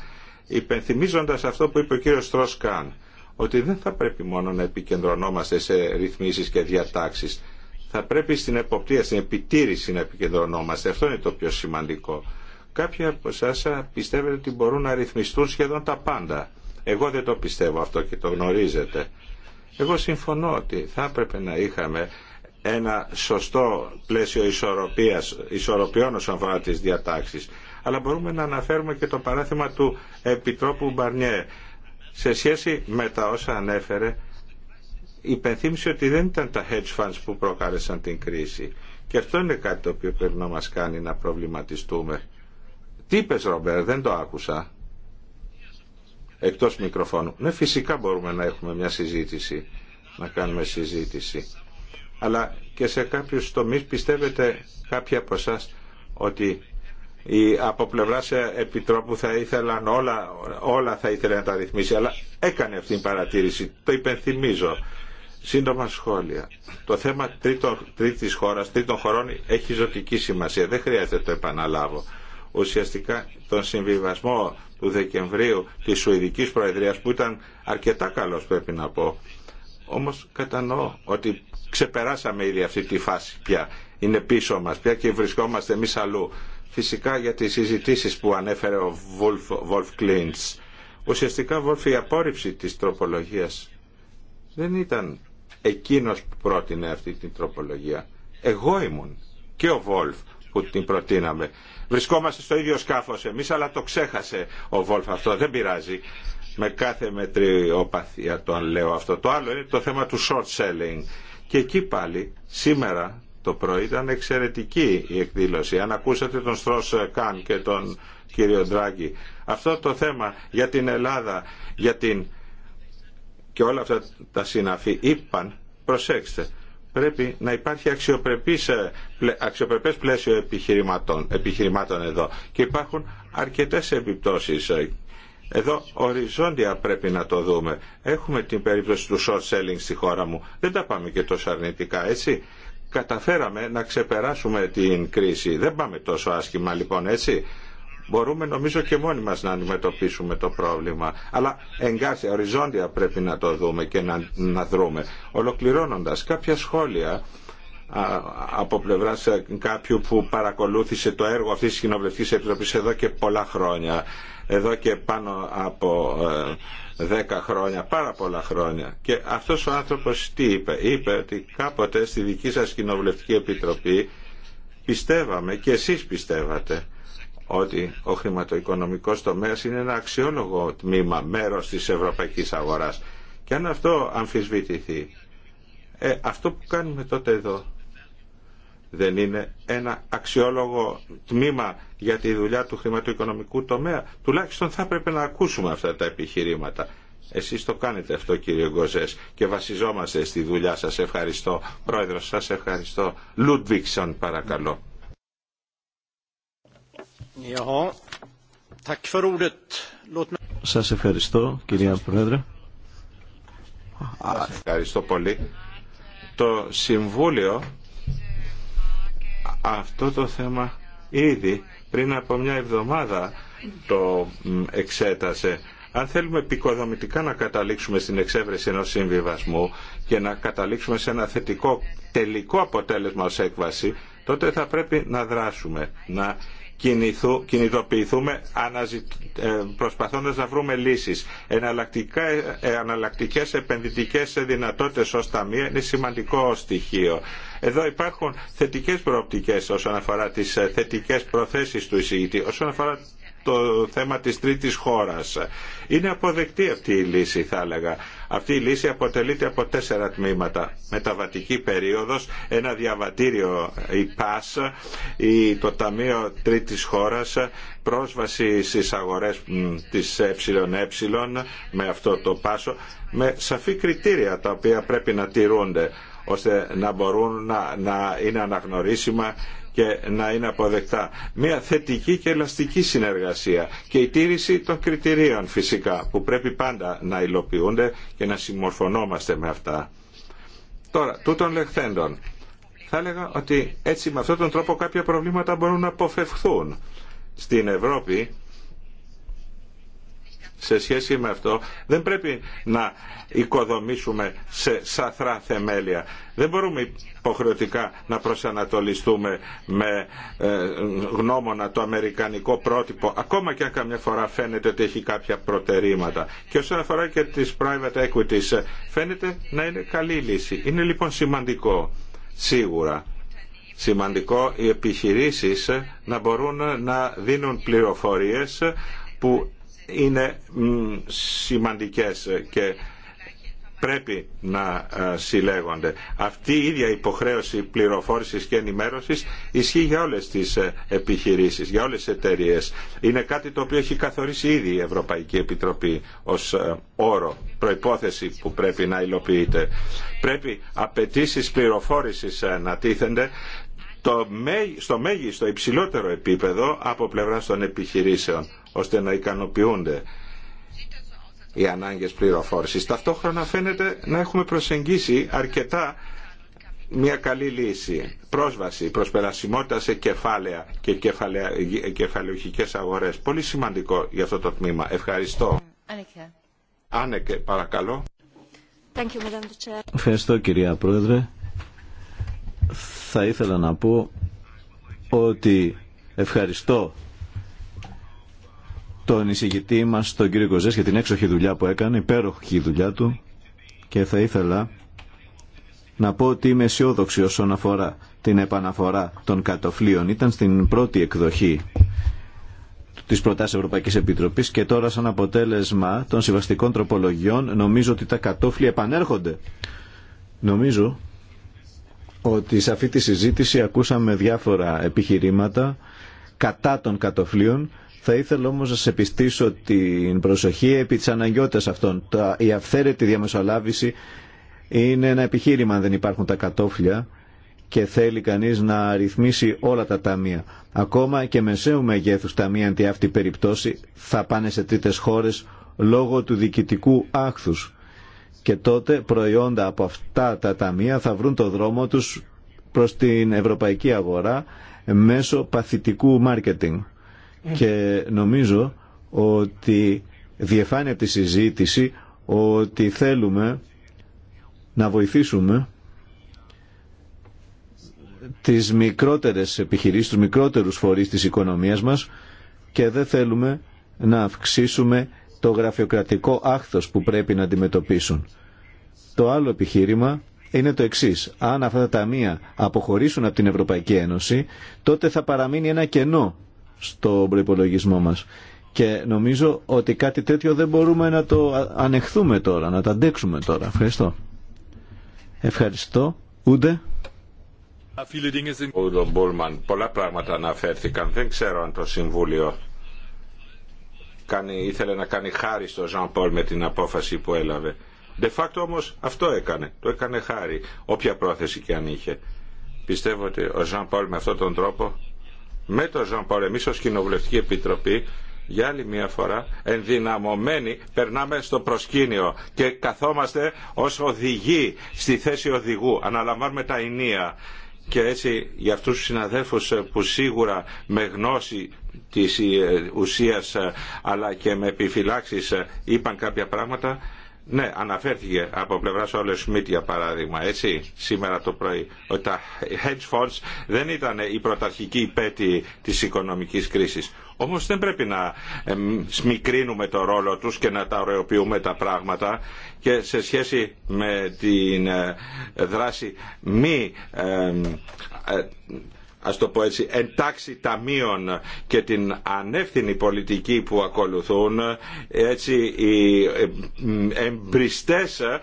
Υπενθυμίζοντας αυτό που είπε ο κύριος Στρόσκαν, ότι δεν θα πρέπει μόνο να επικεντρωνόμαστε σε ρυθμίσεις και διατάξεις. Θα πρέπει στην εποπτεία, στην επιτήρηση να επικεντρωνόμαστε. Αυτό είναι το πιο σημαντικό. Κάποιοι από εσά πιστεύετε ότι μπορούν να ρυθμιστούν σχεδόν τα πάντα. Εγώ δεν το πιστεύω αυτό και το γνωρίζετε. Εγώ συμφωνώ ότι θα έπρεπε να είχαμε ένα σωστό πλαίσιο ισορροπίας, ισορροπιών όσον αφορά τις διατάξεις. Αλλά μπορούμε να αναφέρουμε και το παράθυμα του Επιτρόπου Μπαρνιέ. Σε σχέση με τα όσα ανέφερε, υπενθύμισε ότι δεν ήταν τα hedge funds που προκάλεσαν την κρίση. Και αυτό είναι κάτι το οποίο πρέπει να μας κάνει να προβληματιστούμε. Τι είπες Ρομπέρ, δεν το άκουσα εκτός μικροφώνου. Ναι, φυσικά μπορούμε να έχουμε μια συζήτηση, να κάνουμε συζήτηση. Αλλά και σε κάποιους τομείς πιστεύετε κάποιοι από εσά ότι η, από πλευρά επιτρόπου θα ήθελαν όλα, όλα θα ήθελε να τα ρυθμίσει, αλλά έκανε αυτή την παρατήρηση, το υπενθυμίζω. Σύντομα σχόλια. Το θέμα τρίτο, τρίτης χώρας, τρίτων χωρών έχει ζωτική σημασία. Δεν χρειάζεται το επαναλάβω. Ουσιαστικά τον συμβιβασμό του Δεκεμβρίου της Σουηδικής Προεδρίας που ήταν αρκετά καλός πρέπει να πω. Όμως κατανοώ ότι ξεπεράσαμε ήδη αυτή τη φάση πια. Είναι πίσω μας πια και βρισκόμαστε εμείς αλλού. Φυσικά για τις συζητήσεις που ανέφερε ο Βολφ Κλίντς. Ουσιαστικά Βολφ η απόρριψη της τροπολογίας δεν ήταν εκείνος που πρότεινε αυτή την τροπολογία. Εγώ ήμουν και ο Βολφ που την προτείναμε. Βρισκόμαστε στο ίδιο σκάφο εμεί, αλλά το ξέχασε ο Βόλφ αυτό. Δεν πειράζει. Με κάθε μετριοπαθία αν λέω αυτό. Το άλλο είναι το θέμα του short selling. Και εκεί πάλι σήμερα το πρωί ήταν εξαιρετική η εκδήλωση. Αν ακούσατε τον Στρός Καν και τον κύριο Ντράγκη. Αυτό το θέμα για την Ελλάδα, για την... και όλα αυτά τα συναφή είπαν, προσέξτε, πρέπει να υπάρχει αξιοπρεπής, ε, αξιοπρεπές πλαίσιο επιχειρημάτων, επιχειρημάτων εδώ και υπάρχουν αρκετές επιπτώσεις ε. εδώ οριζόντια πρέπει να το δούμε. Έχουμε την περίπτωση του short selling στη χώρα μου. Δεν τα πάμε και τόσο αρνητικά, έτσι. Καταφέραμε να ξεπεράσουμε την κρίση. Δεν πάμε τόσο άσχημα λοιπόν, έτσι μπορούμε νομίζω και μόνοι μας να αντιμετωπίσουμε το πρόβλημα. Αλλά εγκάρσια, οριζόντια πρέπει να το δούμε και να, να δρούμε. Ολοκληρώνοντας κάποια σχόλια από πλευρά ε, κάποιου που παρακολούθησε το έργο αυτής της Κοινοβουλευτικής Επιτροπής εδώ και πολλά χρόνια, εδώ και πάνω από ε, δέκα χρόνια, πάρα πολλά χρόνια. Και αυτός ο άνθρωπος τι είπε, είπε ότι κάποτε στη δική σας Κοινοβουλευτική Επιτροπή πιστεύαμε και εσείς πιστεύατε ότι ο χρηματοοικονομικός τομέας είναι ένα αξιόλογο τμήμα, μέρος της ευρωπαϊκής αγοράς. Και αν αυτό αμφισβητηθεί, ε, αυτό που κάνουμε τότε εδώ δεν είναι ένα αξιόλογο τμήμα για τη δουλειά του χρηματοοικονομικού τομέα. Τουλάχιστον θα έπρεπε να ακούσουμε αυτά τα επιχειρήματα. Εσείς το κάνετε αυτό κύριε Γκοζές και βασιζόμαστε στη δουλειά σας. Ευχαριστώ. Πρόεδρος σας ευχαριστώ. Λούντβιξον παρακαλώ. Σας ευχαριστώ κυρία Πρόεδρε. ευχαριστώ πολύ. Το Συμβούλιο αυτό το θέμα ήδη πριν από μια εβδομάδα το εξέτασε. Αν θέλουμε επικοδομητικά να καταλήξουμε στην εξέβρεση ενός συμβιβασμού και να καταλήξουμε σε ένα θετικό τελικό αποτέλεσμα ως έκβαση, τότε θα πρέπει να δράσουμε, να κινητοποιηθούμε ε, προσπαθώντας να βρούμε λύσεις. Εναλλακτικές ε, ε, επενδυτικές δυνατότητες ως ταμεία είναι σημαντικό στοιχείο. Εδώ υπάρχουν θετικές προοπτικές όσον αφορά τις θετικές προθέσεις του εισηγητή. Όσον αφορά το θέμα της τρίτης χώρας. Είναι αποδεκτή αυτή η λύση θα έλεγα. Αυτή η λύση αποτελείται από τέσσερα τμήματα. Μεταβατική περίοδος, ένα διαβατήριο, η η το Ταμείο Τρίτης Χώρας, πρόσβαση στις αγορές της ΕΕ με αυτό το πάσο, με σαφή κριτήρια τα οποία πρέπει να τηρούνται ώστε να μπορούν να, να είναι αναγνωρίσιμα και να είναι αποδεκτά. Μια θετική και ελαστική συνεργασία και η τήρηση των κριτηρίων φυσικά που πρέπει πάντα να υλοποιούνται και να συμμορφωνόμαστε με αυτά. Τώρα, τούτων λεχθέντων. Θα έλεγα ότι έτσι με αυτόν τον τρόπο κάποια προβλήματα μπορούν να αποφευχθούν. Στην Ευρώπη σε σχέση με αυτό δεν πρέπει να οικοδομήσουμε σε σαθρά θεμέλια. Δεν μπορούμε υποχρεωτικά να προσανατολιστούμε με ε, γνώμονα το αμερικανικό πρότυπο, ακόμα και αν καμιά φορά φαίνεται ότι έχει κάποια προτερήματα. Και όσον αφορά και τις private equities, φαίνεται να είναι καλή λύση. Είναι λοιπόν σημαντικό, σίγουρα, σημαντικό οι επιχειρήσεις να μπορούν να δίνουν πληροφορίες που είναι σημαντικές και πρέπει να ε, συλλέγονται. Αυτή η ίδια υποχρέωση πληροφόρησης και ενημέρωσης ισχύει για όλες τις ε, επιχειρήσεις, για όλες τις εταιρείες. Είναι κάτι το οποίο έχει καθορίσει ήδη η Ευρωπαϊκή Επιτροπή ως ε, όρο, προϋπόθεση που πρέπει να υλοποιείται. Πρέπει απαιτήσει πληροφόρησης να τίθενται στο μέγιστο, υψηλότερο επίπεδο από πλευράς των επιχειρήσεων, ώστε να ικανοποιούνται οι ανάγκες πληροφόρησης. Ταυτόχρονα φαίνεται να έχουμε προσεγγίσει αρκετά μια καλή λύση, πρόσβαση, προσπερασιμότητα σε κεφάλαια και κεφαλαιοχικές αγορές. Πολύ σημαντικό για αυτό το τμήμα. Ευχαριστώ. Άνεκε, παρακαλώ. Ευχαριστώ κυρία Πρόεδρε θα ήθελα να πω ότι ευχαριστώ τον εισηγητή μας, τον κύριο Κοζές, για την έξοχη δουλειά που έκανε, υπέροχη δουλειά του και θα ήθελα να πω ότι είμαι αισιόδοξη όσον αφορά την επαναφορά των κατοφλίων. Ήταν στην πρώτη εκδοχή της προτάσης Ευρωπαϊκής Επιτροπής και τώρα σαν αποτέλεσμα των συμβαστικών τροπολογιών νομίζω ότι τα κατόφλια επανέρχονται. Νομίζω ότι σε αυτή τη συζήτηση ακούσαμε διάφορα επιχειρήματα κατά των κατοφλίων. Θα ήθελα όμω να σε πιστήσω την προσοχή επί της αναγκαιότητα αυτών. Η αυθαίρετη διαμεσολάβηση είναι ένα επιχείρημα αν δεν υπάρχουν τα κατόφλια και θέλει κανείς να ρυθμίσει όλα τα ταμεία. Ακόμα και μεσαίου μεγέθου ταμεία αντί αυτή περιπτώση θα πάνε σε τρίτες χώρες λόγω του διοικητικού άχθους και τότε προϊόντα από αυτά τα ταμεία θα βρουν το δρόμο τους προς την ευρωπαϊκή αγορά μέσω παθητικού μάρκετινγκ. Ε. Και νομίζω ότι διεφάνει από τη συζήτηση ότι θέλουμε να βοηθήσουμε τις μικρότερες επιχειρήσεις, τους μικρότερους φορείς της οικονομίας μας και δεν θέλουμε να αυξήσουμε το γραφειοκρατικό άχθος που πρέπει να αντιμετωπίσουν. Το άλλο επιχείρημα είναι το εξή. Αν αυτά τα ταμεία αποχωρήσουν από την Ευρωπαϊκή Ένωση, τότε θα παραμείνει ένα κενό στο προπολογισμό μας. Και νομίζω ότι κάτι τέτοιο δεν μπορούμε να το ανεχθούμε τώρα, να τα αντέξουμε τώρα. Ευχαριστώ. Ευχαριστώ. Ούτε. Ούτε Μπούλμαν, πολλά πράγματα αναφέρθηκαν. Δεν ξέρω αν το Συμβούλιο κάνει, ήθελε να κάνει χάρη στο Ζαν Πολ με την απόφαση που έλαβε. De facto όμως αυτό έκανε. Το έκανε χάρη, όποια πρόθεση και αν είχε. Πιστεύω ότι ο Ζαν Πολ με αυτόν τον τρόπο, με τον Ζαν Πολ εμείς ως Κοινοβουλευτική Επιτροπή, για άλλη μια φορά ενδυναμωμένοι περνάμε στο προσκήνιο και καθόμαστε ως οδηγοί στη θέση οδηγού. Αναλαμβάνουμε τα ενία και έτσι για αυτούς τους συναδέλφους που σίγουρα με γνώση της ε, ουσίας ε, αλλά και με επιφυλάξεις ε, είπαν κάποια πράγματα ναι, αναφέρθηκε από πλευρά Όλε Σμιτ για παράδειγμα, έτσι, σήμερα το πρωί, ότι τα hedge funds δεν ήταν η πρωταρχική υπέτη τη οικονομική κρίση. Όμω δεν πρέπει να σμικρίνουμε το ρόλο του και να τα ωρεοποιούμε τα πράγματα και σε σχέση με την δράση μη ας το πω έτσι, εντάξει ταμείων και την ανεύθυνη πολιτική που ακολουθούν, έτσι οι ε, εμπριστές ε,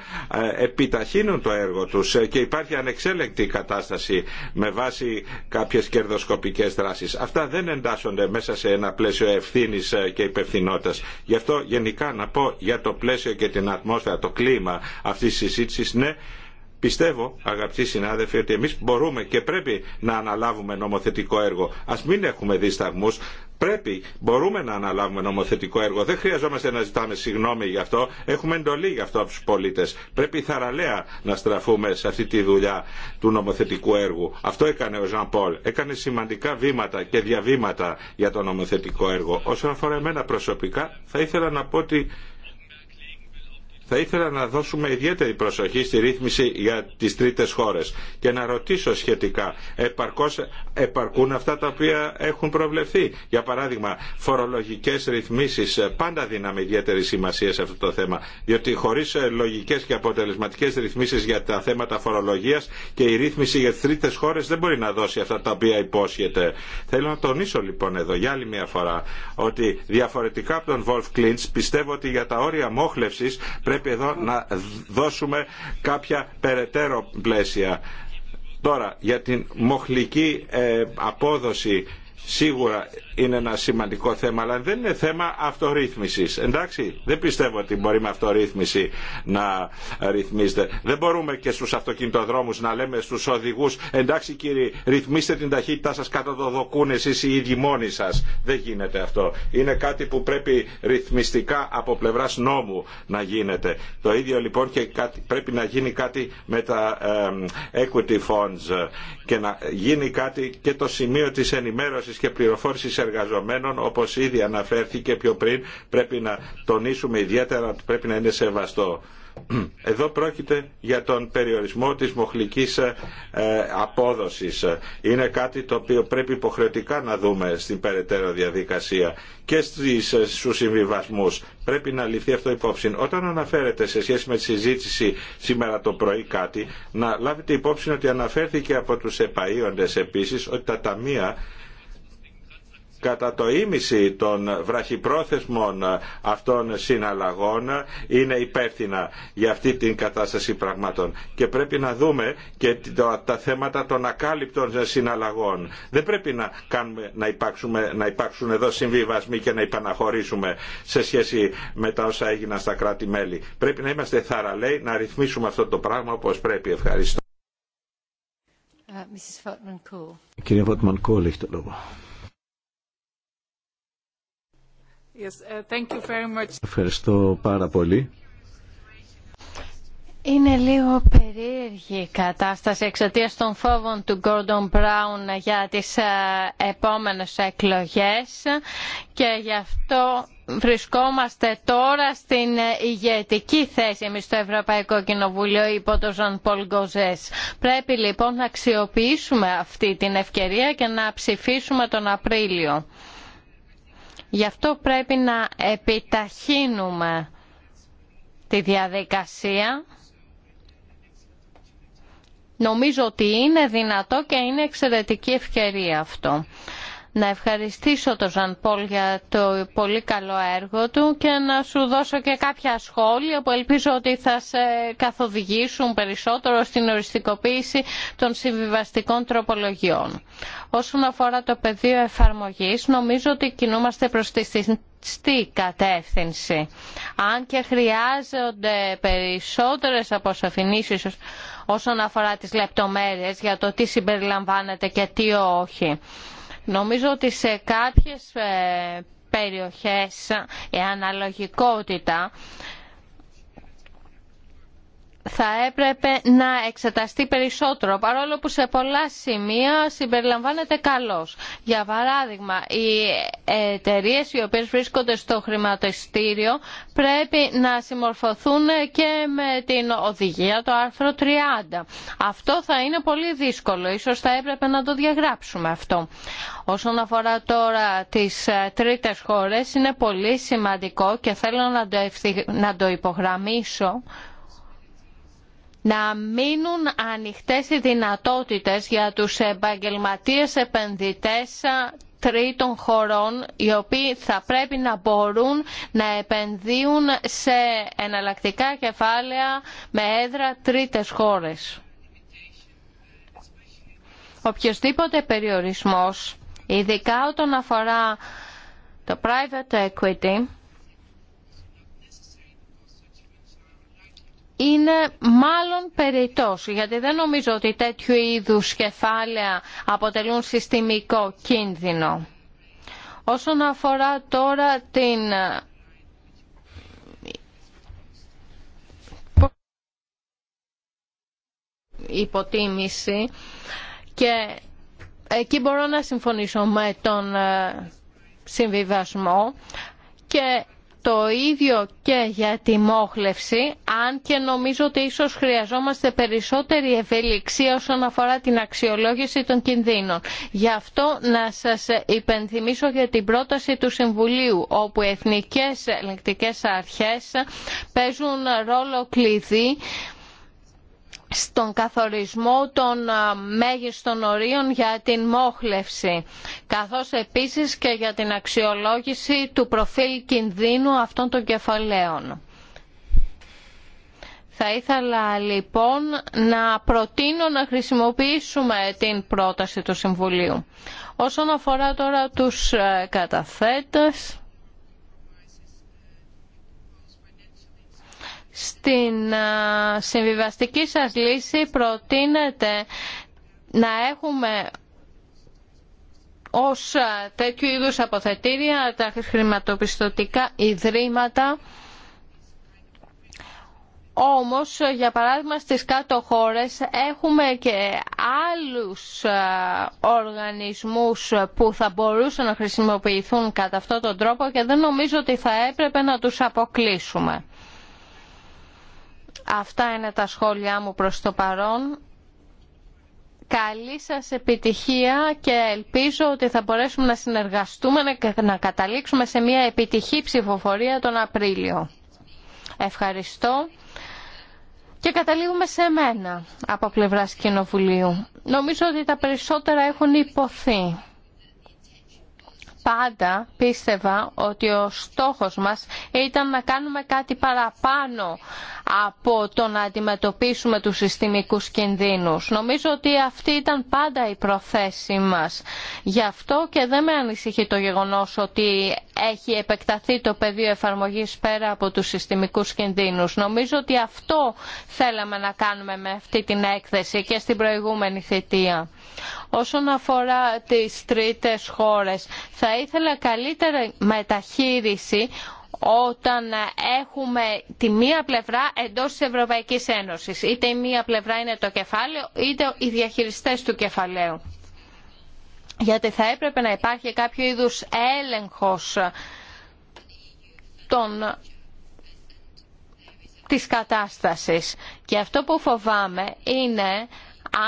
επιταχύνουν το έργο τους ε, και υπάρχει ανεξέλεγκτη κατάσταση με βάση κάποιες κερδοσκοπικές δράσεις. Αυτά δεν εντάσσονται μέσα σε ένα πλαίσιο ευθύνη και υπευθυνότητα. Γι' αυτό γενικά να πω για το πλαίσιο και την ατμόσφαιρα, το κλίμα αυτής της συζήτησης, ναι, Πιστεύω, αγαπητοί συνάδελφοι, ότι εμείς μπορούμε και πρέπει να αναλάβουμε νομοθετικό έργο. Ας μην έχουμε δισταγμούς. Πρέπει, μπορούμε να αναλάβουμε νομοθετικό έργο. Δεν χρειαζόμαστε να ζητάμε συγγνώμη γι' αυτό. Έχουμε εντολή γι' αυτό από του πολίτε. Πρέπει θαραλέα να στραφούμε σε αυτή τη δουλειά του νομοθετικού έργου. Αυτό έκανε ο Ζαν Πολ. Έκανε σημαντικά βήματα και διαβήματα για το νομοθετικό έργο. Όσον αφορά εμένα προσωπικά, θα ήθελα να πω ότι θα ήθελα να δώσουμε ιδιαίτερη προσοχή στη ρύθμιση για τις τρίτες χώρες και να ρωτήσω σχετικά επαρκώς, επαρκούν αυτά τα οποία έχουν προβλεφθεί. Για παράδειγμα, φορολογικές ρυθμίσεις πάντα δίναμε ιδιαίτερη σημασία σε αυτό το θέμα, διότι χωρίς λογικές και αποτελεσματικές ρυθμίσεις για τα θέματα φορολογίας και η ρύθμιση για τις τρίτες χώρες δεν μπορεί να δώσει αυτά τα οποία υπόσχεται. Θέλω να τονίσω λοιπόν εδώ για άλλη μια φορά ότι διαφορετικά από τον Wolf Klintz πιστεύω ότι για τα όρια μόχλευσης πρέπει εδώ να δώσουμε κάποια περαιτέρω πλαίσια. Τώρα, για την μοχλική ε, απόδοση σίγουρα είναι ένα σημαντικό θέμα, αλλά δεν είναι θέμα αυτορύθμισης. Εντάξει, δεν πιστεύω ότι μπορεί με αυτορύθμιση να ρυθμίζεται. Δεν μπορούμε και στους αυτοκινητοδρόμους να λέμε στους οδηγούς εντάξει κύριοι, ρυθμίστε την ταχύτητά σας κατά το δοκούν εσείς οι ίδιοι μόνοι σας. Δεν γίνεται αυτό. Είναι κάτι που πρέπει ρυθμιστικά από πλευράς νόμου να γίνεται. Το ίδιο λοιπόν και πρέπει να γίνει κάτι με τα equity funds και να γίνει κάτι και το σημείο της ενημέρωσης και πληροφόρησης εργαζομένων όπως ήδη αναφέρθηκε πιο πριν πρέπει να τονίσουμε ιδιαίτερα ότι πρέπει να είναι σεβαστό. Εδώ πρόκειται για τον περιορισμό της μοχλικής ε, απόδοσης. Είναι κάτι το οποίο πρέπει υποχρεωτικά να δούμε στην περαιτέρω διαδικασία και ε, στους συμβιβασμούς. Πρέπει να ληφθεί αυτό υπόψη. Όταν αναφέρεται σε σχέση με τη συζήτηση σήμερα το πρωί κάτι, να λάβετε υπόψη ότι αναφέρθηκε από τους επαΐοντες επίσης ότι τα ταμεία κατά το ίμιση των βραχυπρόθεσμων ε, αυτών συναλλαγών είναι υπεύθυνα για αυτή την κατάσταση πραγμάτων. Και πρέπει να δούμε και τα θέματα των ακάλυπτων συναλλαγών. Δεν πρέπει να, κάνουμε, να, υπάρξουμε, να υπάρξουν εδώ συμβιβασμοί και να υπαναχωρήσουμε σε σχέση με τα όσα έγιναν στα κράτη-μέλη. Πρέπει να είμαστε θαραλέοι, να ρυθμίσουμε αυτό το πράγμα όπως πρέπει. Ευχαριστώ. Ε, Κύριε το λόγο. Uh, Ευχαριστώ πάρα πολύ. Είναι λίγο περίεργη η κατάσταση εξαιτία των φόβων του Gordon Brown για τις ε, επόμενες εκλογές και γι' αυτό βρισκόμαστε τώρα στην ηγετική θέση εμείς στο Ευρωπαϊκό Κοινοβούλιο υπό τον Ζαν Πολ Γκοζές. Πρέπει λοιπόν να αξιοποιήσουμε αυτή την ευκαιρία και να ψηφίσουμε τον Απρίλιο. Γι' αυτό πρέπει να επιταχύνουμε τη διαδικασία. Νομίζω ότι είναι δυνατό και είναι εξαιρετική ευκαιρία αυτό να ευχαριστήσω τον Ζαν Πολ για το πολύ καλό έργο του και να σου δώσω και κάποια σχόλια που ελπίζω ότι θα σε καθοδηγήσουν περισσότερο στην οριστικοποίηση των συμβιβαστικών τροπολογιών. Όσον αφορά το πεδίο εφαρμογής, νομίζω ότι κινούμαστε προς τη στη κατεύθυνση. Αν και χρειάζονται περισσότερες αποσαφηνήσεις όσον αφορά τις λεπτομέρειες για το τι συμπεριλαμβάνεται και τι όχι. Νομίζω ότι σε κάποιες ε, περιοχές η ε, αναλογικότητα θα έπρεπε να εξεταστεί περισσότερο, παρόλο που σε πολλά σημεία συμπεριλαμβάνεται καλώς. Για παράδειγμα, οι εταιρείε οι οποίες βρίσκονται στο χρηματιστήριο πρέπει να συμμορφωθούν και με την οδηγία το άρθρο 30. Αυτό θα είναι πολύ δύσκολο, ίσως θα έπρεπε να το διαγράψουμε αυτό. Όσον αφορά τώρα τις τρίτες χώρες, είναι πολύ σημαντικό και θέλω να το υπογραμμίσω να μείνουν ανοιχτές οι δυνατότητες για τους επαγγελματίες επενδυτές τρίτων χωρών οι οποίοι θα πρέπει να μπορούν να επενδύουν σε εναλλακτικά κεφάλαια με έδρα τρίτες χώρες. Οποιοςδήποτε περιορισμός, ειδικά όταν αφορά το private equity, είναι μάλλον περιττός, γιατί δεν νομίζω ότι τέτοιου είδους κεφάλαια αποτελούν συστημικό κίνδυνο. Όσον αφορά τώρα την υποτίμηση και εκεί μπορώ να συμφωνήσω με τον ε, συμβιβασμό και το ίδιο και για τη μόχλευση, αν και νομίζω ότι ίσως χρειαζόμαστε περισσότερη ευελιξία όσον αφορά την αξιολόγηση των κινδύνων. Γι' αυτό να σας υπενθυμίσω για την πρόταση του Συμβουλίου, όπου οι εθνικές ελεγκτικές αρχές παίζουν ρόλο κλειδί στον καθορισμό των μέγιστων ορίων για την μόχλευση, καθώς επίσης και για την αξιολόγηση του προφίλ κινδύνου αυτών των κεφαλαίων. Θα ήθελα λοιπόν να προτείνω να χρησιμοποιήσουμε την πρόταση του Συμβουλίου. Όσον αφορά τώρα τους ε, καταθέτες, Στην συμβιβαστική σας λύση προτείνεται να έχουμε ως τέτοιου είδους αποθετήρια τα χρηματοπιστωτικά ιδρύματα όμως, για παράδειγμα, στις κάτω χώρες έχουμε και άλλους οργανισμούς που θα μπορούσαν να χρησιμοποιηθούν κατά αυτόν τον τρόπο και δεν νομίζω ότι θα έπρεπε να τους αποκλείσουμε. Αυτά είναι τα σχόλιά μου προς το παρόν. Καλή σας επιτυχία και ελπίζω ότι θα μπορέσουμε να συνεργαστούμε και να καταλήξουμε σε μια επιτυχή ψηφοφορία τον Απρίλιο. Ευχαριστώ. Και καταλήγουμε σε μένα από πλευράς Κοινοβουλίου. Νομίζω ότι τα περισσότερα έχουν υποθεί πάντα πίστευα ότι ο στόχος μας ήταν να κάνουμε κάτι παραπάνω από το να αντιμετωπίσουμε τους συστημικούς κινδύνους. Νομίζω ότι αυτή ήταν πάντα η προθέση μας. Γι' αυτό και δεν με ανησυχεί το γεγονός ότι έχει επεκταθεί το πεδίο εφαρμογής πέρα από τους συστημικούς κινδύνους. Νομίζω ότι αυτό θέλαμε να κάνουμε με αυτή την έκθεση και στην προηγούμενη θητεία. Όσον αφορά τις τρίτες χώρες, θα θα ήθελα καλύτερη μεταχείριση όταν έχουμε τη μία πλευρά εντός της Ευρωπαϊκής Ένωσης. Είτε η μία πλευρά είναι το κεφάλαιο, είτε οι διαχειριστές του κεφαλαίου. Γιατί θα έπρεπε να υπάρχει κάποιο είδους έλεγχος των της κατάστασης. Και αυτό που φοβάμαι είναι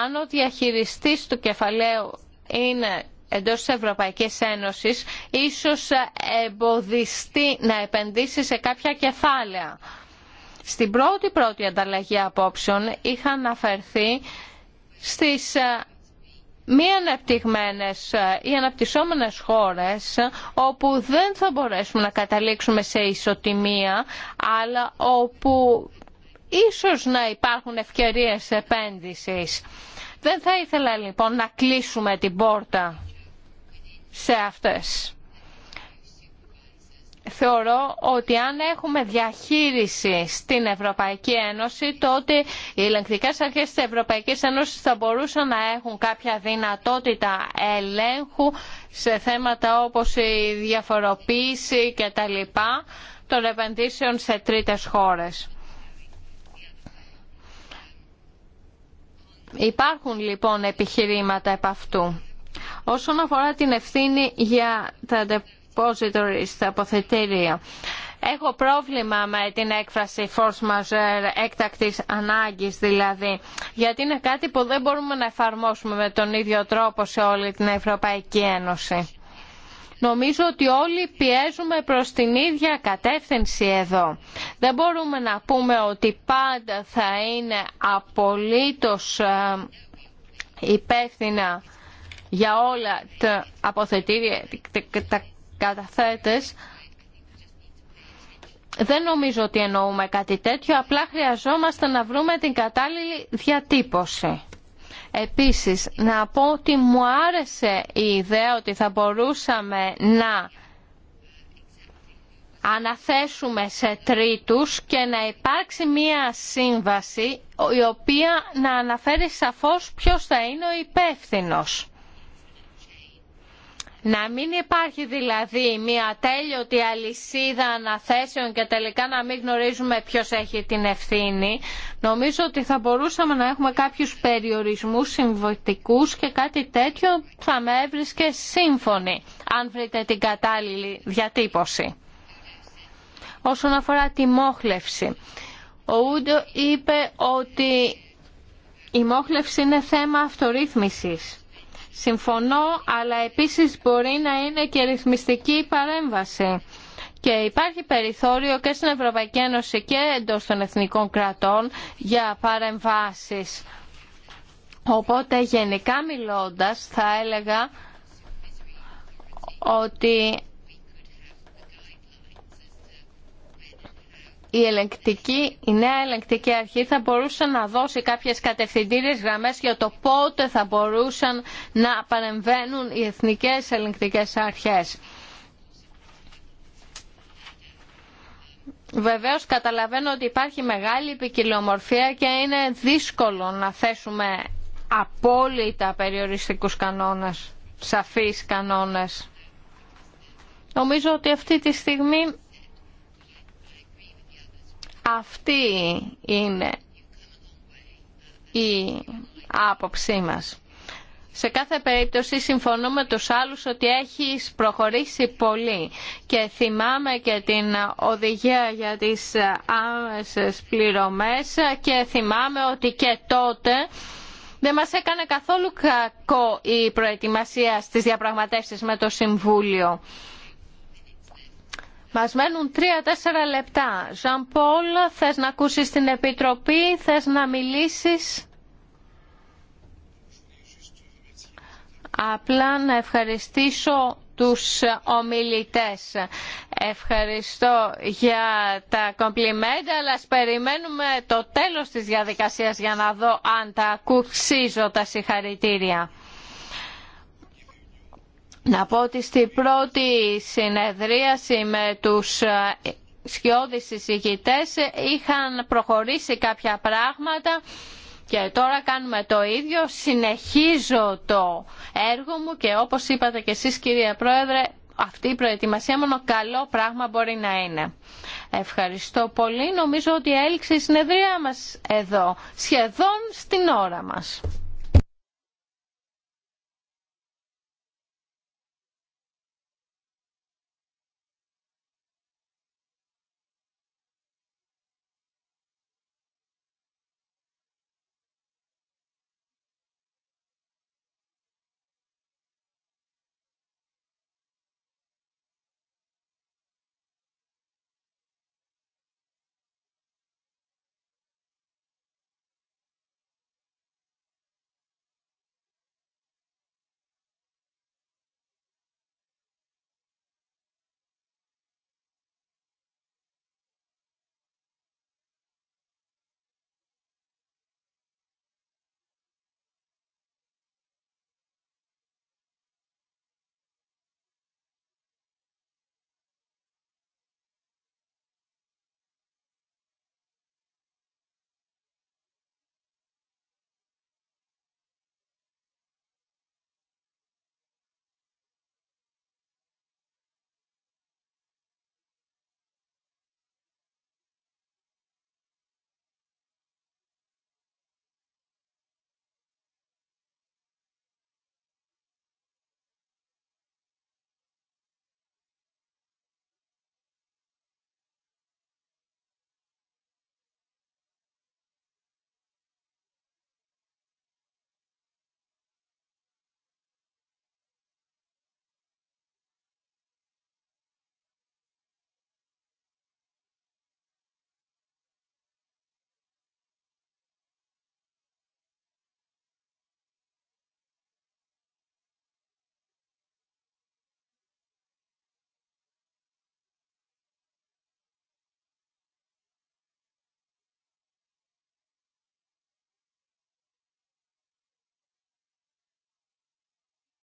αν ο διαχειριστής του κεφαλαίου είναι εντός της Ευρωπαϊκής Ένωσης ίσως ε, εμποδιστεί να επενδύσει σε κάποια κεφάλαια. Στην πρώτη πρώτη ανταλλαγή απόψεων είχα αναφερθεί στις ε, μη αναπτυγμένες ε, ή αναπτυσσόμενες χώρες όπου δεν θα μπορέσουμε να καταλήξουμε σε ισοτιμία αλλά όπου ίσως να υπάρχουν ευκαιρίες επένδυσης. Δεν θα ήθελα λοιπόν να κλείσουμε την πόρτα σε αυτές. Θεωρώ ότι αν έχουμε διαχείριση στην Ευρωπαϊκή Ένωση, τότε οι ελεγκτικέ αρχέ της Ευρωπαϊκής Ένωση θα μπορούσαν να έχουν κάποια δυνατότητα ελέγχου σε θέματα όπως η διαφοροποίηση και τα των επενδύσεων σε τρίτες χώρες. Υπάρχουν λοιπόν επιχειρήματα επ' αυτού. Όσον αφορά την ευθύνη για τα depositories, τα αποθετήρια, έχω πρόβλημα με την έκφραση force majeure, έκτακτης ανάγκης δηλαδή, γιατί είναι κάτι που δεν μπορούμε να εφαρμόσουμε με τον ίδιο τρόπο σε όλη την Ευρωπαϊκή Ένωση. Νομίζω ότι όλοι πιέζουμε προς την ίδια κατεύθυνση εδώ. Δεν μπορούμε να πούμε ότι πάντα θα είναι απολύτως ε, υπεύθυνα για όλα τα αποθετήρια, τα καταθέτες, δεν νομίζω ότι εννοούμε κάτι τέτοιο, απλά χρειαζόμαστε να βρούμε την κατάλληλη διατύπωση. Επίσης, να πω ότι μου άρεσε η ιδέα ότι θα μπορούσαμε να αναθέσουμε σε τρίτους και να υπάρξει μία σύμβαση η οποία να αναφέρει σαφώς ποιος θα είναι ο υπεύθυνος. Να μην υπάρχει δηλαδή μια τέλειωτη αλυσίδα αναθέσεων και τελικά να μην γνωρίζουμε ποιος έχει την ευθύνη. Νομίζω ότι θα μπορούσαμε να έχουμε κάποιους περιορισμούς συμβοτικούς και κάτι τέτοιο θα με έβρισκε σύμφωνη, αν βρείτε την κατάλληλη διατύπωση. Όσον αφορά τη μόχλευση, ο Ούντο είπε ότι η μόχλευση είναι θέμα αυτορύθμισης. Συμφωνώ, αλλά επίσης μπορεί να είναι και ρυθμιστική παρέμβαση. Και υπάρχει περιθώριο και στην Ευρωπαϊκή Ένωση και εντός των εθνικών κρατών για παρεμβάσεις. Οπότε γενικά μιλώντας θα έλεγα ότι η, ελεγκτική, η νέα ελεγκτική αρχή θα μπορούσε να δώσει κάποιες κατευθυντήριες γραμμές για το πότε θα μπορούσαν να παρεμβαίνουν οι εθνικές ελεγκτικές αρχές. Βεβαίως καταλαβαίνω ότι υπάρχει μεγάλη ποικιλομορφία και είναι δύσκολο να θέσουμε απόλυτα περιοριστικούς κανόνες, σαφείς κανόνες. Νομίζω ότι αυτή τη στιγμή αυτή είναι η άποψή μας. Σε κάθε περίπτωση συμφωνούμε με τους άλλους ότι έχει προχωρήσει πολύ και θυμάμαι και την οδηγία για τις άμεσες πληρωμές και θυμάμαι ότι και τότε δεν μας έκανε καθόλου κακό η προετοιμασία στις διαπραγματεύσεις με το Συμβούλιο. Μας μένουν τρία-τέσσερα λεπτά. Ζαν Πολ, θες να ακούσεις την Επιτροπή, θες να μιλήσεις. Απλά να ευχαριστήσω τους ομιλητές. Ευχαριστώ για τα κομπλιμέντα, αλλά ας περιμένουμε το τέλος της διαδικασίας για να δω αν τα ακουξίζω τα συγχαρητήρια. Να πω ότι στην πρώτη συνεδρίαση με τους ε, σκιώδεις εισηγητές είχαν προχωρήσει κάποια πράγματα και τώρα κάνουμε το ίδιο. Συνεχίζω το έργο μου και όπως είπατε και εσείς κυρία Πρόεδρε, αυτή η προετοιμασία μόνο καλό πράγμα μπορεί να είναι. Ευχαριστώ πολύ. Νομίζω ότι έληξε η συνεδρία μας εδώ, σχεδόν στην ώρα μας.